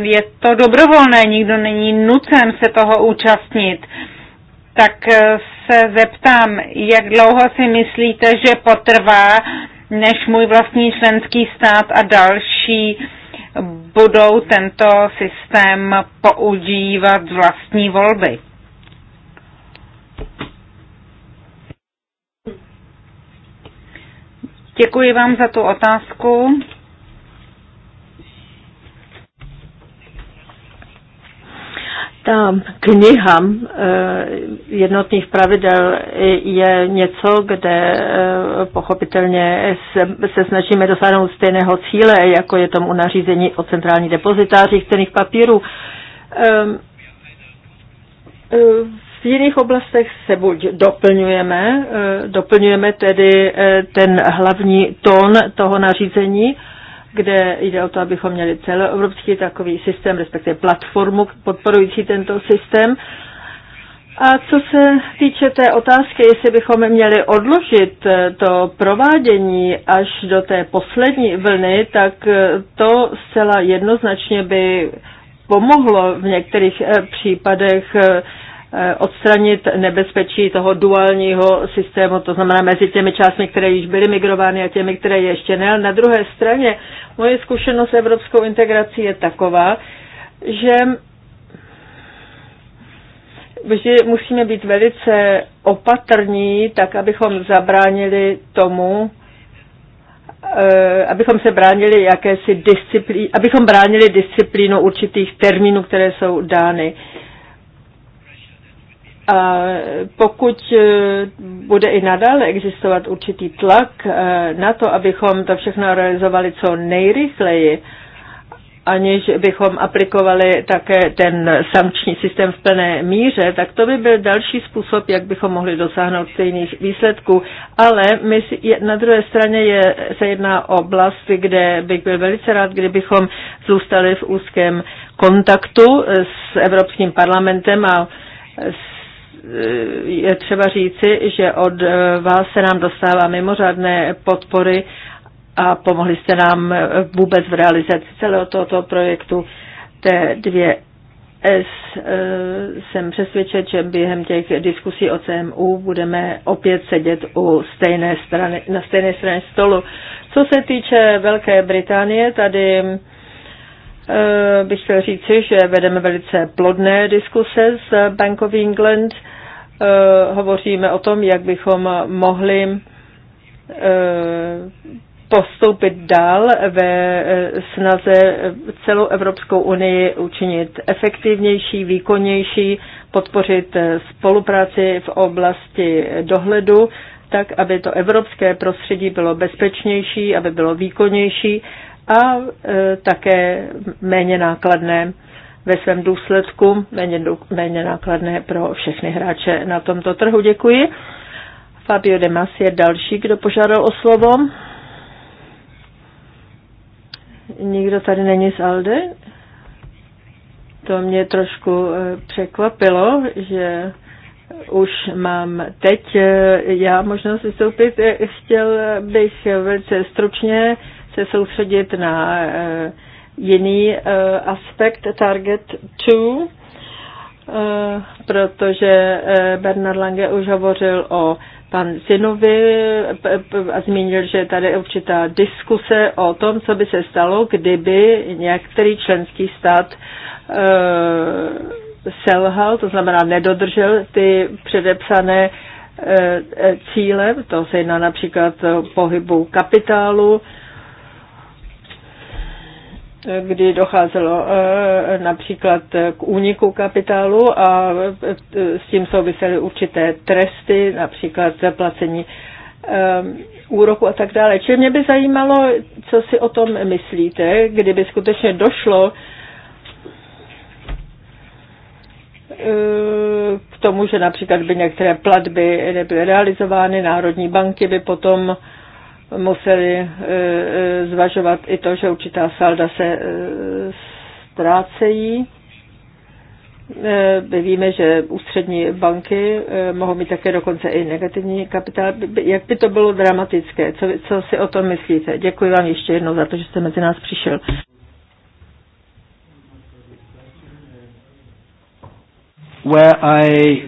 je to dobrovolné, nikdo není nucen se toho účastnit. Tak se zeptám, jak dlouho si myslíte, že potrvá, než můj vlastní členský stát a další budou tento systém používat vlastní volby. Děkuji vám za tu otázku. Ta kniha eh, jednotných pravidel je něco, kde eh, pochopitelně se, se snažíme dosáhnout stejného cíle, jako je tomu nařízení o centrální depozitářích cených papírů. Ehm, eh, v jiných oblastech se buď doplňujeme, eh, doplňujeme tedy ten hlavní tón toho nařízení, kde jde o to, abychom měli celoevropský takový systém, respektive platformu podporující tento systém. A co se týče té otázky, jestli bychom měli odložit eh, to provádění až do té poslední vlny, tak eh, to zcela jednoznačně by pomohlo v některých eh, případech odstranit nebezpečí toho duálního systému, to znamená mezi těmi částmi, které již byly migrovány a těmi, které ještě ne. na druhé straně moje zkušenost s evropskou integrací je taková, že vždy musíme být velice opatrní, tak abychom zabránili tomu, eh, abychom se bránili jakési disciplí, abychom bránili disciplínu určitých termínů, které jsou dány. A pokud eh, bude i nadále existovat určitý tlak eh, na to, abychom to všechno realizovali co nejrychleji, aniž bychom aplikovali také ten sankční systém v plné míře, tak to by byl další způsob, jak bychom mohli dosáhnout stejných výsledků. Ale my si, na druhé straně je, se jedná o oblast, kde bych byl velice rád, kdybychom zůstali v úzkém kontaktu s Evropským parlamentem a s je třeba říci, že od vás se nám dostává mimořádné podpory a pomohli jste nám eh, vůbec v realizaci celého tohoto projektu T2 s, eh, jsem přesvědčen, že během těch diskusí o CMU budeme opět sedět u stejné strany, na stejné straně stolu. Co se týče Velké Británie, tady eh, bych chtěl říci, že vedeme velice plodné diskuse s Bank of England. Hovoříme o tom, jak bychom mohli postoupit dál ve eh, snaze celou Evropskou unii učinit efektivnější, výkonnější, podpořit eh, spolupráci v oblasti dohledu, tak aby to evropské prostředí bylo bezpečnější, aby bylo výkonnější a eh, také méně nákladné ve svém důsledku, méně, méně nákladné pro všechny hráče na tomto trhu. Děkuji. Fabio Demas je další, kdo požádal o slovo. Nikdo tady není z Alde? To mě trošku eh, překvapilo, že už mám teď eh, já možnost vystoupit. Eh, chtěl bych velice stručně se soustředit na jiný aspekt Target 2, protože Bernard Lange už hovořil o pan Sinovi a zmínil, že tady určitá diskuse o tom, co by se stalo, kdyby některý členský stát e, selhal, to znamená nedodržel ty předepsané e, e, cíle, to se jedná například pohybu kapitálu, kdy docházelo eh, například eh, k úniku kapitálu a eh, s tím souvisely určité tresty, například zaplacení ehm, úroku a tak dále. Čili mě by zajímalo, co si o tom myslíte, kdyby skutečně došlo k tomu, že například by některé platby nebyly realizovány, národní banky by potom museli e, e, zvažovat i to, že určitá salda se e, ztrácejí. My víme, že ústřední banky mohou mít také dokonce i negativní kapitál. Jak by to bylo dramatické? Co, co si o tom myslíte? Děkuji vám ještě jednou za to, že jste mezi nás přišel. Where I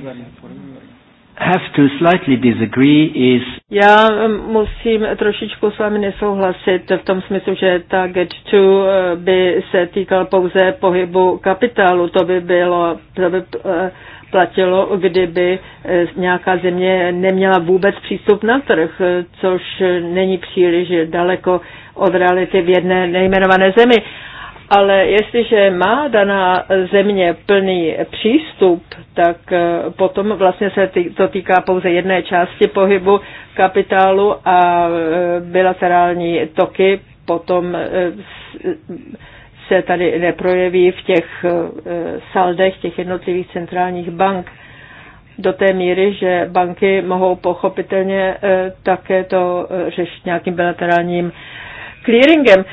have to slightly disagree is... Já mm, musím trošičku s vámi nesouhlasit v tom smyslu, že target to eh, by se týkal pouze pohybu kapitálu. To by bylo, to by eh, platilo, kdyby eh, nějaká země neměla vůbec přístup na trh, což není příliš daleko od reality v jedné nejmenované zemi ale jestliže má daná země plný přístup, tak eh, potom vlastně se to týká pouze jedné části pohybu kapitálu a eh, bilaterální toky potom eh, se tady neprojeví v těch saldech těch jednotlivých centrálních bank do té míry, že banky mohou pochopitelně také to řešit nějakým bilaterálním clearingem.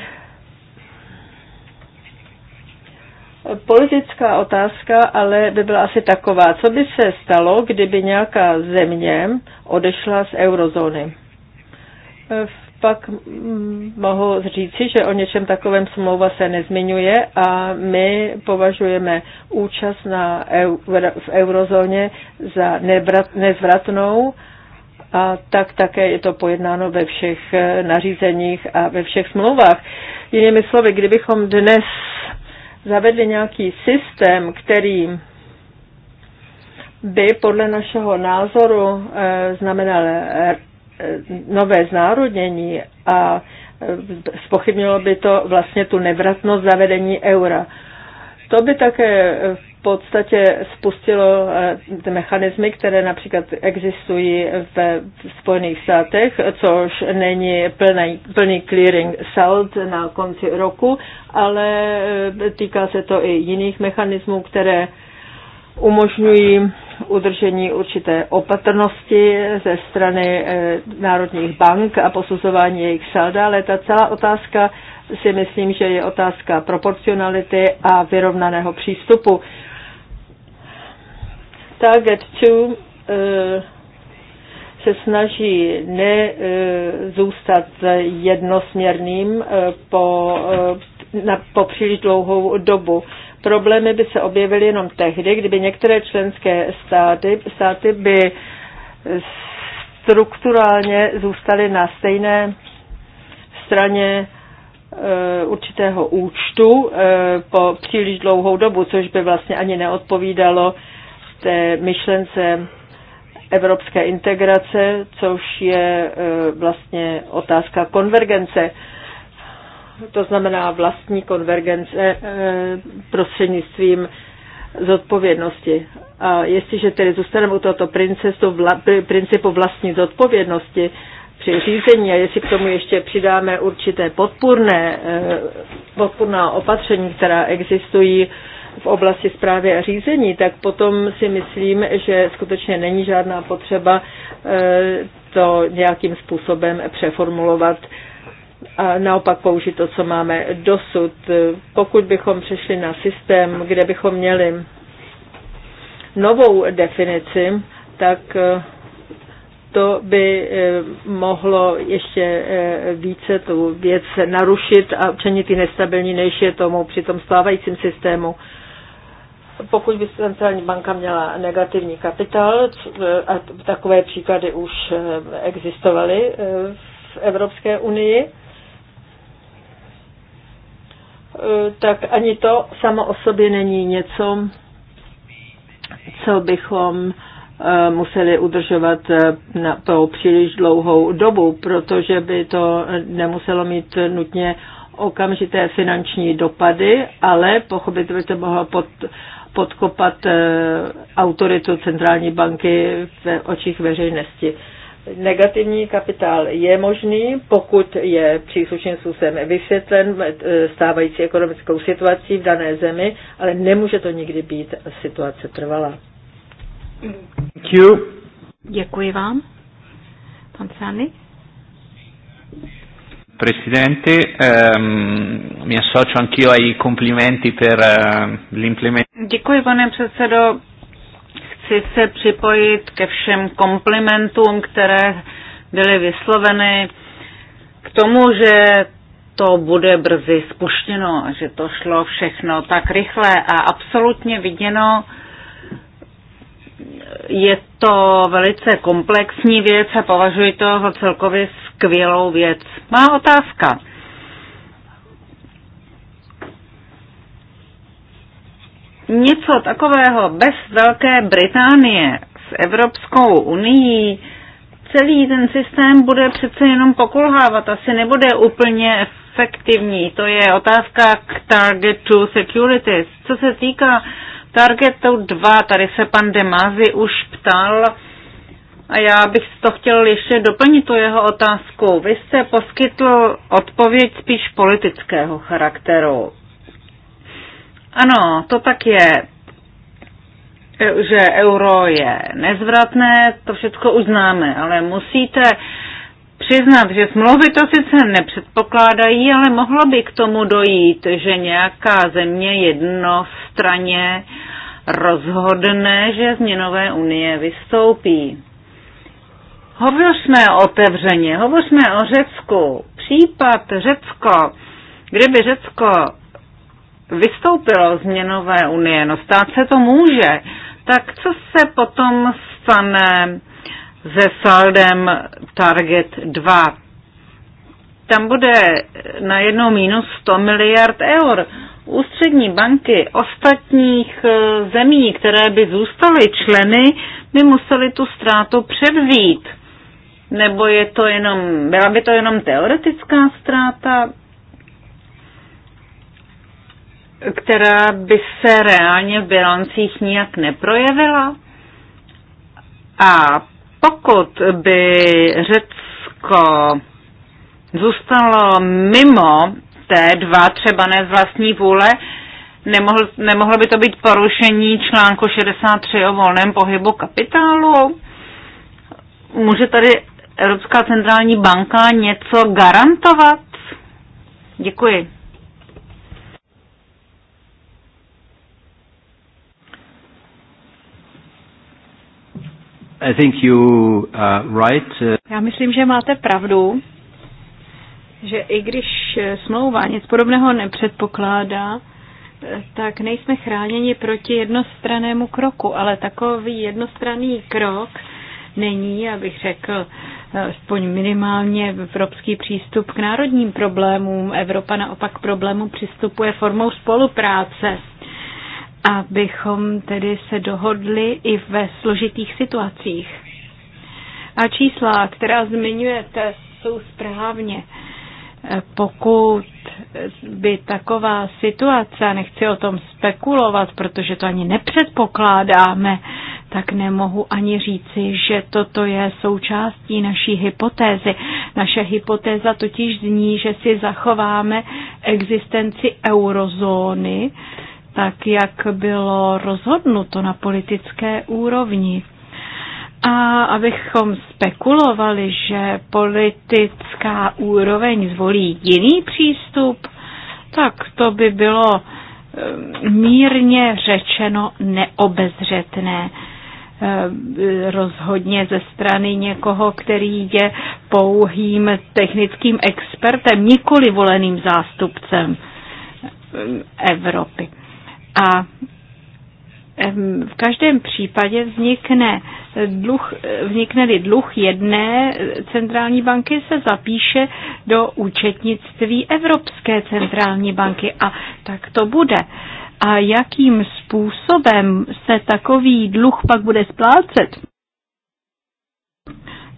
politická otázka ale by byla asi taková. Co by se stalo, kdyby nějaká země odešla z eurozóny? Ehm, pak mohu říci, že o něčem takovém smlouva se nezmiňuje a my považujeme účast na, v eurozóně za nezvratnou a tak také je to pojednáno ve všech nařízeních a ve všech smlouvách. Jinými slovy, kdybychom dnes zavedli nějaký systém, který by podle našeho názoru eh, znamenal eh, nové znárodnění a eh, spochybnilo by to vlastně tu nevratnost zavedení eura. To by také podstatě spustilo eh, ty mechanismy, které například existují ve Spojených státech, což není plný, plný clearing salt na konci roku, ale eh, týká se to i jiných mechanismů, které umožňují udržení určité opatrnosti ze strany eh, národních bank a posuzování jejich salda, ale ta celá otázka si myslím, že je otázka proporcionality a vyrovnaného přístupu Target 2 eh, se snaží ne eh, zůstat jednosměrným eh, po, na, po příliš dlouhou dobu. Problémy by se objevily jenom tehdy, kdyby některé členské státy, státy by strukturálně zůstaly na stejné straně určitého účtu po příliš dlouhou dobu, což by vlastně ani neodpovídalo té myšlence evropské integrace, což je e, vlastně otázka konvergence. To znamená vlastní konvergence e, prostřednictvím zodpovědnosti. A jestliže tedy zůstaneme u tohoto principu vlastní zodpovědnosti při řízení a jestli k tomu ještě přidáme určité podpůrné, e, podpůrná opatření, která existují v oblasti zprávy a řízení, tak potom si myslím, že skutečně není žádná potřeba e, to nějakým způsobem přeformulovat a naopak použít to, co máme dosud. Pokud bychom přešli na systém, kde bychom měli novou definici, tak e, to by e, mohlo ještě více tu věc narušit a učinit ji nestabilní, než je tomu při tom stávajícím systému pokud by centrální banka měla negativní kapitál, eh, a takové příklady už eh, existovaly eh, v Evropské unii, tak ani to samo o sobě není něco, co bychom museli udržovat na, po příliš dlouhou dobu, protože by to nemuselo mít nutně okamžité finanční dopady, ale pochopitelně by to mohlo pod, podkopat eh, autoritu centrální banky v očích veřejnosti. Negativní kapitál je možný, pokud je příslušným způsobem vysvětlen eh, stávající ekonomickou situací v dané zemi, ale nemůže to nikdy být situace trvalá. Mm. Děkuji vám. Pan Sánik? Presidente, ehm, mi associo anch'io ai complimenti per eh, l'implementazione. Děkuji, pane předsedo. Chci se připojit ke všem komplimentům, které byly vysloveny k tomu, že to bude brzy spuštěno, že to šlo všechno tak rychle a absolutně viděno, je to velice komplexní věc a považuji to za celkově skvělou věc. Má otázka. Něco takového bez Velké Británie s Evropskou unii, celý ten systém bude přece jenom pokulhávat, asi nebude úplně efektivní. To je otázka k Target to Securities. Co se týká uh, Targetu 2, tady se pan Demazi už ptal a já bych to chtěl ještě doplnit tu jeho otázku. Vy jste poskytl odpověď spíš politického charakteru. Ano, to tak je, že euro je nezvratné, to všechno uznáme, ale musíte přiznat, že smlouvy to sice nepředpokládají, ale mohlo by k tomu dojít, že nějaká země jednostraně rozhodne, že z měnové unie vystoupí. Hovořme otevřeně, hovořme o Řecku. Případ Řecko, kdyby Řecko vystoupilo z měnové unie, no stát se to může, tak co se potom stane se saldem Target 2. Tam bude na jednou minus 100 miliard eur. Ústřední banky ostatních eh, zemí, které by zůstaly členy, by museli tu ztrátu převzít. Nebo je to jenom, byla by to jenom teoretická ztráta, která by se reálně v bilancích nijak neprojevila? A pokud by Řecko zůstalo mimo té dva, třeba ne z vlastní vůle, nemohl, nemohlo by to být porušení článku 63 o volném pohybu kapitálu? Může tady Evropská centrální banka něco garantovat? Děkuji. I think you uh, right. Já myslím, že máte pravdu, že i když smlouva nic podobného nepředpokládá, tak nejsme chráněni proti jednostrannému kroku, ale takový jednostranný krok není, abych řekl, aspoň minimálně evropský přístup k národním problémům. Evropa naopak problému přistupuje formou spolupráce abychom tedy se dohodli i ve složitých situacích. A čísla, která zmiňujete, jsou správně. Pokud by taková situace, nechci o tom spekulovat, protože to ani nepředpokládáme, tak nemohu ani říci, že toto je součástí naší hypotézy. Naše hypotéza totiž zní, že si zachováme existenci eurozóny, tak jak bylo rozhodnuto na politické úrovni. A abychom spekulovali, že politická úroveň zvolí jiný přístup, tak to by bylo eh, mírně řečeno neobezřetné eh, rozhodně ze strany někoho, který je pouhým technickým expertem, nikoli voleným zástupcem eh, Evropy. A v každém případě vznikne dluh, vznikne-li dluh jedné centrální banky, se zapíše do účetnictví Evropské centrální banky. A tak to bude. A jakým způsobem se takový dluh pak bude splácet?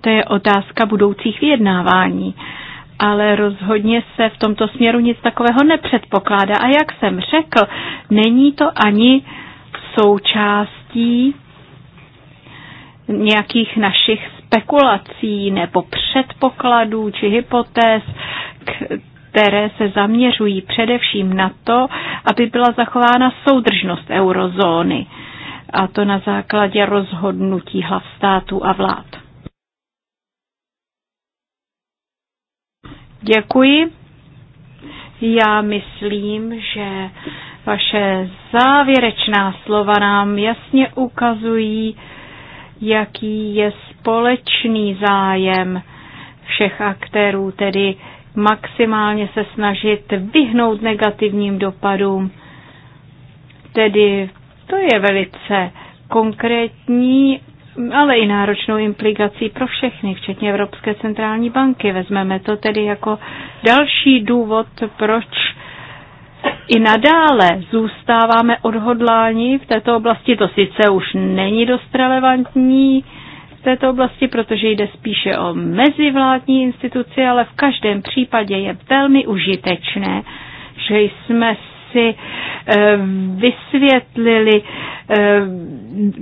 To je otázka budoucích vyjednávání ale rozhodně se v tomto směru nic takového nepředpokládá. A jak jsem řekl, není to ani součástí nějakých našich spekulací nebo předpokladů či hypotéz, které se zaměřují především na to, aby byla zachována soudržnost eurozóny. A to na základě rozhodnutí hlav států a vlád. Děkuji. Já myslím, že vaše závěrečná slova nám jasně ukazují, jaký je společný zájem všech aktérů, tedy maximálně se snažit vyhnout negativním dopadům. Tedy to je velice konkrétní ale i náročnou implikací pro všechny, včetně Evropské centrální banky. Vezmeme to tedy jako další důvod, proč i nadále zůstáváme odhodláni v této oblasti. To sice už není dost relevantní v této oblasti, protože jde spíše o mezivládní instituci, ale v každém případě je velmi užitečné, že jsme si eh, vysvětlili eh,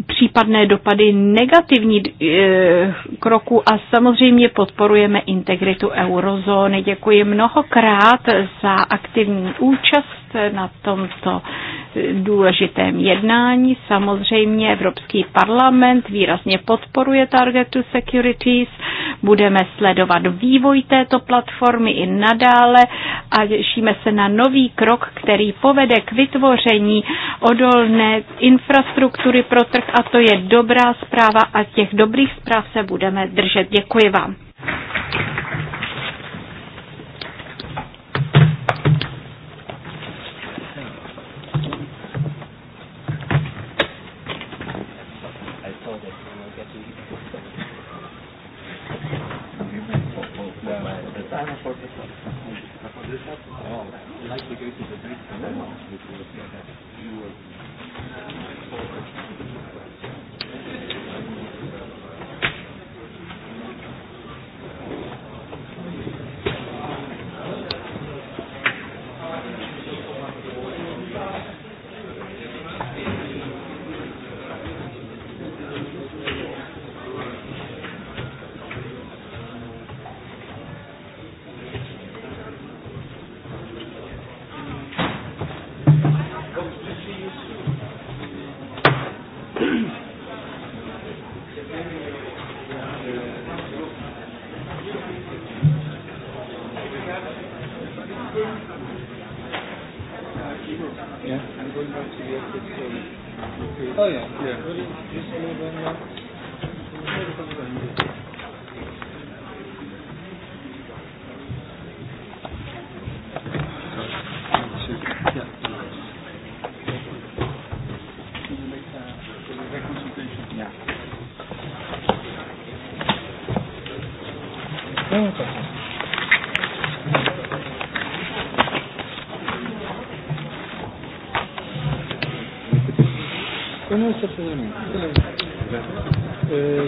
případné dopady negativní eh, kroku a samozřejmě podporujeme integritu eurozóny. Děkuji mnohokrát za aktivní účast na tomto důležitém jednání. Samozřejmě Evropský parlament výrazně podporuje Target to Securities. Budeme sledovat vývoj této platformy i nadále a těšíme se na nový krok, který povede k vytvoření odolné infrastruktury pro trh a to je dobrá zpráva a těch dobrých zpráv se budeme držet. Děkuji vám. I'll report this one.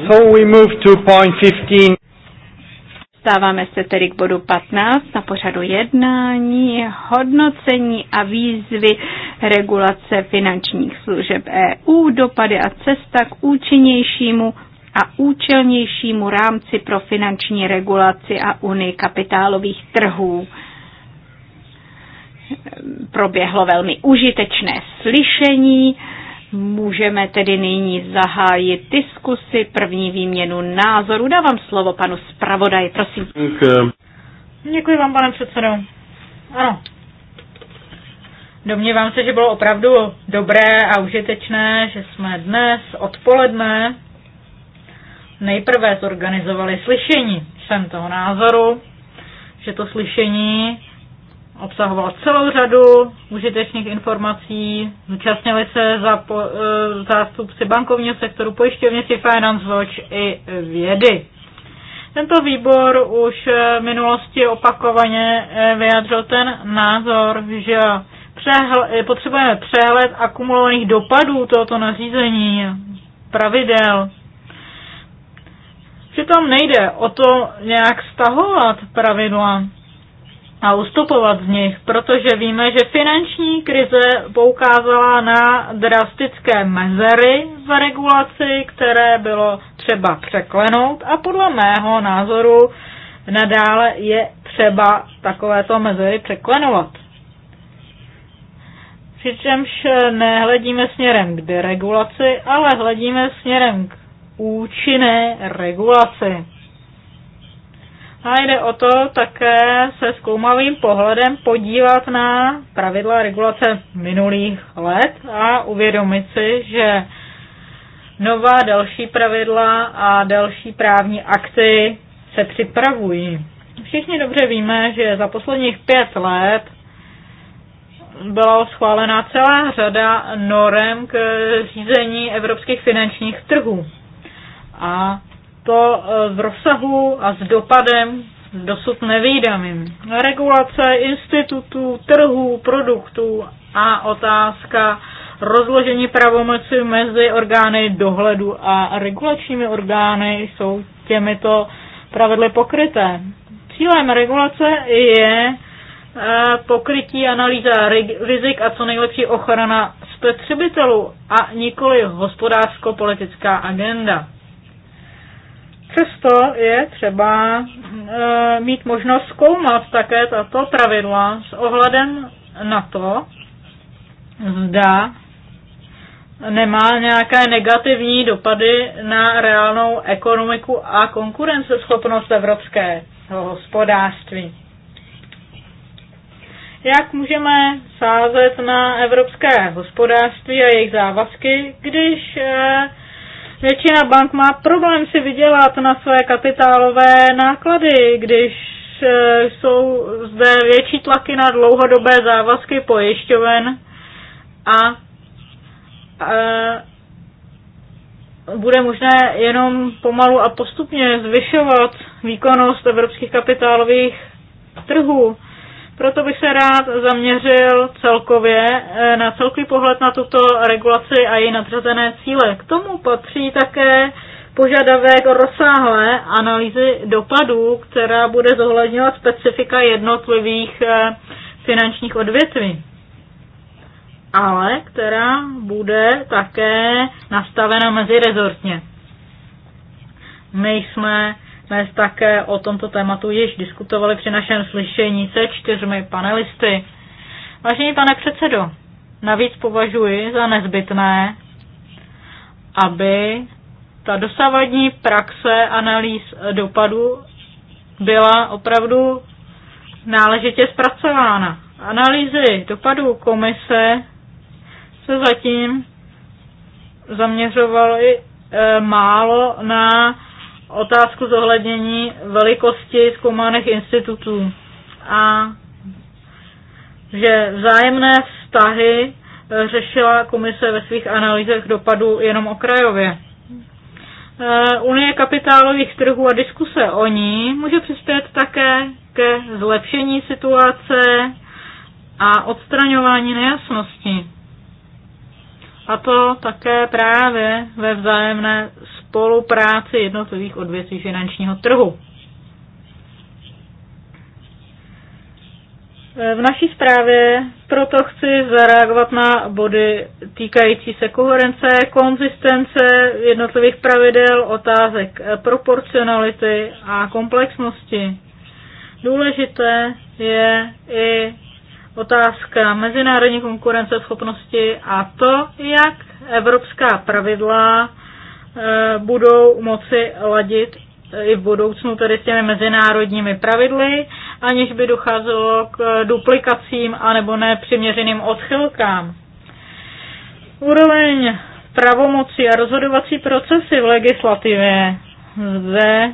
So we move to point 15. Stáváme se tedy k bodu 15 na pořadu jednání, hodnocení a výzvy regulace finančních služeb EU, dopady a cesta k účinnějšímu a účelnějšímu rámci pro finanční regulaci a unii kapitálových trhů. Proběhlo velmi užitečné slyšení Můžeme tedy nyní zahájit diskusy, první výměnu názoru. Dávám slovo panu zpravodaji, prosím. Děkuji vám, pane předsedo. Ano. Domnívám se, že bylo opravdu dobré a užitečné, že jsme dnes odpoledne nejprve zorganizovali slyšení. Jsem toho názoru, že to slyšení obsahoval celou řadu užitečných informací. Zúčastnili se e, zástupci bankovního sektoru, pojišťovnictví Finance Watch i vědy. Tento výbor už e, v minulosti opakovaně e, vyjadřil ten názor, že přehl, e, potřebujeme přehled akumulovaných dopadů tohoto nařízení, pravidel. Přitom nejde o to nějak stahovat pravidla a ustupovat z nich, protože víme, že finanční krize poukázala na drastické mezery v regulaci, které bylo třeba překlenout a podle mého názoru nadále je třeba takovéto mezery překlenovat. Přičemž nehledíme směrem k deregulaci, ale hledíme směrem k účinné regulaci. A jde o to také se zkoumavým pohledem podívat na pravidla regulace minulých let a uvědomit si, že nová další pravidla a další právní akty se připravují. Všichni dobře víme, že za posledních pět let byla schválena celá řada norem k řízení evropských finančních trhů. A to e, v rozsahu a s dopadem dosud nevýdaným. Regulace institutů, trhů, produktů a otázka rozložení pravomoci mezi orgány dohledu a regulačními orgány jsou těmito pravidly pokryté. Cílem regulace je e, pokrytí analýza rizik a co nejlepší ochrana spotřebitelů a nikoli hospodářsko-politická agenda. Přesto je třeba e, mít možnost zkoumat také tato pravidla s ohledem na to, zda nemá nějaké negativní dopady na reálnou ekonomiku a konkurenceschopnost evropského hospodářství. Jak můžeme sázet na evropské hospodářství a jejich závazky, když e, Většina bank má problém si vydělat na své kapitálové náklady, když eh, jsou zde větší tlaky na dlouhodobé závazky pojišťoven a eh, bude možné jenom pomalu a postupně zvyšovat výkonnost evropských kapitálových trhů. Proto bych se rád zaměřil celkově eh, na celkový pohled na tuto regulaci a její nadřazené cíle. K tomu patří také požadavek rozsáhlé analýzy dopadů, která bude zohledňovat specifika jednotlivých eh, finančních odvětví, ale která bude také nastavena mezirezortně. My jsme dnes také o tomto tématu již diskutovali při našem slyšení se čtyřmi panelisty. Vážený pane předsedo, navíc považuji za nezbytné, aby ta dosavadní praxe analýz dopadu byla opravdu náležitě zpracována. Analýzy dopadů komise se zatím zaměřovaly eh, málo na otázku zohlednění velikosti zkoumaných institutů a že vzájemné vztahy eh, řešila komise ve svých analýzách dopadů jenom okrajově. Eh, Unie kapitálových trhů a diskuse o ní může přispět také ke zlepšení situace a odstraňování nejasností. A to také právě ve vzájemné spolupráci jednotlivých odvětví finančního trhu. V naší zprávě proto chci zareagovat na body týkající se koherence, konzistence jednotlivých pravidel, otázek proporcionality a komplexnosti. Důležité je i otázka mezinárodní konkurenceschopnosti a to, jak evropská pravidla Eh, budou moci ladit eh, i v budoucnu tedy s těmi mezinárodními pravidly, aniž by docházelo k eh, duplikacím anebo nepřiměřeným odchylkám. Úroveň pravomoci a rozhodovací procesy v legislativě. Zde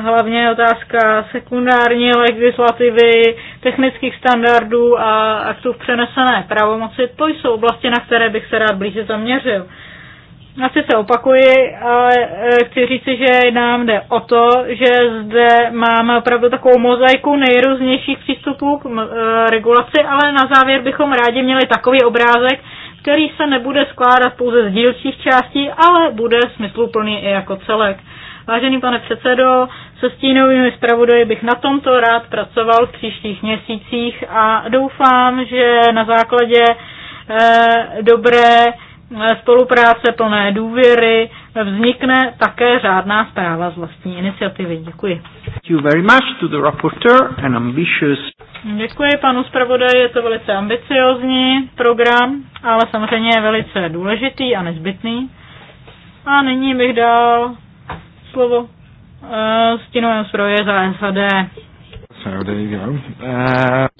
hlavně otázka sekundární legislativy, technických standardů a aktů v přenesené pravomoci. To jsou oblasti, na které bych se rád blíže zaměřil. Asi se opakuji, ale eh, chci říci, že nám jde o to, že zde máme opravdu takovou mozaiku nejrůznějších přístupů k eh, regulaci, ale na závěr bychom rádi měli takový obrázek, který se nebude skládat pouze z dílčích částí, ale bude smysluplný i jako celek. Vážený pane předsedo, se stínovými zpravodaji bych na tomto rád pracoval v příštích měsících a doufám, že na základě eh, dobré Eh, spolupráce plné důvěry eh, vznikne také řádná zpráva z vlastní iniciativy. Děkuji. Thank you very much to the Děkuji panu zpravodaji, je to velice ambiciozní program, ale samozřejmě je velice důležitý a nezbytný. A nyní bych dal slovo uh, stínovému zpravodaji za SAD.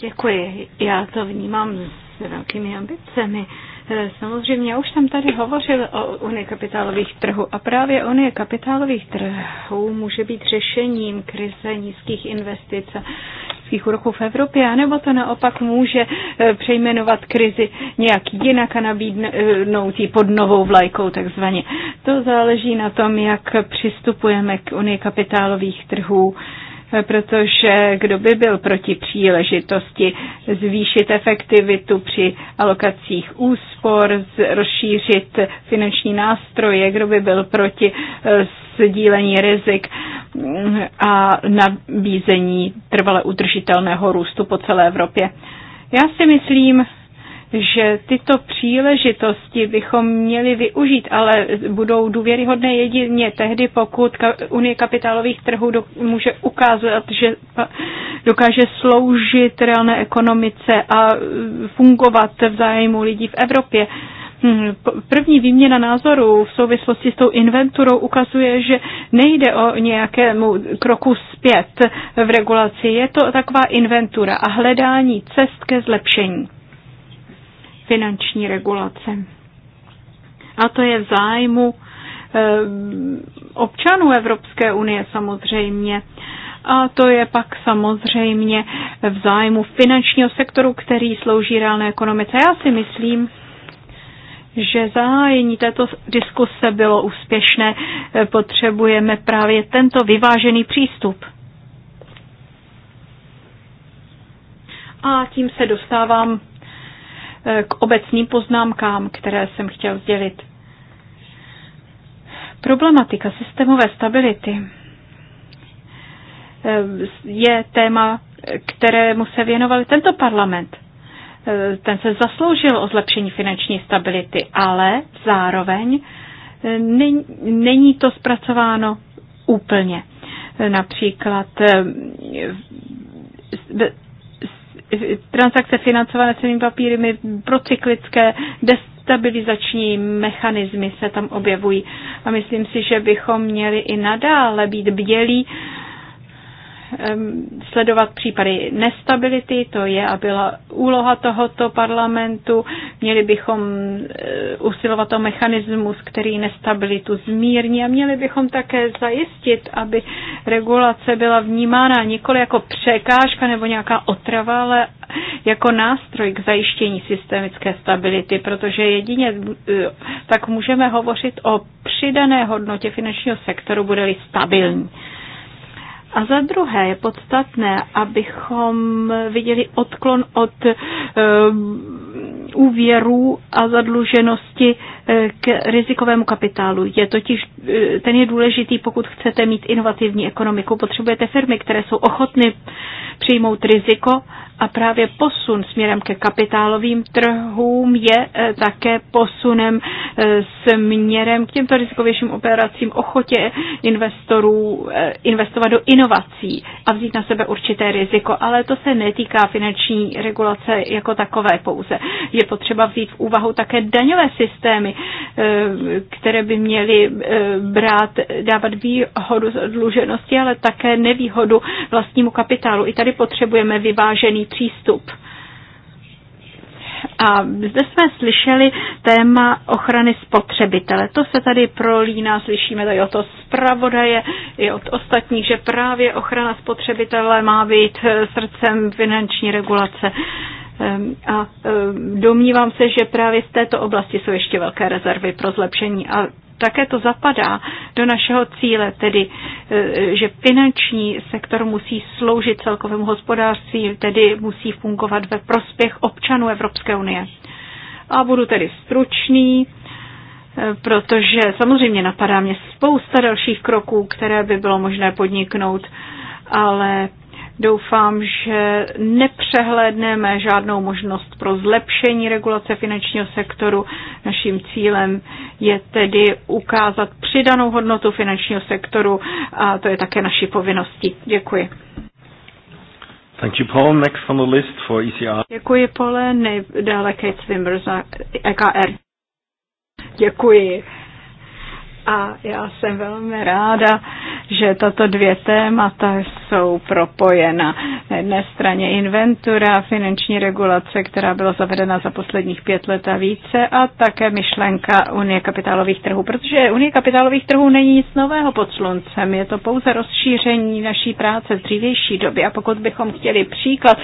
Děkuji, já to vnímám s velkými ambicemi. Eh, samozřejmě, já už jsem tady hovořil o Unii kapitálových trhů a právě Unie kapitálových trhů může být řešením krize nízkých investic a nízkých úroků v Evropě, anebo to naopak může eh, přejmenovat krizi nějak jinak a nabídnout ji pod novou vlajkou takzvaně. To záleží na tom, jak přistupujeme k Unii kapitálových trhů protože kdo by byl proti příležitosti zvýšit efektivitu při alokacích úspor, rozšířit finanční nástroje, kdo by byl proti eh, sdílení rizik mm, a nabízení trvale udržitelného růstu po celé Evropě. Já si myslím, že tyto příležitosti bychom měli využít, ale budou důvěryhodné jedině tehdy, pokud Unie kapitálových trhů do, může ukázat, že dokáže sloužit reálné ekonomice a fungovat v zájmu lidí v Evropě. Hmm, první výměna názorů v souvislosti s tou inventurou ukazuje, že nejde o nějakému kroku zpět v regulaci. Je to taková inventura a hledání cest ke zlepšení finanční regulace. A to je v zájmu eh, občanů Evropské unie samozřejmě. A to je pak samozřejmě v zájmu finančního sektoru, který slouží reálné ekonomice. Já si myslím, že zahájení této diskuse bylo úspěšné. Eh, potřebujeme právě tento vyvážený přístup. A tím se dostávám Eh, k obecným poznámkám, které jsem chtěl sdělit. Problematika systémové stability eh, je téma, kterému se věnoval tento parlament. Eh, ten se zasloužil o zlepšení finanční stability, ale zároveň není to zpracováno úplně. Například transakce financované cenými papíry, procyklické, destabilizační mechanismy se tam objevují. A myslím si, že bychom měli i nadále být bdělí sledovat případy nestability, to je a byla úloha tohoto parlamentu. Měli bychom eh, usilovat o mechanismus, který nestabilitu zmírní a měli bychom také zajistit, aby regulace byla vnímána nikoli jako překážka nebo nějaká otrava, ale jako nástroj k zajištění systemické stability, protože jedině eh, tak můžeme hovořit o přidané hodnotě finančního sektoru, bude-li stabilní. A za druhé je podstatné, abychom viděli odklon od eh, úvěrů a zadluženosti eh, k rizikovému kapitálu. Je totiž, eh, ten je důležitý, pokud chcete mít inovativní ekonomiku. Potřebujete firmy, které jsou ochotny přijmout riziko a právě posun směrem ke kapitálovým trhům je eh, také posunem eh, směrem k těmto rizikovějším operacím, ochotě investorů eh, investovat do inovací a vzít na sebe určité riziko. Ale to se netýká finanční regulace jako takové pouze. Je potřeba vzít v úvahu také daňové systémy, které by měly brát, dávat výhodu dluženosti, ale také nevýhodu vlastnímu kapitálu. I tady potřebujeme vyvážený přístup. A zde jsme slyšeli téma ochrany spotřebitele. To se tady prolíná, slyšíme tady od to zpravodaje i od ostatních, že právě ochrana spotřebitele má být eh, srdcem finanční regulace. Ehm, a ehm, domnívám se, že právě z této oblasti jsou ještě velké rezervy pro zlepšení. A také to zapadá do našeho cíle, tedy e, že finanční sektor musí sloužit celkovému hospodářství, tedy musí fungovat ve prospěch občanů Evropské unie. A budu tedy stručný, e, protože samozřejmě napadá mě spousta dalších kroků, které by bylo možné podniknout, ale Doufám, že nepřehlédneme žádnou možnost pro zlepšení regulace finančního sektoru. Naším cílem je tedy ukázat přidanou hodnotu finančního sektoru a to je také naší povinností. Děkuji. Thank you, Paul. Next on the list for ECR. Děkuji, Pole. Nejdále Kate Swimmer za EKR. Děkuji. A já jsem velmi ráda, že tato dvě témata jsou propojena. Na jedné straně inventura, finanční regulace, která byla zavedena za posledních pět let a více, a také myšlenka Unie kapitálových trhů, protože Unie kapitálových trhů není nic nového pod sluncem, je to pouze rozšíření naší práce z dřívější doby. A pokud bychom chtěli příklad,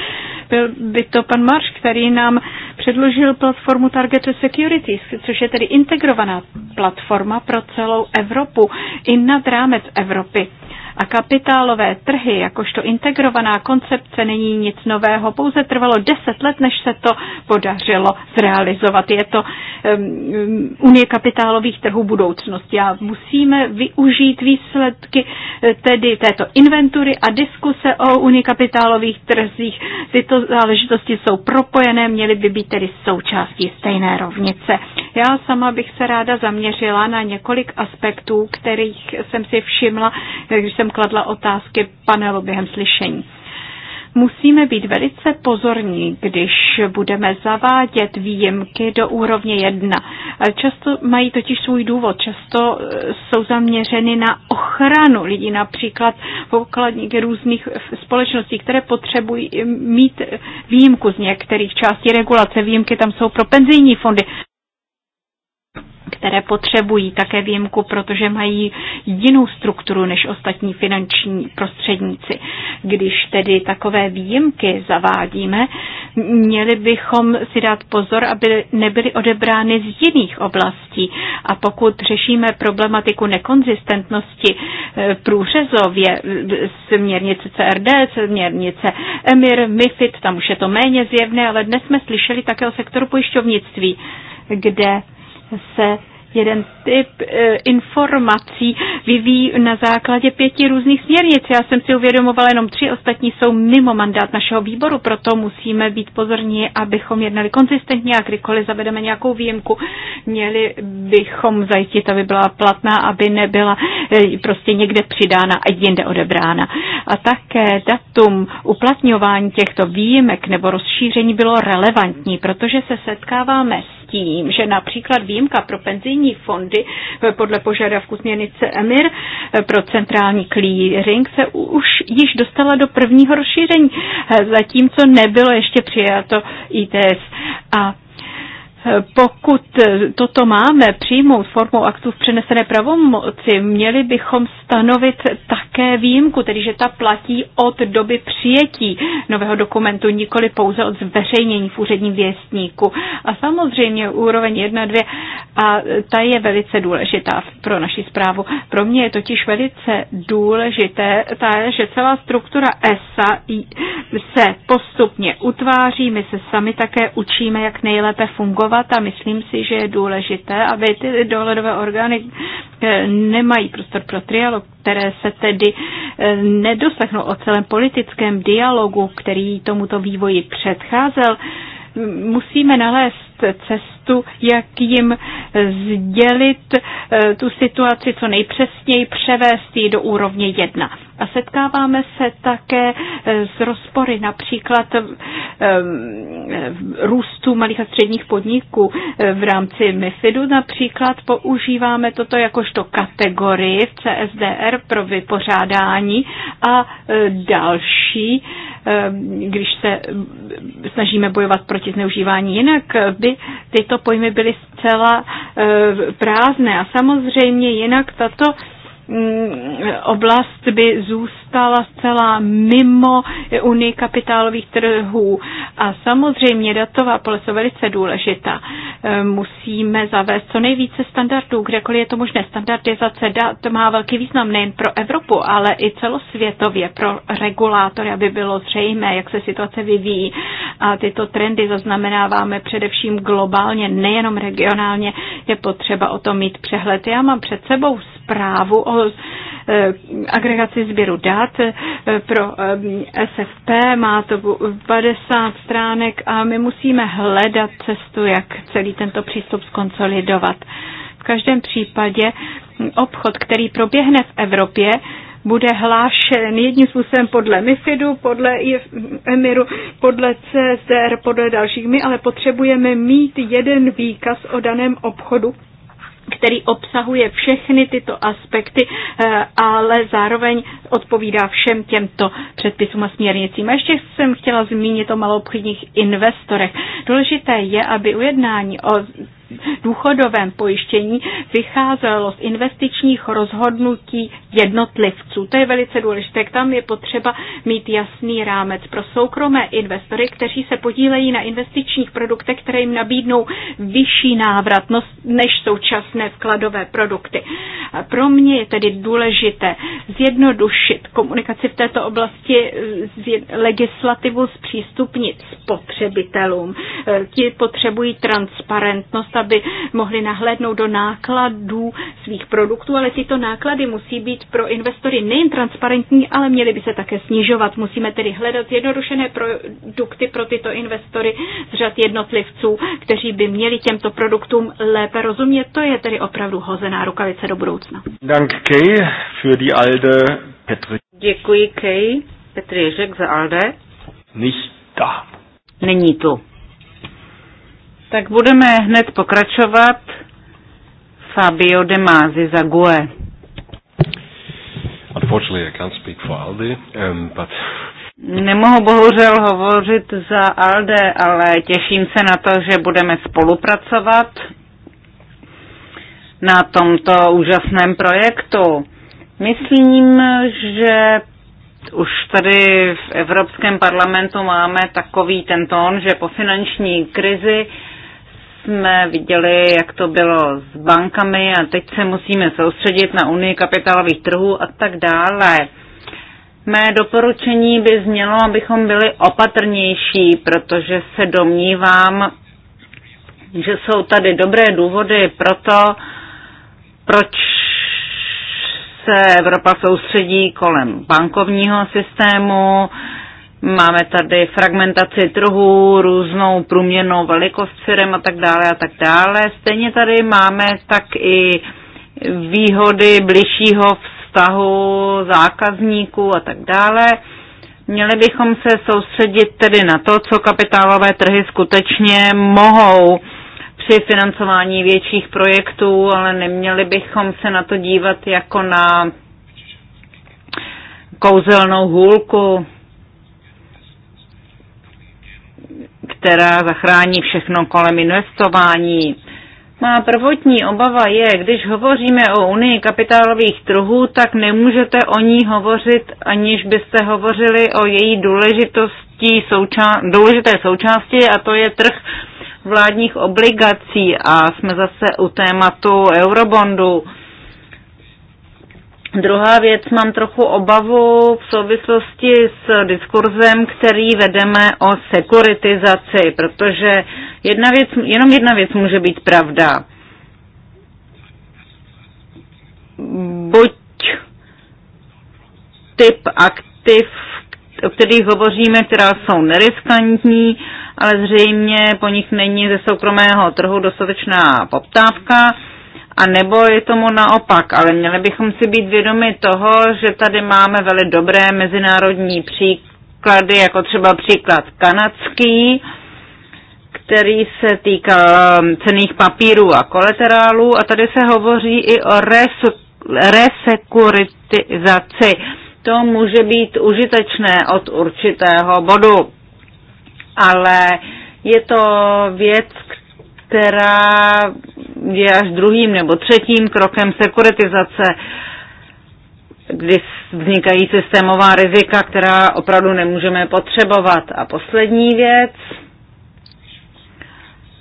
byl by to pan Marš, který nám předložil platformu Targeted Securities, což je tedy integrovaná platforma pro celou celou Evropu i nad rámec Evropy a kapitálové trhy, jakožto integrovaná koncepce, není nic nového. Pouze trvalo deset let, než se to podařilo zrealizovat. Je to um, Unie kapitálových trhů budoucnosti a musíme využít výsledky eh, tedy této inventury a diskuse o Unii kapitálových trzích. Tyto záležitosti jsou propojené, měly by být tedy součástí stejné rovnice. Já sama bych se ráda zaměřila na několik aspektů, kterých jsem si všimla, když jsem jsem kladla otázky panelu během slyšení. Musíme být velice pozorní, když budeme zavádět výjimky do úrovně 1. Často mají totiž svůj důvod, často eh, jsou zaměřeny na ochranu lidí, například pokladníky různých společností, které potřebují mít výjimku z některých částí regulace. Výjimky tam jsou pro penzijní fondy, které potřebují také výjimku, protože mají jinou strukturu než ostatní finanční prostředníci. Když tedy takové výjimky zavádíme, měli bychom si dát pozor, aby nebyly odebrány z jiných oblastí. A pokud řešíme problematiku nekonzistentnosti eh, průřezově eh, směrnice CRD, směrnice EMIR, MIFID, tam už je to méně zjevné, ale dnes jsme slyšeli také o sektoru pojišťovnictví, kde se jeden typ e, informací vyvíjí na základě pěti různých směrnic. Já jsem si uvědomovala, jenom tři ostatní jsou mimo mandát našeho výboru, proto musíme být pozorní, abychom jednali konzistentně a kdykoliv zavedeme nějakou výjimku, měli bychom zajistit, aby byla platná, aby nebyla e, prostě někde přidána a jinde odebrána. A také datum uplatňování těchto výjimek nebo rozšíření bylo relevantní, protože se setkáváme s tím, že například výjimka pro penzijní fondy eh, podle požadavku směrnice EMIR eh, pro centrální clearing se už již dostala do prvního rozšíření, eh, zatímco nebylo ještě přijato ITS. A pokud toto máme přijmout formou aktů v přenesené pravomoci, měli bychom stanovit také výjimku, tedy že ta platí od doby přijetí nového dokumentu, nikoli pouze od zveřejnění v úředním věstníku. A samozřejmě úroveň 1 2 a ta je velice důležitá pro naši zprávu. Pro mě je totiž velice důležité, ta, že celá struktura ESA se postupně utváří, my se sami také učíme, jak nejlépe fungovat debat a myslím si, že je důležité, aby ty dohledové orgány eh, nemají prostor pro trialog, které se tedy eh, nedoslechnou o celém politickém dialogu, který tomuto vývoji předcházel, Musíme nalézt cestu, jak jim sdělit eh, tu situaci co nejpřesněji, převést ji do úrovně jedna. A setkáváme se také eh, s rozpory například eh, růstu malých a středních podniků v rámci MIFIDu. Například používáme toto jakožto kategorii v CSDR pro vypořádání a další Ehm, když se ehm, snažíme bojovat proti zneužívání. Jinak eh, by tyto pojmy byly zcela eh, prázdné a samozřejmě jinak tato Mm, oblast by zůstala zcela mimo unii kapitálových trhů. A samozřejmě datová pole jsou velice důležitá. E, musíme zavést co nejvíce standardů, kdekoliv je to možné. Standardizace dat má velký význam nejen pro Evropu, ale i celosvětově pro regulátory, aby bylo zřejmé, jak se situace vyvíjí. A tyto trendy zaznamenáváme především globálně, nejenom regionálně. Je potřeba o tom mít přehled. Já mám před sebou zprávu o eh, agregaci sběru dat eh, pro eh, SFP. Má to 50 stránek a my musíme hledat cestu, jak celý tento přístup skonsolidovat. V každém případě obchod, který proběhne v Evropě, bude hlášen jedním způsobem podle MIFIDu, podle EMIRu, podle CSR, podle dalších. My ale potřebujeme mít jeden výkaz o daném obchodu, který obsahuje všechny tyto aspekty, eh, ale zároveň odpovídá všem těmto předpisům a směrnicím. A ještě jsem chtěla zmínit o maloobchodních investorech. Důležité je, aby ujednání o důchodovém pojištění vycházelo z investičních rozhodnutí jednotlivců. To je velice důležité. Tam je potřeba mít jasný rámec pro soukromé investory, kteří se podílejí na investičních produktech, které jim nabídnou vyšší návratnost než současné vkladové produkty. Pro mě je tedy důležité zjednodušit komunikaci v této oblasti, legislativu zpřístupnit spotřebitelům. E, ti potřebují transparentnost aby mohli nahlédnout do nákladů svých produktů, ale tyto náklady musí být pro investory nejen transparentní, ale měly by se také snižovat. Musíme tedy hledat zjednodušené produkty pro tyto investory z řad jednotlivců, kteří by měli těmto produktům lépe rozumět. To je tedy opravdu hozená rukavice do budoucna. Alde Děkuji Kej. Petr Ježek za Alde. Nicht da. Není tu. Tak budeme hned pokračovat. Fabio De Masi za GUE. Unfortunately, I can't speak for Aldi, um, but... Nemohu bohužel hovořit za Alde, ale těším se na to, že budeme spolupracovat na tomto úžasném projektu. Myslím, že už tady v Evropském parlamentu máme takový ten tón, že po finanční krizi jsme viděli, jak to bylo s bankami a teď se musíme soustředit na unii kapitálových trhů a tak dále. Mé doporučení by znělo, abychom byli opatrnější, protože se domnívám, že jsou tady dobré důvody pro to, proč se Evropa soustředí kolem bankovního systému, Máme tady fragmentaci trhu, různou průměrnou velikost firm a tak dále a tak dále. Stejně tady máme tak i výhody bližšího vztahu zákazníků a tak dále. Měli bychom se soustředit tedy na to, co kapitálové trhy skutečně mohou při financování větších projektů, ale neměli bychom se na to dívat jako na kouzelnou hůlku. která zachrání všechno kolem investování. Má prvotní obava je, když hovoříme o unii kapitálových trhů, tak nemůžete o ní hovořit, aniž byste hovořili o její důležitosti, souča- důležité součásti, a to je trh vládních obligací. A jsme zase u tématu eurobondu. Druhá věc, mám trochu obavu v souvislosti s diskurzem, který vedeme o sekuritizaci, protože jedna věc, jenom jedna věc může být pravda. Buď typ aktiv, o kterých hovoříme, která jsou neriskantní, ale zřejmě po nich není ze soukromého trhu dostatečná poptávka, a nebo je tomu naopak, ale měli bychom si být vědomi toho, že tady máme velmi dobré mezinárodní příklady, jako třeba příklad kanadský, který se týká um, cených papírů a koleterálů a tady se hovoří i o resekuritizaci. To může být užitečné od určitého bodu, ale je to věc, která je až druhým nebo třetím krokem sekuritizace, kdy vznikají systémová rizika, která opravdu nemůžeme potřebovat. A poslední věc,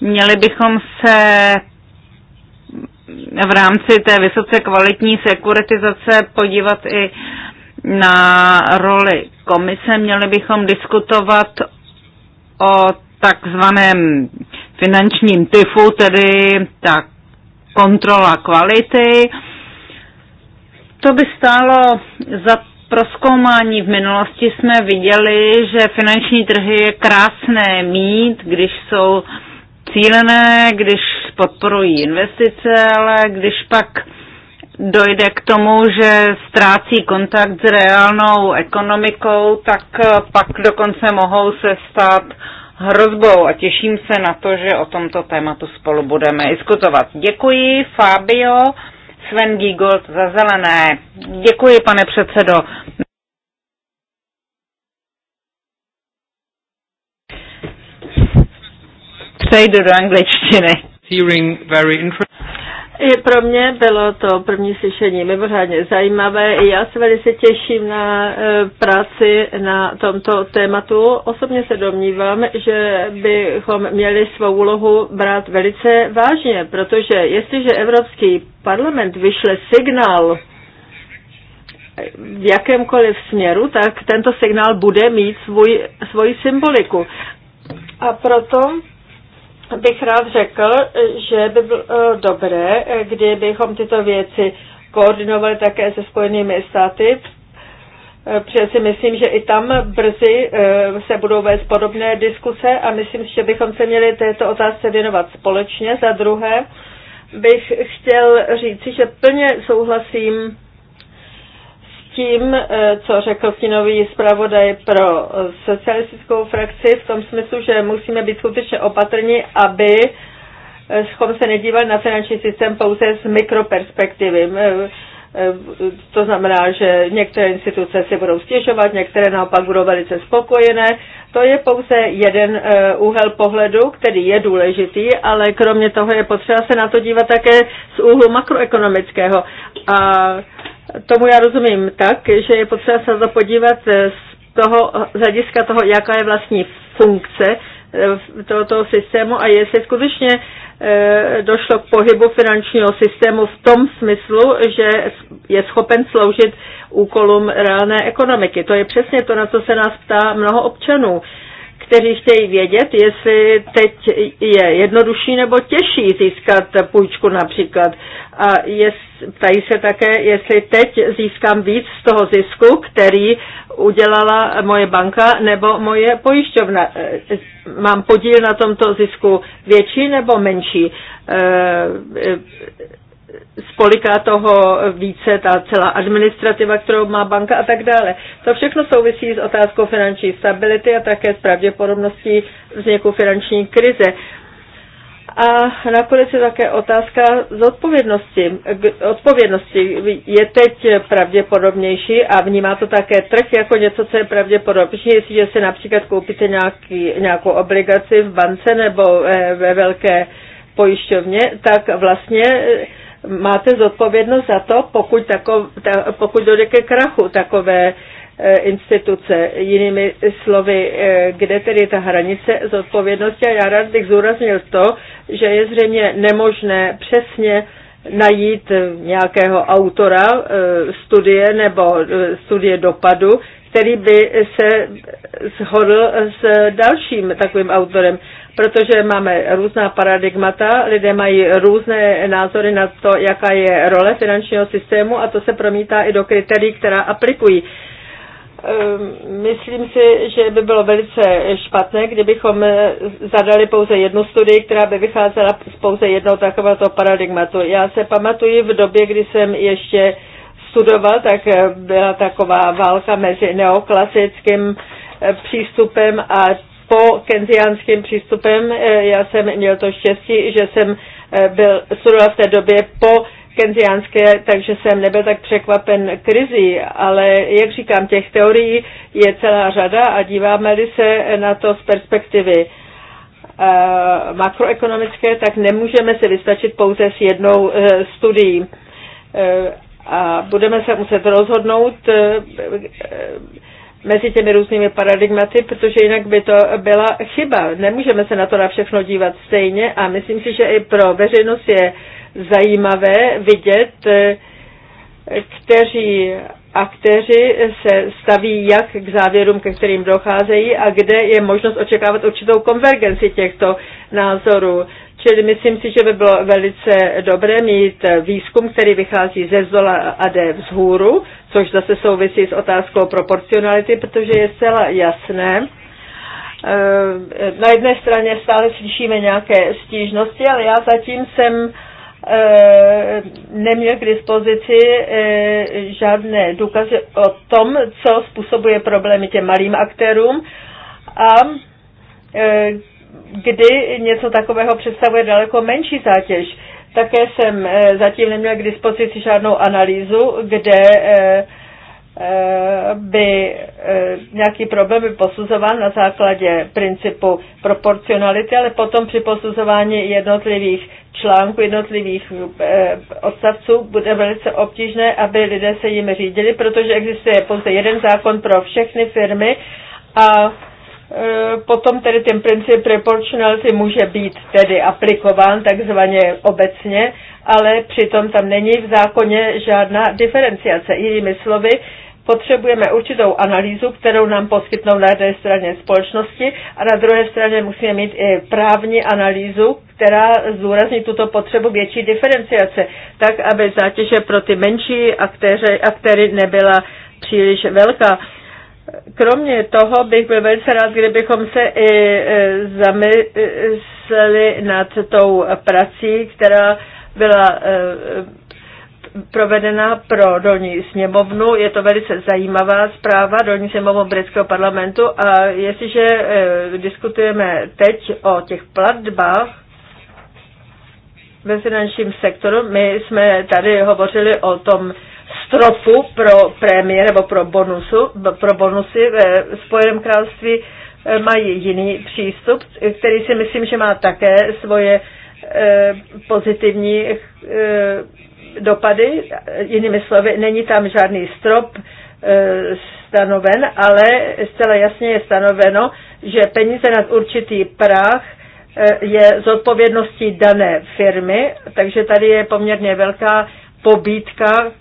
měli bychom se v rámci té vysoce kvalitní sekuritizace podívat i na roli komise. Měli bychom diskutovat o takzvaném finančním tyfu, tedy ta kontrola kvality. To by stálo za proskoumání. V minulosti jsme viděli, že finanční trhy je krásné mít, když jsou cílené, když podporují investice, ale když pak dojde k tomu, že ztrácí kontakt s reálnou ekonomikou, tak pak dokonce mohou se stát hrozbou a těším se na to, že o tomto tématu spolu budeme diskutovat. Děkuji Fabio, Sven Giegold za zelené. Děkuji, pane předsedo. Přejdu do angličtiny. Hearing very interesting. I pro mě bylo to první slyšení mimořádně zajímavé. Já se velice těším na e, práci na tomto tématu. Osobně se domnívám, že bychom měli svou úlohu brát velice vážně, protože jestliže Evropský parlament vyšle signál v jakémkoliv směru, tak tento signál bude mít svůj, svoji symboliku. A proto bych rád řekl, že by bylo eh, dobré, eh, kdybychom tyto věci koordinovali také se Spojenými státy, eh, protože si myslím, že i tam brzy se budou vést podobné diskuse a myslím, že bychom se měli této otázce věnovat společně. Za druhé bych chtěl říci, že plně souhlasím tím, eh, co řekl finový zpravodaj pro socialistickou frakci, v tom smyslu, že musíme být skutečně opatrní, aby schom eh, se nedíval na finanční systém pouze z mikroperspektivy. Eh, to znamená, že některé instituce si budou stěžovat, některé naopak budou velice spokojené. To je pouze jeden úhel pohledu, který je důležitý, ale kromě toho je potřeba se na to dívat také z úhlu makroekonomického. A Tomu já rozumím tak, že je potřeba se to podívat z toho z hlediska toho, jaká je vlastní funkce eh, tohoto systému a jestli skutečně eh, došlo k pohybu finančního systému v tom smyslu, že je schopen sloužit úkolům reálné ekonomiky. To je přesně to, na co se nás ptá mnoho občanů kteří chtějí vědět, jestli teď je jednodušší nebo těžší získat půjčku například. A jest, ptají se také, jestli teď získám víc z toho zisku, který udělala moje banka nebo moje pojišťovna. Eh, mám podíl na tomto zisku větší nebo menší? Eh, eh, spoliká toho více ta celá administrativa, kterou má banka a tak dále. To všechno souvisí s otázkou finanční stability a také s pravděpodobností vzniku finanční krize. A nakonec je také otázka z odpovědnosti. Odpovědnosti je teď pravděpodobnější a vnímá to také trh jako něco, co je pravděpodobnější, jestliže si například koupíte nějaký, nějakou obligaci v bance nebo eh, ve velké pojišťovně, tak vlastně máte zodpovědnost za to, pokud, tako, ta, pokud dojde ke krachu takové e, instituce. Jinými slovy, e, kde tedy je ta hranice zodpovědnosti? A já rád bych zúraznil to, že je zřejmě nemožné přesně najít e, nějakého autora studie nebo studie dopadu, který by se shodl s dalším takovým autorem protože máme různá paradigmata, lidé mají různé názory na to, jaká je role finančního systému a to se promítá i do kritérií, která aplikují. Ehm, myslím si, že by bylo velice špatné, kdybychom eh, zadali pouze jednu studii, která by vycházela z pouze jednou takového paradigmatu. Já se pamatuji v době, kdy jsem ještě studoval, tak eh, byla taková válka mezi neoklasickým eh, přístupem a po kenziánským přístupem. Eh, já jsem měl to štěstí, že jsem eh, byl, studoval v té době po kenziánské, takže jsem nebyl tak překvapen krizí, ale jak říkám, těch teorií je celá řada a díváme-li se na to z perspektivy eh, makroekonomické, tak nemůžeme se vystačit pouze s jednou studií. A budeme se muset rozhodnout, mezi těmi různými paradigmaty, protože jinak by to byla chyba. Nemůžeme se na to na všechno dívat stejně a myslím si, že i pro veřejnost je zajímavé vidět, eh, kteří aktéři se staví jak k závěrům, ke kterým docházejí a kde je možnost očekávat určitou konvergenci těchto názorů. Čili myslím si, že by bylo velice dobré mít výzkum, který vychází ze zdola a jde vzhůru, což zase souvisí s otázkou proporcionality, protože je zcela jasné, eh, na jedné straně stále slyšíme nějaké stížnosti, ale já zatím jsem eh, neměl k dispozici eh, žádné důkazy o tom, co způsobuje problémy těm malým aktérům a kdy něco takového představuje daleko menší zátěž. Také jsem eh, zatím neměl k dispozici žádnou analýzu, kde eh, eh, by nějaký problém by posuzován na základě principu proporcionality, ale potom při posuzování jednotlivých článků, jednotlivých odstavců bude velice obtížné, aby lidé se jim řídili, protože existuje pouze jeden zákon pro všechny firmy a Eh, potom tedy ten princip proportionality může být tedy aplikován takzvaně obecně, ale přitom tam není v zákoně žádná diferenciace. Jinými slovy, potřebujeme určitou analýzu, kterou nám poskytnou na jedné straně společnosti a na druhé straně musíme mít i právní analýzu, která zdůrazní tuto potřebu větší diferenciace, tak aby zátěže pro ty menší aktéře, aktéry nebyla příliš velká. Kromě toho bych byl velice rád, kdybychom se i e, zamysleli nad tou prací, která byla e, provedena pro dolní sněmovnu. Je to velice zajímavá zpráva dolní sněmovnu britského parlamentu a jestliže e, diskutujeme teď o těch platbách ve finančním sektoru, my jsme tady hovořili o tom, stropu pro prémie nebo pro, bonusu, pro bonusy ve Spojeném království eh, mají jiný přístup, který si myslím, že má také svoje eh, pozitivní eh, dopady. Jinými slovy, není tam žádný strop stanoven, ale zcela jasně je stanoveno, že peníze nad určitý práh je z odpovědností dané firmy, takže tady je poměrně velká pobídka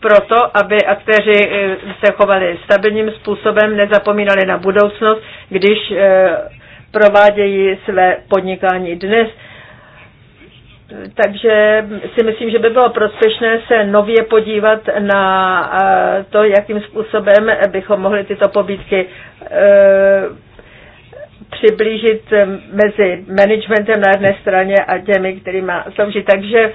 proto, aby aktéři eh, se chovali stabilním způsobem, nezapomínali na budoucnost, když eh, provádějí své podnikání dnes. Takže si myslím, že by bylo prospěšné se nově podívat na eh, to, jakým způsobem bychom mohli tyto pobídky přiblížit mezi managementem na jedné straně a těmi, kterými má sloužit. Takže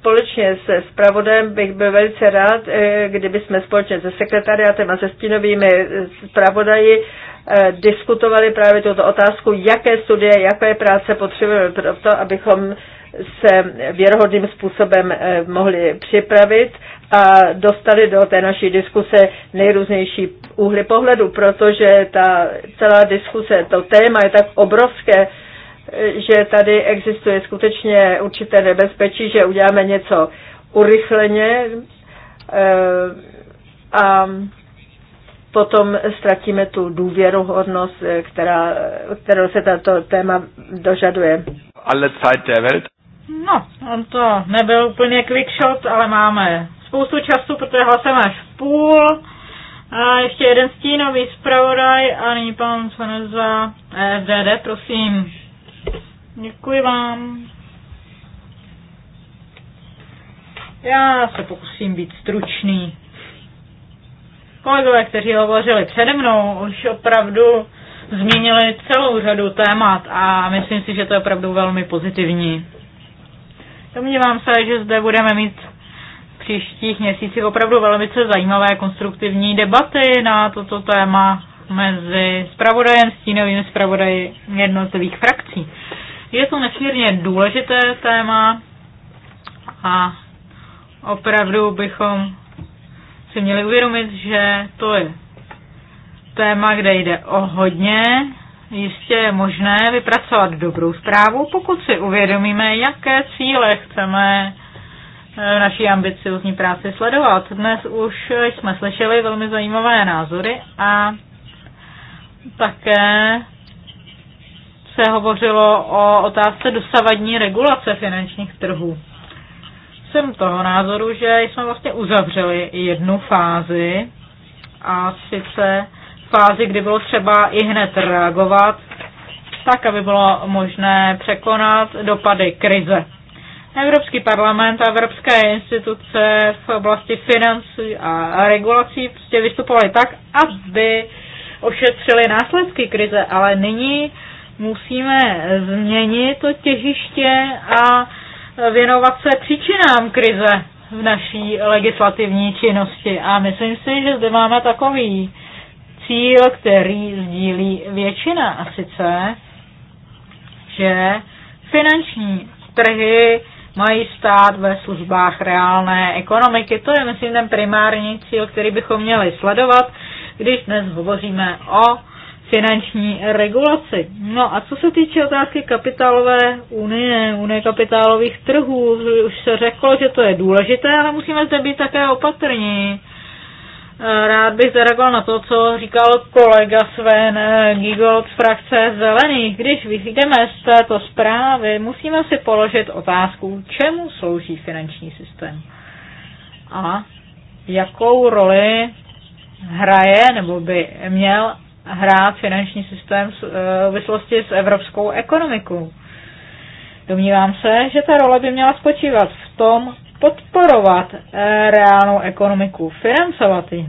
Společně se zpravodem bych byl velice rád, eh, kdyby jsme společně se sekretariátem a se stínovými eh, zpravodaji eh, diskutovali právě tuto otázku, jaké studie, jaké práce potřebujeme pro to, abychom se věrohodným způsobem mohli připravit a dostali do té naší diskuse nejrůznější úhly pohledu, protože ta celá diskuse, to téma je tak obrovské, že tady existuje skutečně určité nebezpečí, že uděláme něco urychleně eh, a potom ztratíme tu důvěruhodnost, eh, která, kterou se tato téma dožaduje. Zeit der Welt. No, on to nebyl úplně quick shot, ale máme spoustu času, protože hlasem až v půl. A ještě jeden stínový zpravodaj a nyní pan Sveneza FDD, eh, prosím. Děkuji vám. Já se pokusím být stručný. Kolegové, kteří hovořili přede mnou, už opravdu zmínili celou řadu témat a myslím si, že to je opravdu velmi pozitivní. Domnívám se, že zde budeme mít v příštích měsících opravdu velmi zajímavé konstruktivní debaty na toto téma mezi spravodajem, stínovým spravodaji jednotlivých frakcí. Je to nesmírně důležité téma a opravdu bychom si měli uvědomit, že to je téma, kde jde o hodně. Jistě je možné vypracovat dobrou zprávu, pokud si uvědomíme, jaké cíle chceme v eh, naší ambiciozní práci sledovat. Dnes už jsme slyšeli velmi zajímavé názory a také se hovořilo o otázce dosavadní regulace finančních trhů. Jsem toho názoru, že jsme vlastně uzavřeli jednu fázi, a sice fázi, kdy bylo třeba i hned reagovat, tak, aby bylo možné překonat dopady krize. Evropský parlament a evropské instituce v oblasti financí a regulací prostě vystupovaly tak, aby ošetřili následky krize, ale nyní musíme změnit to těžiště a věnovat se příčinám krize v naší legislativní činnosti. A myslím si, že zde máme takový cíl, který sdílí většina, a sice, že finanční trhy mají stát ve službách reálné ekonomiky. To je, myslím, ten primární cíl, který bychom měli sledovat, když dnes hovoříme o finanční regulaci. No a co se týče otázky kapitálové unie, unie kapitálových trhů, už se řeklo, že to je důležité, ale musíme zde být také opatrní. Rád bych zareagoval na to, co říkal kolega Sven Gigot z frakce Zelených. Když vyjdeme z této zprávy, musíme si položit otázku, čemu slouží finanční systém a jakou roli hraje nebo by měl hrát finanční systém eh, v souvislosti s evropskou ekonomikou. Domnívám se, že ta role by měla spočívat v tom podporovat eh, reálnou ekonomiku, financovat ji.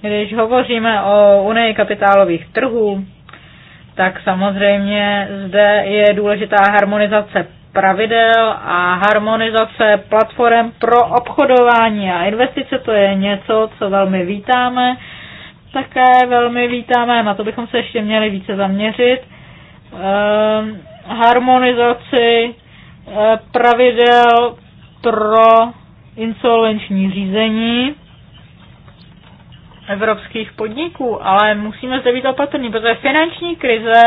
Když hovoříme o unii kapitálových trhů, tak samozřejmě zde je důležitá harmonizace pravidel a harmonizace platform pro obchodování a investice. To je něco, co velmi vítáme také velmi vítáme, na to bychom se ještě měli více zaměřit, ehm, harmonizaci eh, pravidel pro insolvenční řízení evropských podniků, ale musíme zde být opatrní, protože finanční krize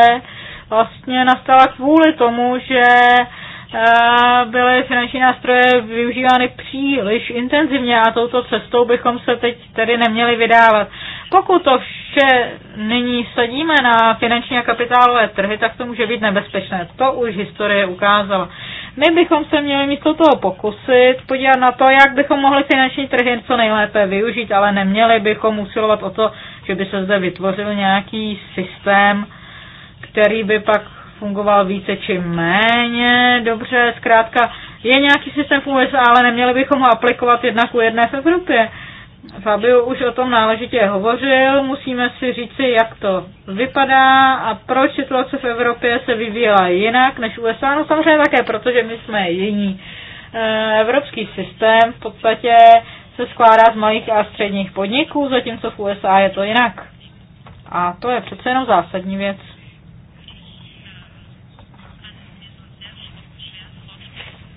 vlastně nastala kvůli tomu, že eh, byly finanční nástroje využívány příliš intenzivně a touto cestou bychom se teď tedy neměli vydávat. Pokud to vše nyní sadíme na finanční a kapitálové trhy, tak to může být nebezpečné. To už historie ukázala. My bychom se měli místo toho pokusit podívat na to, jak bychom mohli finanční trhy co nejlépe využít, ale neměli bychom usilovat o to, že by se zde vytvořil nějaký systém, který by pak fungoval více či méně dobře. Zkrátka je nějaký systém v USA, ale neměli bychom ho aplikovat jednak u jedné v Evropě. Fabio už o tom náležitě hovořil. Musíme si říci, jak to vypadá a proč situace v Evropě se vyvíjela jinak než USA. No samozřejmě také, protože my jsme jiní. Eh, evropský systém v podstatě se skládá z malých a středních podniků, zatímco v USA je to jinak. A to je přece jenom zásadní věc.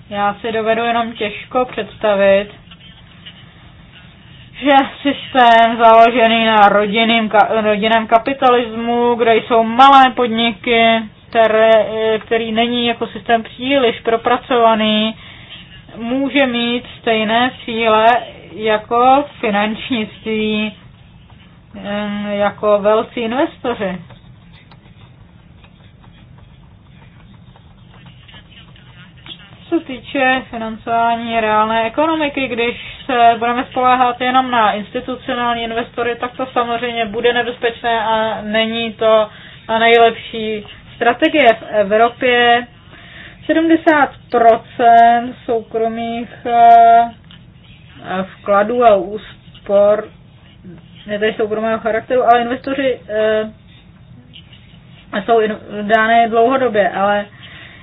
Já si dovedu jenom těžko představit, že systém založený na rodinným, ka, rodinném kapitalismu, kde jsou malé podniky, které, eh, který není jako systém příliš propracovaný, může mít stejné cíle jako finančnictví, jako velcí investoři. co se týče financování reálné ekonomiky, když se budeme spoléhat jenom na institucionální investory, tak to samozřejmě bude nebezpečné a není to a nejlepší strategie v Evropě. 70% soukromých eh, vkladů a úspor je tady soukromého charakteru, ale investoři eh, jsou dány dlouhodobě, ale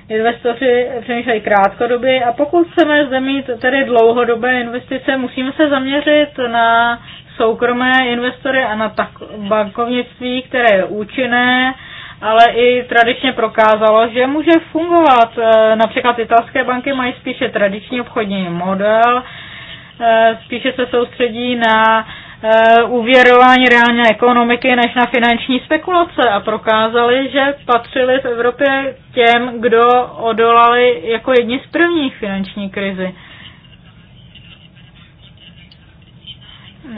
Investoři přemýšlejí krátkodobě a pokud chceme zde mít tedy dlouhodobé investice, musíme se zaměřit na soukromé investory a na tak bankovnictví, které je účinné, ale i tradičně prokázalo, že může fungovat. E, například italské banky mají spíše tradiční obchodní model, e, spíše se soustředí na Eh, uvěrování reálné ekonomiky než na finanční spekulace a prokázali, že patřili v Evropě těm, kdo odolali jako jedni z prvních finanční krizi.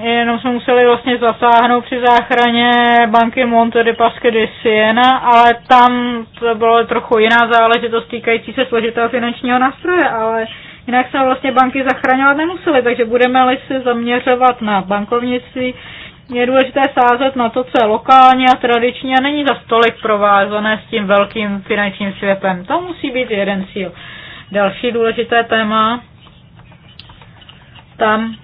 Jenom jsme museli vlastně zasáhnout při záchraně banky Monte de Pasque de Siena, ale tam to bylo trochu jiná záležitost týkající se složitého finančního nástroje, ale Jinak se vlastně banky zachraňovat nemusely, takže budeme-li se zaměřovat na bankovnictví, je důležité sázet na to, co je lokální a tradiční a není za stolik provázané s tím velkým finančním světem. To musí být jeden cíl. Další důležité téma, tam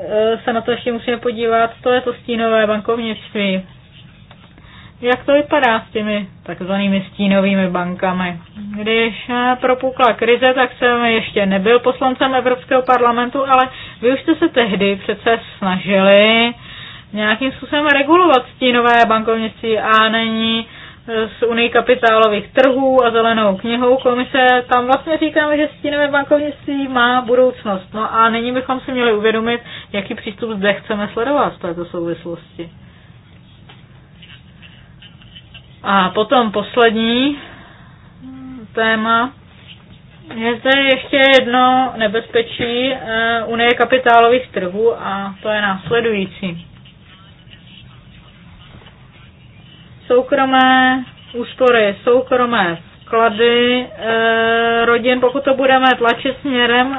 eh, se na to ještě musíme podívat, to je to stínové bankovnictví jak to vypadá s těmi takzvanými stínovými bankami. Když eh, propukla krize, tak jsem ještě nebyl poslancem Evropského parlamentu, ale vy už jste se tehdy přece snažili nějakým způsobem regulovat stínové bankovnictví a není eh, z Unii kapitálových trhů a zelenou knihou komise. Tam vlastně říkáme, že stínové bankovnictví má budoucnost. No a nyní bychom si měli uvědomit, jaký přístup zde chceme sledovat v této souvislosti. A potom poslední téma. Je zde ještě jedno nebezpečí eh, Unie kapitálových trhů a to je následující. Soukromé úspory, soukromé vklady e, rodin, pokud to budeme tlačit směrem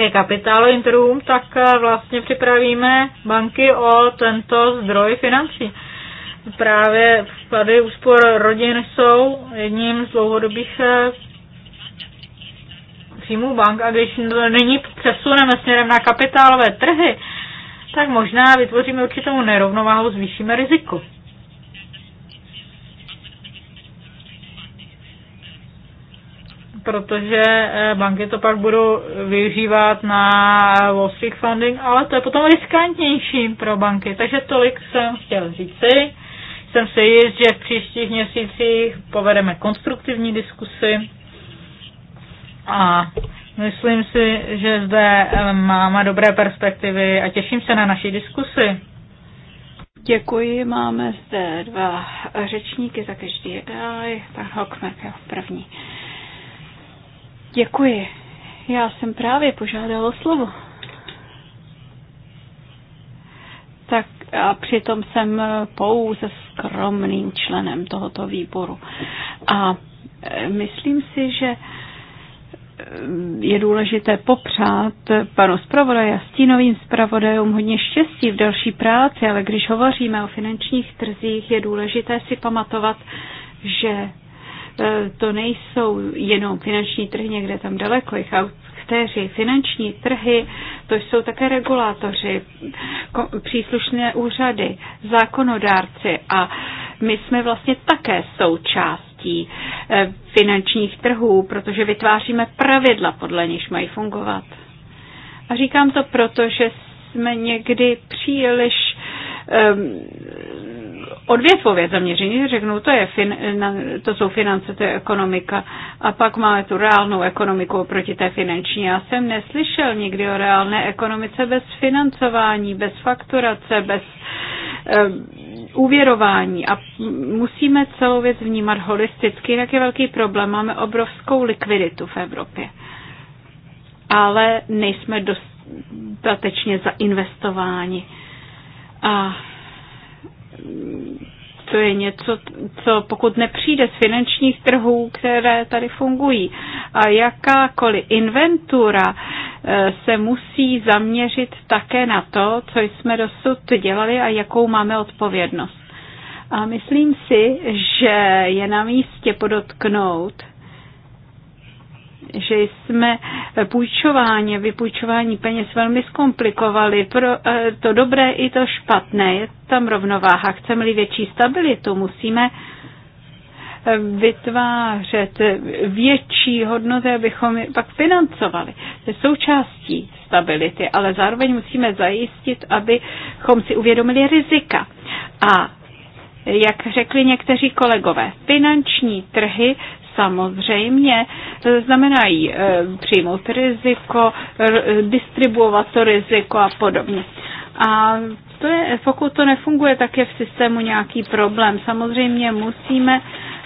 e, kapitálovým trhům, tak e, vlastně připravíme banky o tento zdroj financí. E, právě vklady úspor rodin jsou jedním z dlouhodobých eh, příjmů bank a když nyní přesuneme směrem na kapitálové trhy, tak možná vytvoříme určitou nerovnováhu, zvýšíme riziko. protože eh, banky to pak budou využívat na Wall Street Funding, ale to je potom riskantnější pro banky. Takže tolik jsem chtěl říci. Jsem se jist, že v příštích měsících povedeme konstruktivní diskusy a myslím si, že zde eh, máme dobré perspektivy a těším se na naší diskusi. Děkuji, máme zde dva řečníky za každý jeden, pan Hokmek jako první. Děkuji. Já jsem právě požádala slovo. Tak a přitom jsem pouze skromným členem tohoto výboru. A e, myslím si, že e, je důležité popřát panu zpravodaji a stínovým zpravodajům hodně štěstí v další práci, ale když hovoříme o finančních trzích, je důležité si pamatovat, že e, to nejsou jenom finanční trhy někde tam daleko, jejich aktéři, finanční trhy, to jsou také regulátoři, příslušné úřady, zákonodárci a my jsme vlastně také součástí eh, finančních trhů, protože vytváříme pravidla, podle nich mají fungovat. A říkám to proto, že jsme někdy příliš um, odvětvově zaměření, řeknou, to, je fin, to jsou finance, to je ekonomika. A pak máme tu reálnou ekonomiku oproti té finanční. Já jsem neslyšel nikdy o reálné ekonomice bez financování, bez fakturace, bez um, úvěrování. A musíme celou věc vnímat holisticky, jak je velký problém. Máme obrovskou likviditu v Evropě. Ale nejsme dostatečně zainvestováni. A to je něco, co pokud nepřijde z finančních trhů, které tady fungují. A jakákoliv inventura eh, se musí zaměřit také na to, co jsme dosud dělali a jakou máme odpovědnost. A myslím si, že je na místě podotknout, že jsme půjčování a vypůjčování peněz velmi zkomplikovali. Pro eh, to dobré i to špatné. Je tam rovnováha. Chceme-li větší stabilitu, musíme eh, vytvářet větší hodnoty, abychom je pak financovali. To je součástí stability, ale zároveň musíme zajistit, abychom si uvědomili rizika. A jak řekli někteří kolegové, finanční trhy samozřejmě e, znamenají e, přijmout riziko, distribuovat to riziko a podobně. A to je, pokud to nefunguje, tak je v systému nějaký problém. Samozřejmě musíme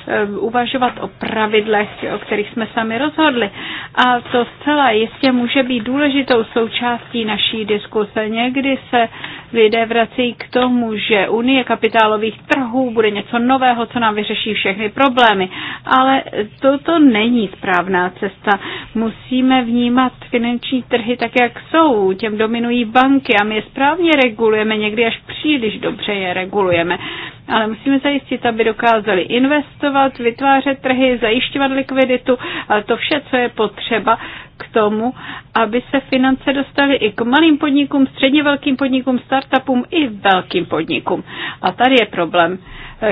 Eh, uvažovat o pravidlech, o kterých jsme sami rozhodli. A to zcela jistě může být důležitou součástí naší diskuse. Někdy se lidé vrací k tomu, že Unie kapitálových trhů bude něco nového, co nám vyřeší všechny problémy. Ale toto není správná cesta. Musíme vnímat finanční trhy tak, jak jsou. Těm dominují banky a my je správně regulujeme, někdy až příliš dobře je regulujeme ale musíme zajistit, aby dokázali investovat, vytvářet trhy, zajišťovat likviditu, ale to vše, co je potřeba k tomu, aby se finance dostaly i k malým podnikům, středně velkým podnikům, startupům i velkým podnikům. A tady je problém,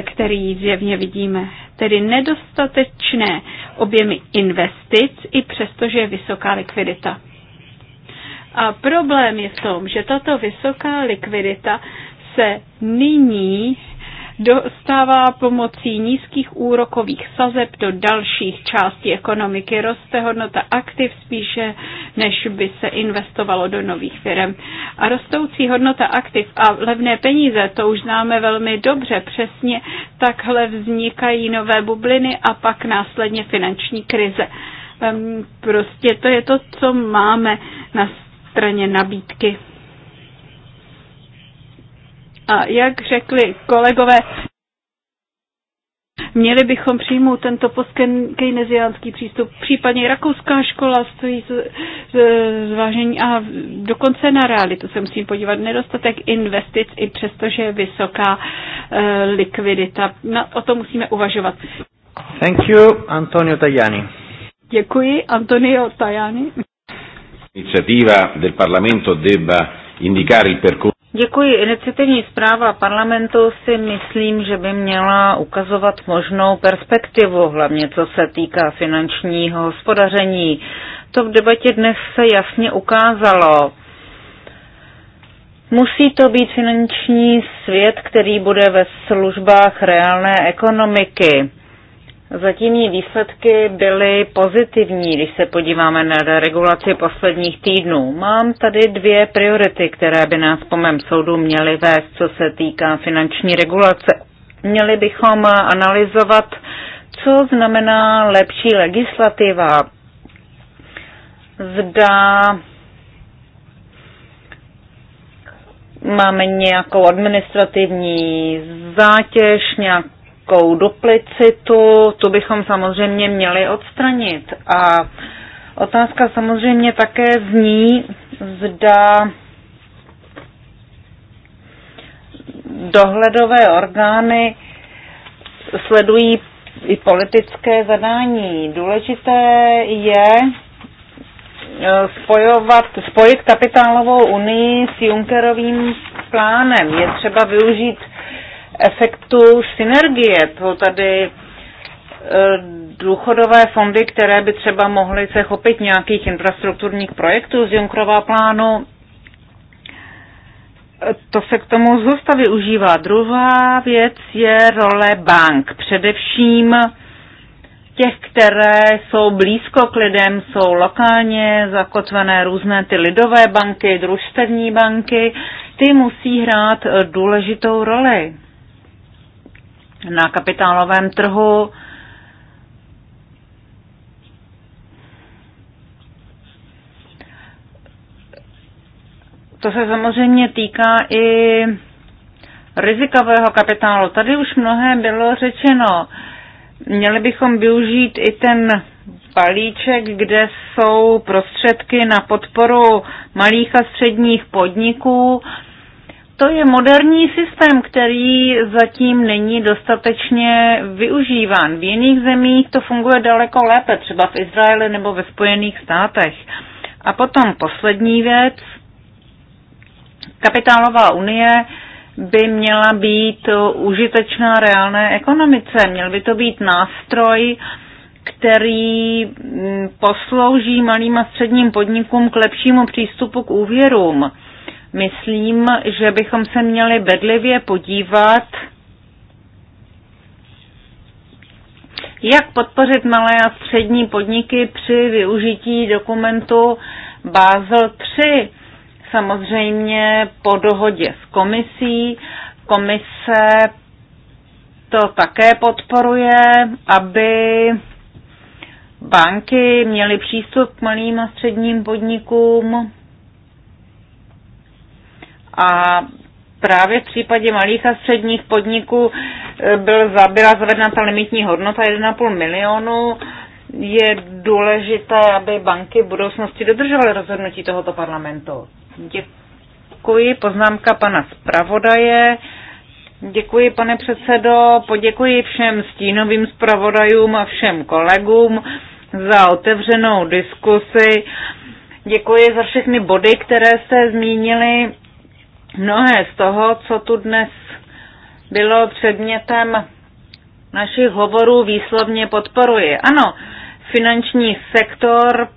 který zjevně vidíme. Tedy nedostatečné objemy investic, i přestože je vysoká likvidita. A problém je v tom, že tato vysoká likvidita se nyní dostává pomocí nízkých úrokových sazeb do dalších částí ekonomiky. Roste hodnota aktiv spíše, než by se investovalo do nových firm. A rostoucí hodnota aktiv a levné peníze, to už známe velmi dobře, přesně takhle vznikají nové bubliny a pak následně finanční krize. Prostě to je to, co máme na straně nabídky. A jak řekli kolegové, Měli bychom přijmout tento postkejneziánský přístup. Případně rakouská škola stojí zvážení a dokonce na realitu se musím podívat. Nedostatek investic i přestože je vysoká e, likvidita. Na, o tom musíme uvažovat. Thank you, Antonio Tajani. Děkuji, Antonio Tajani. Iniciativa del Parlamento debba indicare il percorso Děkuji. Iniciativní zpráva parlamentu si myslím, že by měla ukazovat možnou perspektivu, hlavně co se týká finančního hospodaření. To v debatě dnes se jasně ukázalo. Musí to být finanční svět, který bude ve službách reálné ekonomiky. Zatímní výsledky byly pozitivní, když se podíváme na regulaci posledních týdnů. Mám tady dvě priority, které by nás po mém soudu měly vést, co se týká finanční regulace. Měli bychom analyzovat, co znamená lepší legislativa. Zda máme nějakou administrativní zátěž, nějakou nějakou duplicitu, tu bychom samozřejmě měli odstranit. A otázka samozřejmě také zní, zda dohledové orgány sledují i politické zadání. Důležité je e, spojovat, spojit kapitálovou unii s Junckerovým plánem. Je třeba využít efektu synergie. Jsou tady e, důchodové fondy, které by třeba mohly se chopit nějakých infrastrukturních projektů z Junkrova plánu. To se k tomu zůsta využívá. Druhá věc je role bank. Především těch, které jsou blízko k lidem, jsou lokálně zakotvené různé ty lidové banky, družstevní banky, ty musí hrát důležitou roli na kapitálovém trhu. To se samozřejmě týká i rizikového kapitálu. Tady už mnohé bylo řečeno. Měli bychom využít i ten balíček, kde jsou prostředky na podporu malých a středních podniků to je moderní systém, který zatím není dostatečně využíván. V jiných zemích to funguje daleko lépe, třeba v Izraeli nebo ve Spojených státech. A potom poslední věc. Kapitálová unie by měla být užitečná reálné ekonomice. Měl by to být nástroj, který poslouží malým a středním podnikům k lepšímu přístupu k úvěrům Myslím, že bychom se měli bedlivě podívat, jak podpořit malé a střední podniky při využití dokumentu Basel 3, samozřejmě po dohodě s komisí. Komise to také podporuje, aby banky měly přístup k malým a středním podnikům a právě v případě malých a středních podniků eh, byl, byla zavedena ta limitní hodnota 1,5 milionu. Je důležité, aby banky v budoucnosti dodržovaly rozhodnutí tohoto parlamentu. Děkuji. Poznámka pana zpravodaje. Děkuji, pane předsedo. Poděkuji všem stínovým zpravodajům a všem kolegům za otevřenou diskusi. Děkuji za všechny body, které jste zmínili. Mnohé z toho, co tu dnes bylo předmětem našich hovorů, výslovně podporuje. Ano, finanční sektor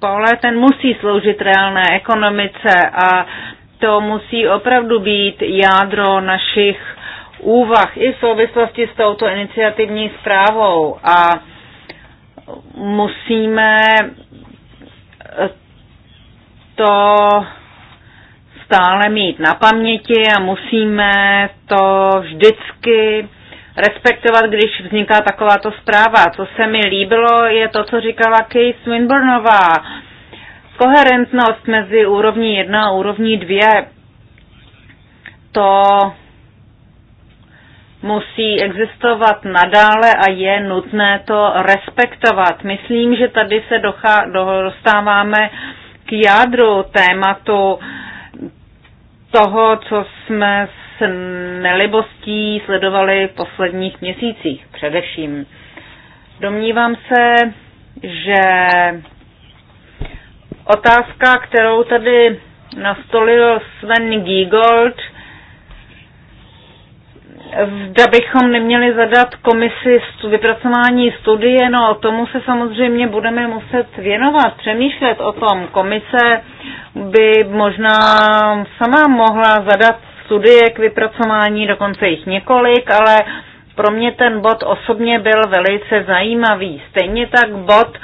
pole ten musí sloužit reálné ekonomice a to musí opravdu být jádro našich úvah i v souvislosti s touto iniciativní zprávou. A musíme to stále mít na paměti a musíme to vždycky respektovat, když vzniká takováto zpráva. Co se mi líbilo, je to, co říkala Kate Swinburnová. Koherentnost mezi úrovní 1 a úrovní 2, to musí existovat nadále a je nutné to respektovat. Myslím, že tady se dostáváme k jádru tématu toho, co jsme s nelibostí sledovali v posledních měsících především. Domnívám se, že otázka, kterou tady nastolil Sven Giegold, Zda bychom neměli zadat komisi vypracování studie, no tomu se samozřejmě budeme muset věnovat, přemýšlet o tom. Komise by možná sama mohla zadat studie k vypracování, dokonce jich několik, ale pro mě ten bod osobně byl velice zajímavý. Stejně tak bod,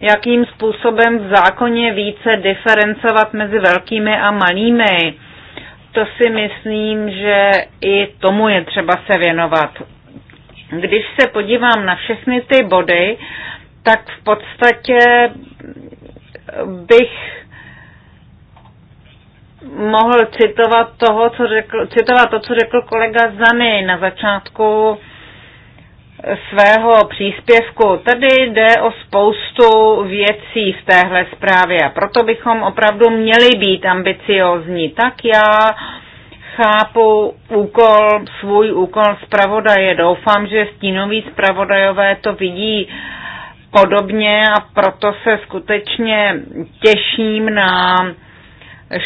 jakým způsobem v zákoně více diferencovat mezi velkými a malými to si myslím, že i tomu je třeba se věnovat. Když se podívám na všechny ty body, tak v podstatě bych mohl citovat, toho, co řekl, citovat to, co řekl kolega Zany na začátku svého příspěvku. Tady jde o spoustu věcí v téhle zprávě a proto bychom opravdu měli být ambiciozní. Tak já chápu úkol, svůj úkol zpravodaje. Doufám, že stínoví zpravodajové to vidí podobně a proto se skutečně těším na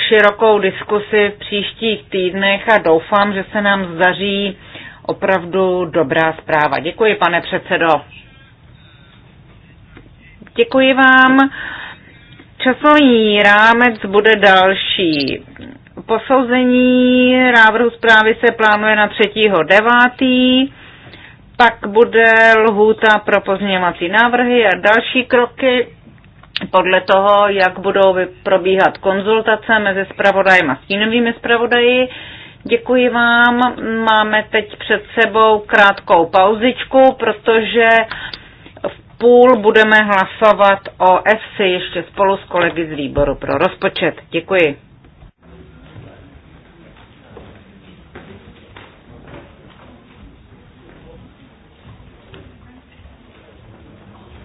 širokou diskusi v příštích týdnech a doufám, že se nám zdaří opravdu dobrá zpráva. Děkuji, pane předsedo. Děkuji vám. Časový rámec bude další. Posouzení návrhu zprávy se plánuje na 3.9. Pak bude lhůta pro pozměňovací návrhy a další kroky podle toho, jak budou probíhat konzultace mezi spravodajem a stínovými spravodaji. Děkuji vám. Máme teď před sebou krátkou pauzičku, protože v půl budeme hlasovat o EFSI ještě spolu s kolegy z výboru pro rozpočet. Děkuji.